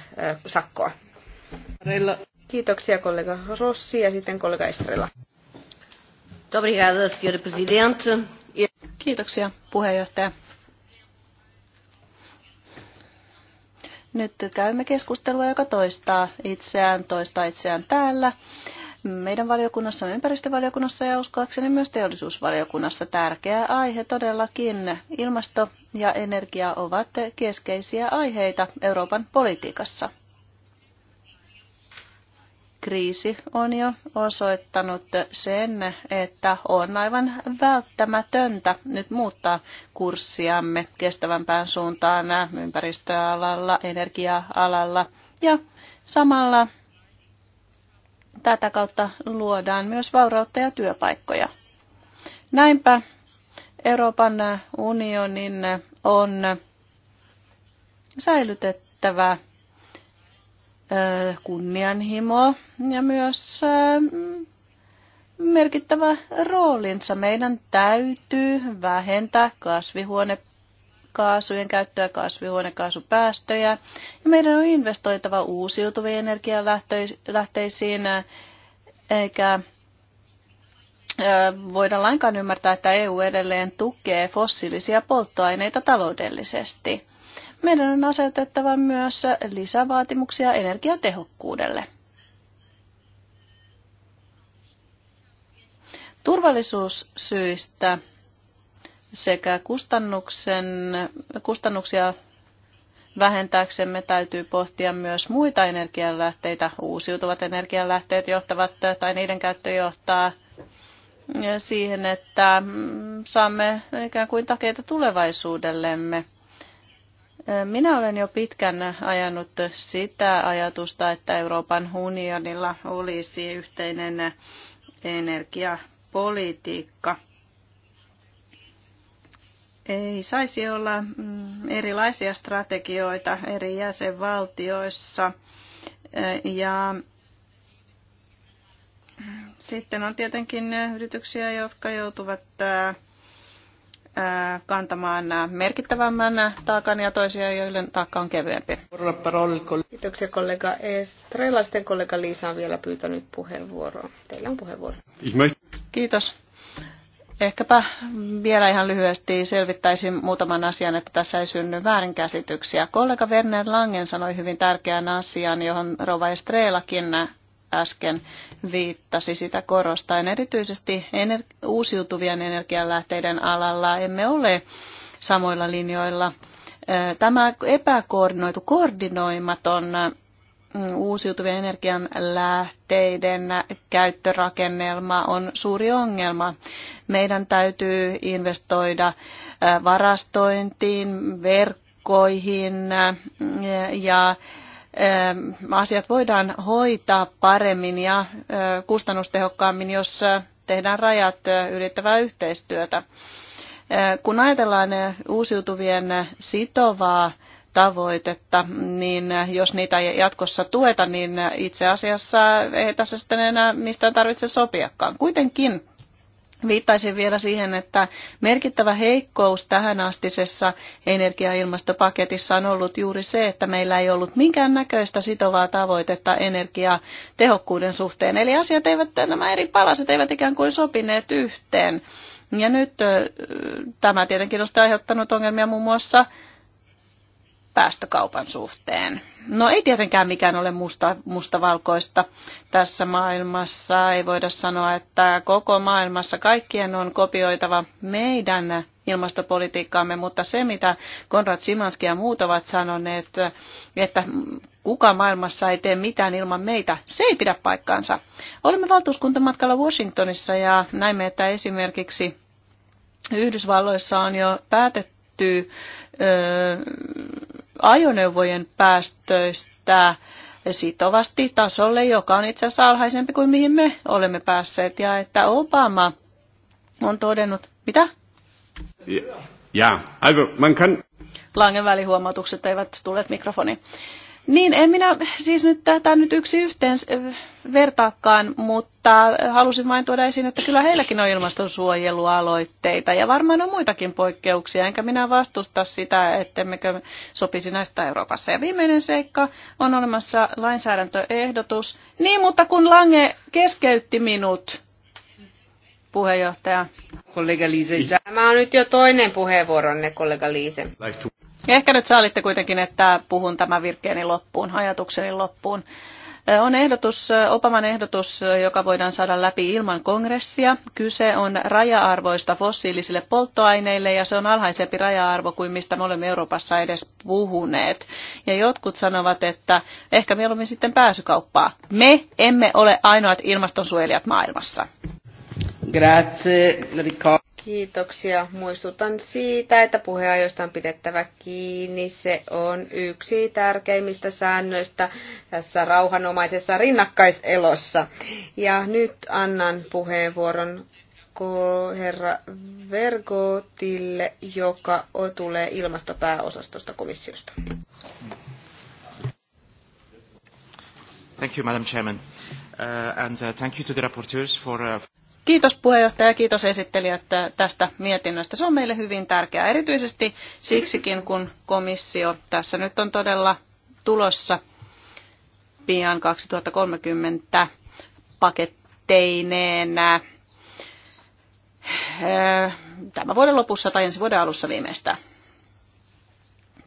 sakkoa. Kiitoksia kollega Rossi ja sitten kollega Estrella. E- Kiitoksia puheenjohtaja. Nyt käymme keskustelua, joka toistaa itseään, toistaa itseään täällä. Meidän valiokunnassa, ympäristövaliokunnassa ja uskoakseni myös teollisuusvaliokunnassa tärkeä aihe todellakin. Ilmasto ja energia ovat keskeisiä aiheita Euroopan politiikassa kriisi on jo osoittanut sen, että on aivan välttämätöntä nyt muuttaa kurssiamme kestävämpään suuntaan ympäristöalalla, energia-alalla ja samalla tätä kautta luodaan myös vaurautta ja työpaikkoja. Näinpä Euroopan unionin on säilytettävä kunnianhimo ja myös merkittävä roolinsa. Meidän täytyy vähentää kasvihuonekaasujen käyttöä, kasvihuonekaasupäästöjä. Ja meidän on investoitava uusiutuviin energialähteisiin, eikä voida lainkaan ymmärtää, että EU edelleen tukee fossiilisia polttoaineita taloudellisesti meidän on asetettava myös lisävaatimuksia energiatehokkuudelle. Turvallisuussyistä sekä kustannuksen, kustannuksia vähentääksemme täytyy pohtia myös muita energianlähteitä. Uusiutuvat energianlähteet johtavat tai niiden käyttö johtaa siihen, että saamme ikään kuin takeita tulevaisuudellemme. Minä olen jo pitkän ajanut sitä ajatusta, että Euroopan unionilla olisi yhteinen energiapolitiikka. Ei saisi olla mm, erilaisia strategioita eri jäsenvaltioissa. Ja sitten on tietenkin yrityksiä, jotka joutuvat äh, kantamaan merkittävämmän taakan ja toisia, joille taakka on kevyempi. Kiitoksia kollega Estrella. Sitten kollega Liisa on vielä pyytänyt puheenvuoroa. Teillä on puheenvuoro. Kiitos. Ehkäpä vielä ihan lyhyesti selvittäisin muutaman asian, että tässä ei synny väärinkäsityksiä. Kollega Werner Langen sanoi hyvin tärkeän asian, johon Rova Estreelakin äsken viittasi sitä korostaen. Erityisesti ener- uusiutuvien energianlähteiden alalla emme ole samoilla linjoilla. Tämä epäkoordinoitu, koordinoimaton uusiutuvien energianlähteiden käyttörakennelma on suuri ongelma. Meidän täytyy investoida varastointiin, verkkoihin ja asiat voidaan hoitaa paremmin ja kustannustehokkaammin, jos tehdään rajat ylittävää yhteistyötä. Kun ajatellaan uusiutuvien sitovaa tavoitetta, niin jos niitä ei jatkossa tueta, niin itse asiassa ei tässä sitten enää mistään tarvitse sopiakaan. Kuitenkin Viittaisin vielä siihen, että merkittävä heikkous tähän astisessa energia- ja ilmastopaketissa on ollut juuri se, että meillä ei ollut minkäännäköistä sitovaa tavoitetta energiatehokkuuden suhteen. Eli asiat eivät, nämä eri palaset eivät ikään kuin sopineet yhteen. Ja nyt tämä tietenkin on aiheuttanut ongelmia muun muassa päästökaupan suhteen. No ei tietenkään mikään ole musta, mustavalkoista tässä maailmassa. Ei voida sanoa, että koko maailmassa kaikkien on kopioitava meidän ilmastopolitiikkaamme, mutta se mitä Konrad Simanski ja muut ovat sanoneet, että kuka maailmassa ei tee mitään ilman meitä, se ei pidä paikkaansa. Olemme valtuuskuntamatkalla Washingtonissa ja näimme, että esimerkiksi Yhdysvalloissa on jo päätetty ajoneuvojen päästöistä sitovasti tasolle, joka on itse asiassa alhaisempi kuin mihin me olemme päässeet, ja että Obama on todennut, mitä? Ja, also man kann... Langen välihuomautukset eivät tule mikrofoniin. Niin, en minä siis nyt tätä nyt yksi yhteen vertaakaan, mutta halusin vain tuoda esiin, että kyllä heilläkin on ilmastonsuojelualoitteita ja varmaan on muitakin poikkeuksia, enkä minä vastusta sitä, ettemmekö sopisi näistä Euroopassa. Ja viimeinen seikka on olemassa lainsäädäntöehdotus. Niin, mutta kun Lange keskeytti minut, puheenjohtaja. Kollega Liise. Tämä on nyt jo toinen puheenvuoronne, kollega Liise. Ehkä nyt saalitte kuitenkin, että puhun tämän virkkeeni loppuun, ajatukseni loppuun. On ehdotus, Obaman ehdotus, joka voidaan saada läpi ilman kongressia. Kyse on raja-arvoista fossiilisille polttoaineille ja se on alhaisempi raja-arvo kuin mistä me olemme Euroopassa edes puhuneet. Ja jotkut sanovat, että ehkä mieluummin sitten pääsykauppaa. Me emme ole ainoat ilmastonsuojelijat maailmassa. Grazie, Kiitoksia. Muistutan siitä, että puheajoista on pidettävä kiinni. Se on yksi tärkeimmistä säännöistä tässä rauhanomaisessa rinnakkaiselossa. Ja nyt annan puheenvuoron herra Vergotille, joka tulee ilmastopääosastosta komissiosta. Thank you, Madam Chairman. Uh, and uh, thank you to the rapporteurs for... Uh... Kiitos puheenjohtaja ja kiitos esittelijät tästä mietinnöstä. Se on meille hyvin tärkeää, erityisesti siksikin, kun komissio tässä nyt on todella tulossa pian 2030 paketteineen äh, tämän vuoden lopussa tai ensi vuoden alussa viimeistään.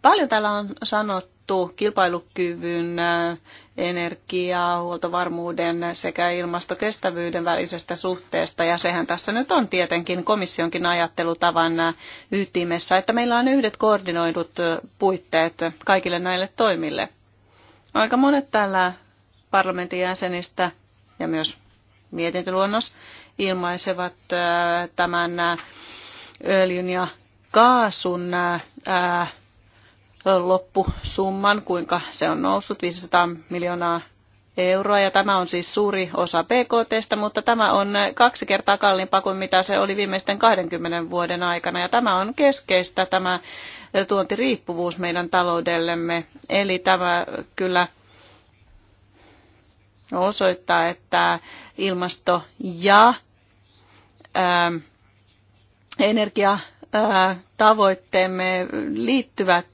Paljon täällä on sanottu puhuttu kilpailukyvyn, energia, huoltovarmuuden sekä ilmastokestävyyden välisestä suhteesta. Ja sehän tässä nyt on tietenkin komissionkin ajattelutavan ytimessä, että meillä on yhdet koordinoidut puitteet kaikille näille toimille. Aika monet täällä parlamentin jäsenistä ja myös mietintöluonnos ilmaisevat äh, tämän äh, öljyn ja kaasun äh, loppusumman, kuinka se on noussut, 500 miljoonaa euroa, ja tämä on siis suuri osa BKTstä, mutta tämä on kaksi kertaa kalliimpaa kuin mitä se oli viimeisten 20 vuoden aikana, ja tämä on keskeistä tämä tuontiriippuvuus meidän taloudellemme, eli tämä kyllä osoittaa, että ilmasto ja ää, energia tavoitteemme liittyvät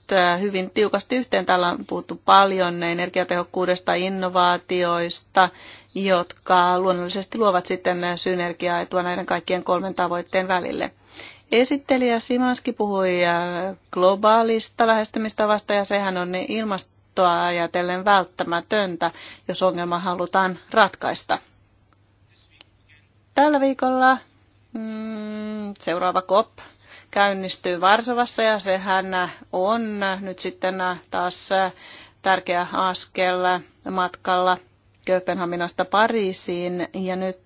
hyvin tiukasti yhteen. Täällä on puhuttu paljon energiatehokkuudesta, innovaatioista, jotka luonnollisesti luovat sitten synergiaetua näiden kaikkien kolmen tavoitteen välille. Esittelijä Simanski puhui globaalista lähestymistavasta ja sehän on ilmastoa ajatellen välttämätöntä, jos ongelma halutaan ratkaista. Tällä viikolla mm, seuraava kop käynnistyy Varsovassa ja sehän on nyt sitten taas tärkeä askel matkalla Kööpenhaminasta Pariisiin ja nyt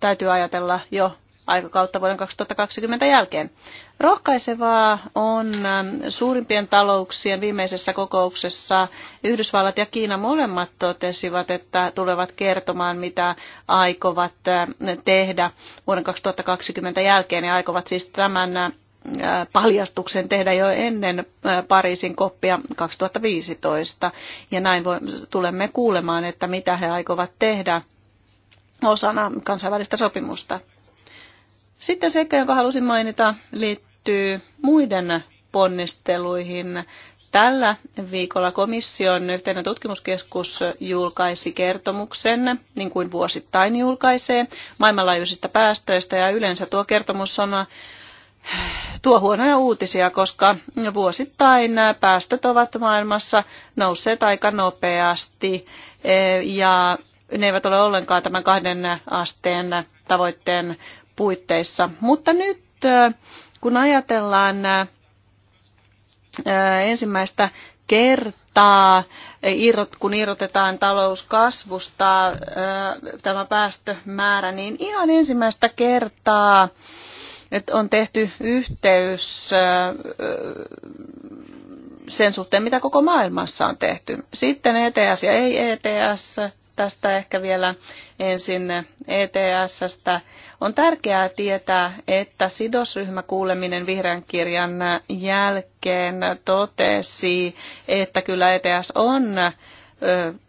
täytyy ajatella jo aikakautta vuoden 2020 jälkeen. Rohkaisevaa on ähm, suurimpien talouksien viimeisessä kokouksessa Yhdysvallat ja Kiina molemmat totesivat, että tulevat kertomaan, mitä aikovat äh, tehdä vuoden 2020 jälkeen ja aikovat siis tämän äh, paljastuksen tehdä jo ennen äh, Pariisin koppia 2015. Ja näin tulemme kuulemaan, että mitä he aikovat tehdä osana kansainvälistä sopimusta. Sitten sekä, jonka halusin mainita, liittyy muiden ponnisteluihin. Tällä viikolla komission yhteinen tutkimuskeskus julkaisi kertomuksen, niin kuin vuosittain julkaisee, maailmanlaajuisista päästöistä ja yleensä tuo kertomus on tuo huonoja uutisia, koska vuosittain päästöt ovat maailmassa nousseet aika nopeasti ja ne eivät ole ollenkaan tämän kahden asteen tavoitteen puitteissa. Mutta nyt kun ajatellaan ensimmäistä kertaa, kun irrotetaan talouskasvusta tämä päästömäärä, niin ihan ensimmäistä kertaa että on tehty yhteys sen suhteen, mitä koko maailmassa on tehty. Sitten ETS ja ei ETS, tästä ehkä vielä ensin ETSstä. On tärkeää tietää, että sidosryhmäkuuleminen vihreän kirjan jälkeen totesi, että kyllä ETS on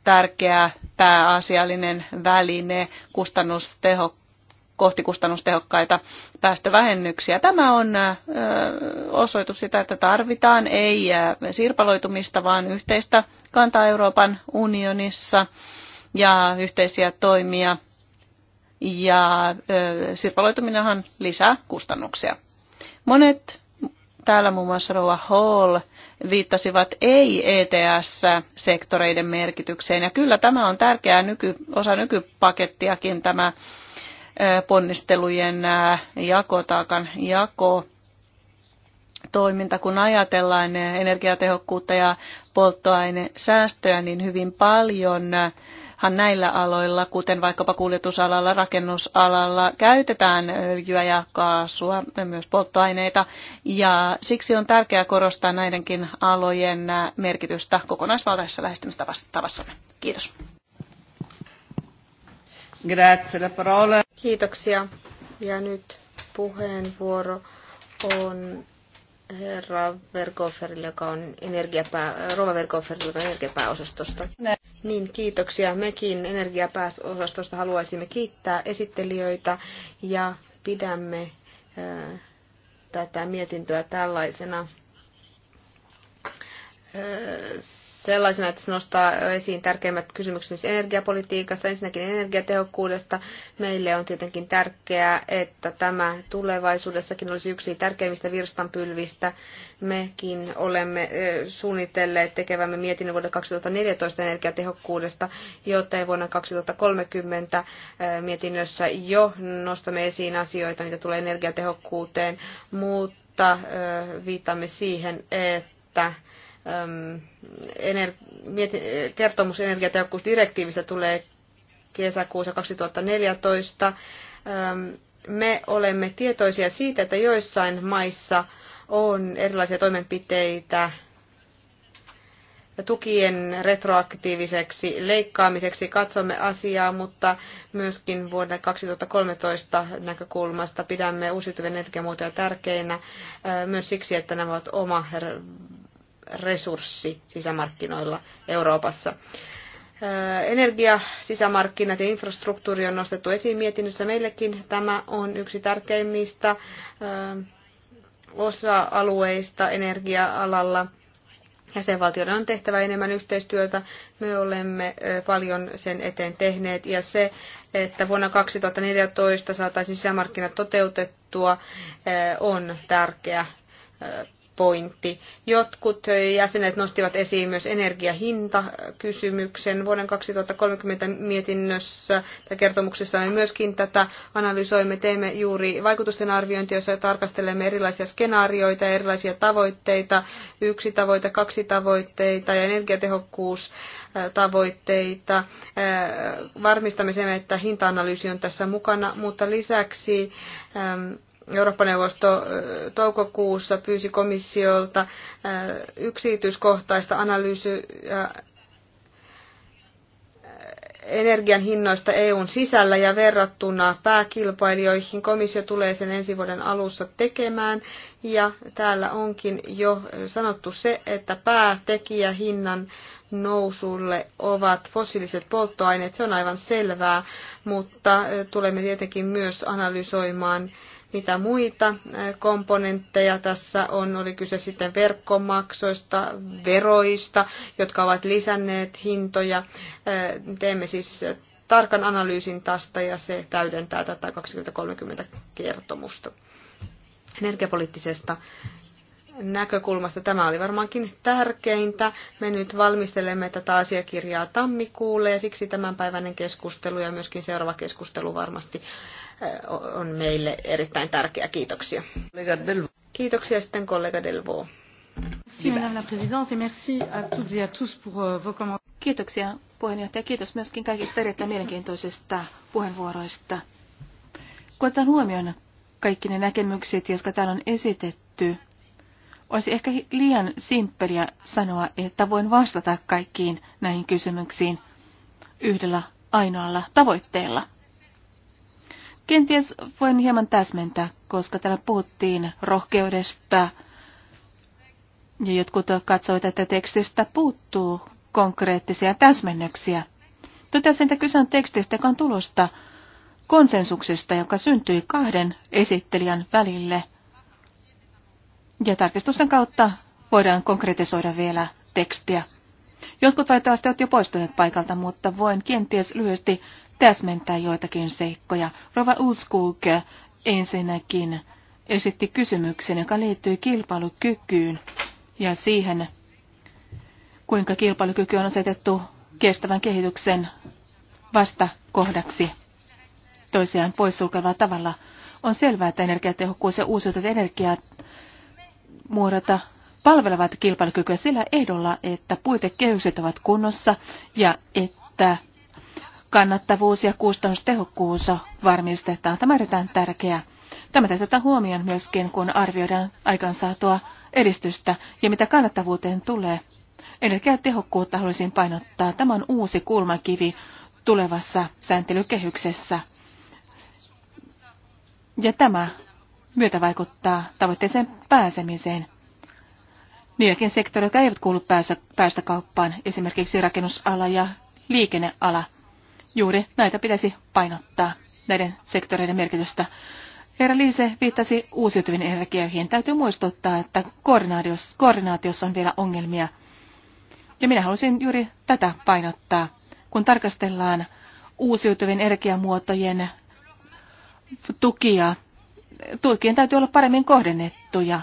tärkeä pääasiallinen väline kustannustehokkuus kohti kustannustehokkaita päästövähennyksiä. Tämä on osoitus sitä, että tarvitaan ei sirpaloitumista, vaan yhteistä kantaa Euroopan unionissa ja yhteisiä toimia. Ja sirpaloituminenhan lisää kustannuksia. Monet täällä muun muassa Roa Hall viittasivat ei-ETS-sektoreiden merkitykseen. Ja kyllä tämä on tärkeä nyky, osa nykypakettiakin tämä ponnistelujen jakotaakan jako toiminta, kun ajatellaan energiatehokkuutta ja polttoainesäästöä, niin hyvin paljon hän näillä aloilla, kuten vaikkapa kuljetusalalla, rakennusalalla, käytetään öljyä ja kaasua, myös polttoaineita. Ja siksi on tärkeää korostaa näidenkin alojen merkitystä kokonaisvaltaisessa lähestymistavassa. Kiitos. Kiitoksia. Ja nyt puheenvuoro on herra Verkoferille, joka on energiapää, Rova Verkoferille, joka on energiapääosastosta. Ne. Niin, kiitoksia. Mekin energiapääosastosta haluaisimme kiittää esittelijöitä ja pidämme äh, tätä mietintöä tällaisena. Äh, sellaisena, että se nostaa esiin tärkeimmät kysymykset myös energiapolitiikasta, ensinnäkin energiatehokkuudesta. Meille on tietenkin tärkeää, että tämä tulevaisuudessakin olisi yksi tärkeimmistä virstanpylvistä. Mekin olemme suunnitelleet tekevämme mietinnön vuoden 2014 energiatehokkuudesta, joten vuonna 2030 mietinnössä jo nostamme esiin asioita, mitä tulee energiatehokkuuteen, mutta viitamme siihen, että kertomus energiatehokkuusdirektiivistä tulee kesäkuussa 2014. Me olemme tietoisia siitä, että joissain maissa on erilaisia toimenpiteitä tukien retroaktiiviseksi leikkaamiseksi katsomme asiaa, mutta myöskin vuoden 2013 näkökulmasta pidämme uusiutuvien energiamuotoja tärkeinä myös siksi, että nämä ovat oma resurssi sisämarkkinoilla Euroopassa. Energia, sisämarkkinat ja infrastruktuuri on nostettu esiin mietinnössä meillekin. Tämä on yksi tärkeimmistä osa-alueista energia-alalla. Jäsenvaltioiden on tehtävä enemmän yhteistyötä. Me olemme paljon sen eteen tehneet ja se, että vuonna 2014 saataisiin sisämarkkinat toteutettua, on tärkeä pointti. Jotkut jäsenet nostivat esiin myös energiahintakysymyksen. Vuoden 2030 mietinnössä tai kertomuksessa me myöskin tätä analysoimme. Teemme juuri vaikutusten arviointia, jossa tarkastelemme erilaisia skenaarioita ja erilaisia tavoitteita, yksi tavoite, kaksi tavoitteita ja energiatehokkuus tavoitteita. Varmistamme sen, että hinta-analyysi on tässä mukana, mutta lisäksi Eurooppa-neuvosto toukokuussa pyysi komissiolta yksityiskohtaista analyysiä energian hinnoista EUn sisällä ja verrattuna pääkilpailijoihin. Komissio tulee sen ensi vuoden alussa tekemään ja täällä onkin jo sanottu se, että päätekijä hinnan nousulle ovat fossiiliset polttoaineet, se on aivan selvää, mutta tulemme tietenkin myös analysoimaan mitä muita komponentteja tässä on. Oli kyse sitten verkkomaksoista, veroista, jotka ovat lisänneet hintoja. Teemme siis tarkan analyysin tästä ja se täydentää tätä 2030 kertomusta energiapoliittisesta näkökulmasta. Tämä oli varmaankin tärkeintä. Me nyt valmistelemme tätä asiakirjaa tammikuulle ja siksi tämänpäiväinen keskustelu ja myöskin seuraava keskustelu varmasti on meille erittäin tärkeä. Kiitoksia. Kiitoksia sitten kollega Delvo. Euh, Kiitoksia puheenjohtaja. Kiitos myöskin kaikista erittäin mielenkiintoisista puheenvuoroista. Kun huomioon kaikki ne näkemykset, jotka täällä on esitetty, olisi ehkä liian simppeliä sanoa, että voin vastata kaikkiin näihin kysymyksiin yhdellä ainoalla tavoitteella – Kenties voin hieman täsmentää, koska täällä puhuttiin rohkeudesta ja jotkut katsoivat, että tekstistä puuttuu konkreettisia täsmennyksiä. Totesin, että kyse on tekstistä, joka on tulosta konsensuksesta, joka syntyi kahden esittelijän välille. Ja tarkistusten kautta voidaan konkretisoida vielä tekstiä. Jotkut valitettavasti ovat jo poistuneet paikalta, mutta voin kenties lyhyesti täsmentää joitakin seikkoja. Rova Uskuk ensinnäkin esitti kysymyksen, joka liittyy kilpailukykyyn ja siihen, kuinka kilpailukyky on asetettu kestävän kehityksen vastakohdaksi toisiaan poissulkevalla tavalla. On selvää, että energiatehokkuus ja uusiutuvat muodota palvelevat kilpailukykyä sillä ehdolla, että puitekehykset ovat kunnossa ja että kannattavuus ja kustannustehokkuus varmistetaan. Tämä erittäin tärkeää. Tämä täytyy ottaa huomioon myöskin, kun arvioidaan aikansaatua edistystä ja mitä kannattavuuteen tulee. Energiatehokkuutta haluaisin painottaa. Tämä on uusi kulmakivi tulevassa sääntelykehyksessä. Ja tämä myötä vaikuttaa tavoitteeseen pääsemiseen. Niilläkin sektoreilla, jotka eivät kuulu päästä, kauppaan, esimerkiksi rakennusala ja liikenneala – Juuri näitä pitäisi painottaa, näiden sektoreiden merkitystä. Herra Liise viittasi uusiutuviin energioihin. Täytyy muistuttaa, että koordinaatiossa, koordinaatiossa on vielä ongelmia. Ja minä haluaisin juuri tätä painottaa, kun tarkastellaan uusiutuvien energiamuotojen tukia. Tukien täytyy olla paremmin kohdennettuja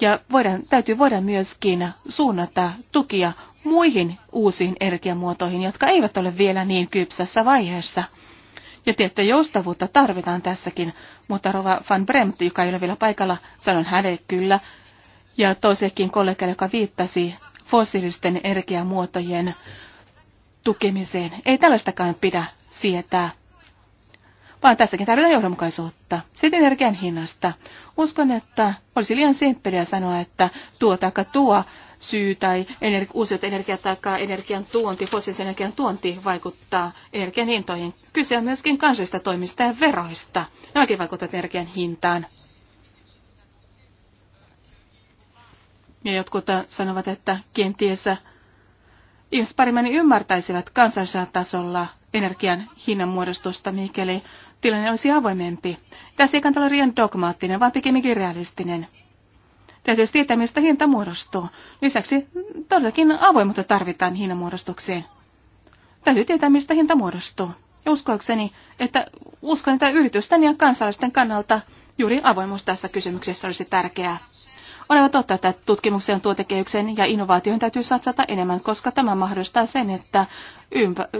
ja voidaan, täytyy voida myöskin suunnata tukia muihin uusiin energiamuotoihin, jotka eivät ole vielä niin kypsässä vaiheessa. Ja tiettyä joustavuutta tarvitaan tässäkin, mutta Rova van Bremt, joka ei ole vielä paikalla, sanon hänelle kyllä, ja toisekin kollega, joka viittasi fossiilisten energiamuotojen tukemiseen. Ei tällaistakaan pidä sietää, vaan tässäkin tarvitaan johdonmukaisuutta. Sitten energian hinnasta. Uskon, että olisi liian simppeliä sanoa, että tuo taikka tuo syy tai ener- uusiut energiat tai energian tuonti, fossiilisen energian tuonti vaikuttaa energian hintoihin. Kyse on myöskin kansallisista toimista ja veroista. Nämäkin vaikuttavat energian hintaan. Ja jotkut sanovat, että kenties jos paremmin ymmärtäisivät kansallisella tasolla energian hinnan muodostusta, mikäli tilanne olisi avoimempi. Tässä ei kannata olla dogmaattinen, vaan pikemminkin realistinen. Täytyy tietää, mistä hinta muodostuu. Lisäksi todellakin avoimuutta tarvitaan hinnan muodostukseen. Täytyy tietää, mistä hinta muodostuu. Ja uskoakseni, että uskon, että yritysten ja kansalaisten kannalta juuri avoimuus tässä kysymyksessä olisi tärkeää. Oleva totta, että tutkimuksen, tuotekehykseen ja innovaatioihin täytyy satsata enemmän, koska tämä mahdollistaa sen, että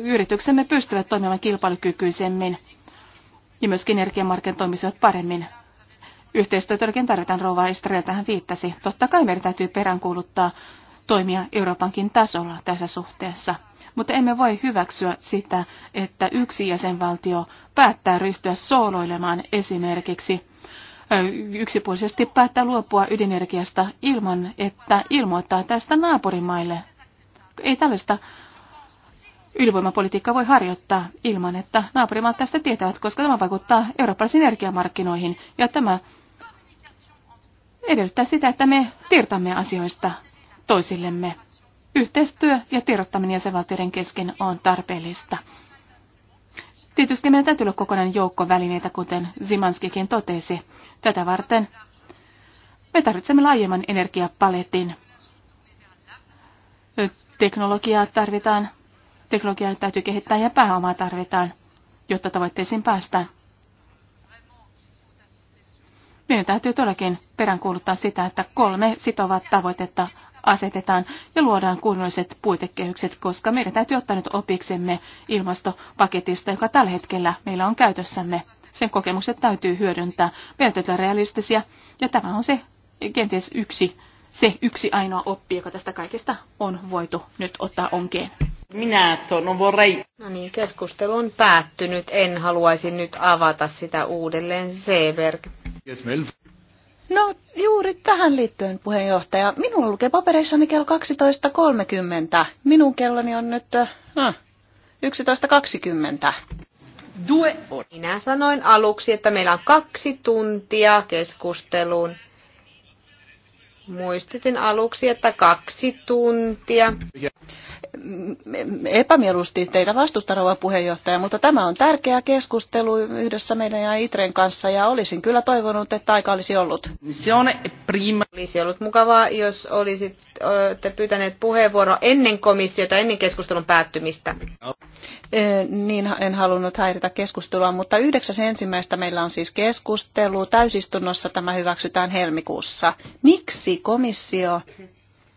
yrityksemme pystyvät toimimaan kilpailukykyisemmin ja myöskin energiamarkkinat toimisivat paremmin. Yhteistyötäkin tarvitaan, Rouva Estrella tähän viittasi. Totta kai meidän täytyy peräänkuuluttaa toimia Euroopankin tasolla tässä suhteessa. Mutta emme voi hyväksyä sitä, että yksi jäsenvaltio päättää ryhtyä sooloilemaan esimerkiksi yksipuolisesti päättää luopua ydinenergiasta ilman, että ilmoittaa tästä naapurimaille. Ei tällaista ydinvoimapolitiikkaa voi harjoittaa ilman, että naapurimaat tästä tietävät, koska tämä vaikuttaa eurooppalaisiin energiamarkkinoihin ja tämä edellyttää sitä, että me tiedotamme asioista toisillemme. Yhteistyö ja tiedottaminen jäsenvaltioiden kesken on tarpeellista. Tietysti meillä täytyy olla kokonainen joukko välineitä, kuten Zimanskikin totesi. Tätä varten me tarvitsemme laajemman energiapaletin. Teknologiaa tarvitaan, teknologiaa täytyy kehittää ja pääomaa tarvitaan, jotta tavoitteisiin päästään. Meidän täytyy todellakin peräänkuuluttaa sitä, että kolme sitovaa tavoitetta asetetaan ja luodaan kunnolliset puitekehykset, koska meidän täytyy ottaa nyt opiksemme ilmastopaketista, joka tällä hetkellä meillä on käytössämme. Sen kokemukset täytyy hyödyntää. Meidän täytyy olla realistisia ja tämä on se kenties yksi, se yksi ainoa oppi, joka tästä kaikesta on voitu nyt ottaa onkeen. Minä tuon vorei. No niin, keskustelu on päättynyt. En haluaisi nyt avata sitä uudelleen. Seberg. No juuri tähän liittyen puheenjohtaja. Minulla lukee papereissani kello 12.30. Minun kelloni on nyt äh, 11.20. Ah, Due Minä sanoin aluksi, että meillä on kaksi tuntia keskusteluun. Muistitin aluksi, että kaksi tuntia. Epämielusti teitä vastusta, rouva puheenjohtaja, mutta tämä on tärkeä keskustelu yhdessä meidän ja Itren kanssa ja olisin kyllä toivonut, että aika olisi ollut. Se on prima. Olisi ollut mukavaa, jos olisit olette pyytäneet puheenvuoroa ennen komissiota, ennen keskustelun päättymistä. Niin, en halunnut häiritä keskustelua, mutta ensimmäistä meillä on siis keskustelu. Täysistunnossa tämä hyväksytään helmikuussa. Miksi komissio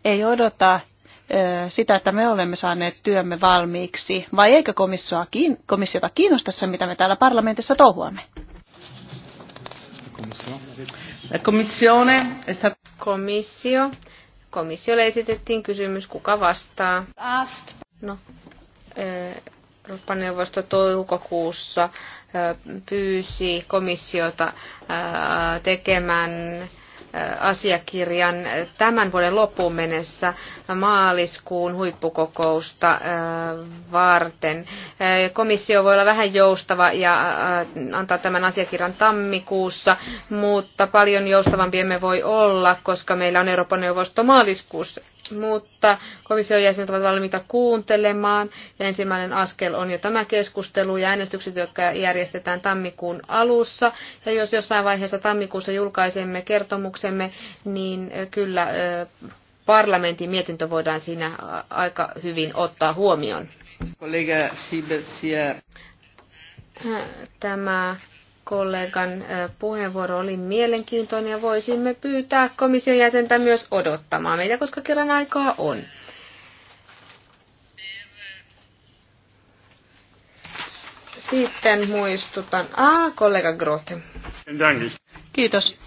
ei odota sitä, että me olemme saaneet työmme valmiiksi, vai eikö komissiota kiinnosta se, mitä me täällä parlamentissa touhuamme? Komissio. Komissio Komissiolle esitettiin kysymys, kuka vastaa. No, Eurooppa-neuvosto toukokuussa pyysi komissiota tekemään asiakirjan tämän vuoden loppuun mennessä maaliskuun huippukokousta äh, varten. Äh, komissio voi olla vähän joustava ja äh, antaa tämän asiakirjan tammikuussa, mutta paljon joustavampi emme voi olla, koska meillä on Euroopan neuvosto maaliskuussa mutta komission jäsenet ovat valmiita kuuntelemaan. Ja ensimmäinen askel on jo tämä keskustelu ja äänestykset, jotka järjestetään tammikuun alussa. Ja jos jossain vaiheessa tammikuussa julkaisemme kertomuksemme, niin kyllä parlamentin mietintö voidaan siinä aika hyvin ottaa huomioon. Kollega Tämä kollegan puheenvuoro oli mielenkiintoinen ja voisimme pyytää komission jäsentä myös odottamaan meitä, koska kerran aikaa on. Sitten muistutan. Ah, kollega Grote. Kiitos.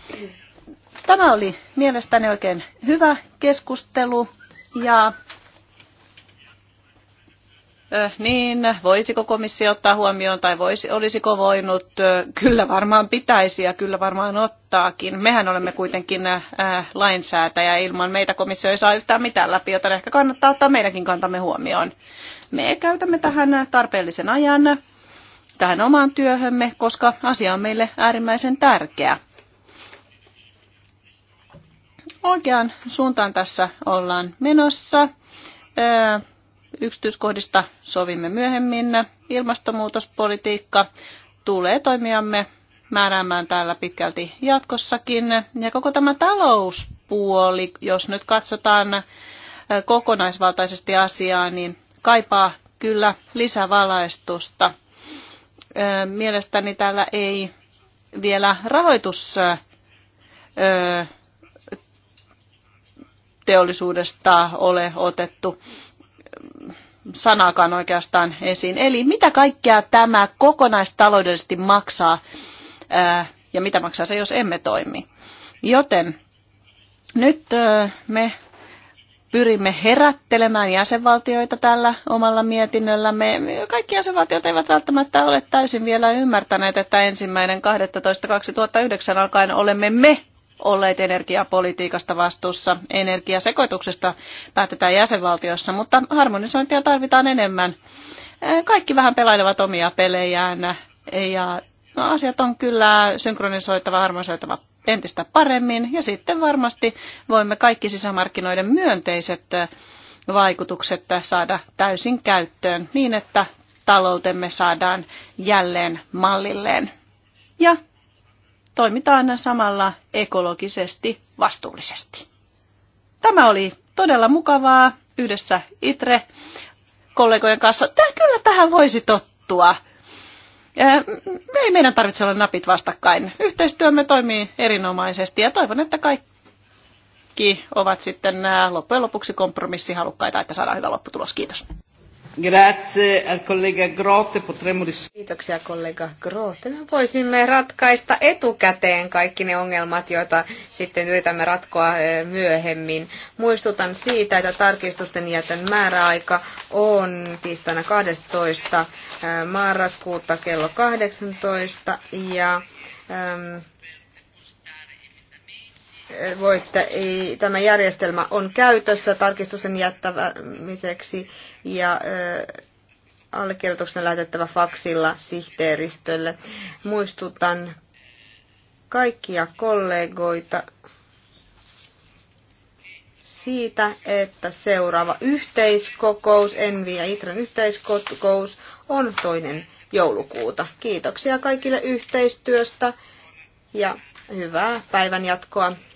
Tämä oli mielestäni oikein hyvä keskustelu ja niin voisiko komissio ottaa huomioon tai voisi, olisiko voinut, kyllä varmaan pitäisi ja kyllä varmaan ottaakin. Mehän olemme kuitenkin lainsäätäjä, ilman meitä komissio ei saa yhtään mitään läpi, joten ehkä kannattaa ottaa meidänkin kantamme huomioon. Me käytämme tähän tarpeellisen ajan tähän omaan työhömme, koska asia on meille äärimmäisen tärkeä. Oikean suuntaan tässä ollaan menossa Yksityiskohdista sovimme myöhemmin. Ilmastonmuutospolitiikka tulee toimijamme määräämään täällä pitkälti jatkossakin. Ja koko tämä talouspuoli, jos nyt katsotaan äh, kokonaisvaltaisesti asiaa, niin kaipaa kyllä lisävalaistusta. Äh, mielestäni täällä ei vielä rahoitus äh, teollisuudesta ole otettu sanaakaan oikeastaan esiin. Eli mitä kaikkea tämä kokonaistaloudellisesti maksaa ja mitä maksaa se, jos emme toimi. Joten nyt me pyrimme herättelemään jäsenvaltioita tällä omalla mietinnöllämme. Kaikki jäsenvaltiot eivät välttämättä ole täysin vielä ymmärtäneet, että ensimmäinen 12.2009 alkaen olemme me olleet energiapolitiikasta vastuussa. Energiasekoituksesta päätetään jäsenvaltioissa, mutta harmonisointia tarvitaan enemmän. Eh, kaikki vähän pelailevat omia pelejään eh, ja no, asiat on kyllä synkronisoitava, harmonisoitava entistä paremmin ja sitten varmasti voimme kaikki sisämarkkinoiden myönteiset eh, vaikutukset saada täysin käyttöön niin, että taloutemme saadaan jälleen mallilleen. Ja toimitaan samalla ekologisesti vastuullisesti. Tämä oli todella mukavaa yhdessä ITRE kollegojen kanssa. Tämä kyllä tähän voisi tottua. Mm, ei meidän tarvitse olla napit vastakkain. Yhteistyömme toimii erinomaisesti ja toivon, että kaikki ovat sitten loppujen lopuksi kompromissihalukkaita, että saadaan hyvä lopputulos. Kiitos. Kiitoksia kollega Grote. Me voisimme ratkaista etukäteen kaikki ne ongelmat, joita sitten yritämme ratkoa eh, myöhemmin. Muistutan siitä, että tarkistusten jäten määräaika on tiistaina 12. Eh, marraskuuta kello 18 ja ehm, ei, tämä järjestelmä on käytössä tarkistusten jättämiseksi ja allekirjoituksen lähetettävä faksilla sihteeristölle. Muistutan kaikkia kollegoita siitä, että seuraava yhteiskokous, Envi ja Itran yhteiskokous, on toinen joulukuuta. Kiitoksia kaikille yhteistyöstä ja hyvää päivän jatkoa.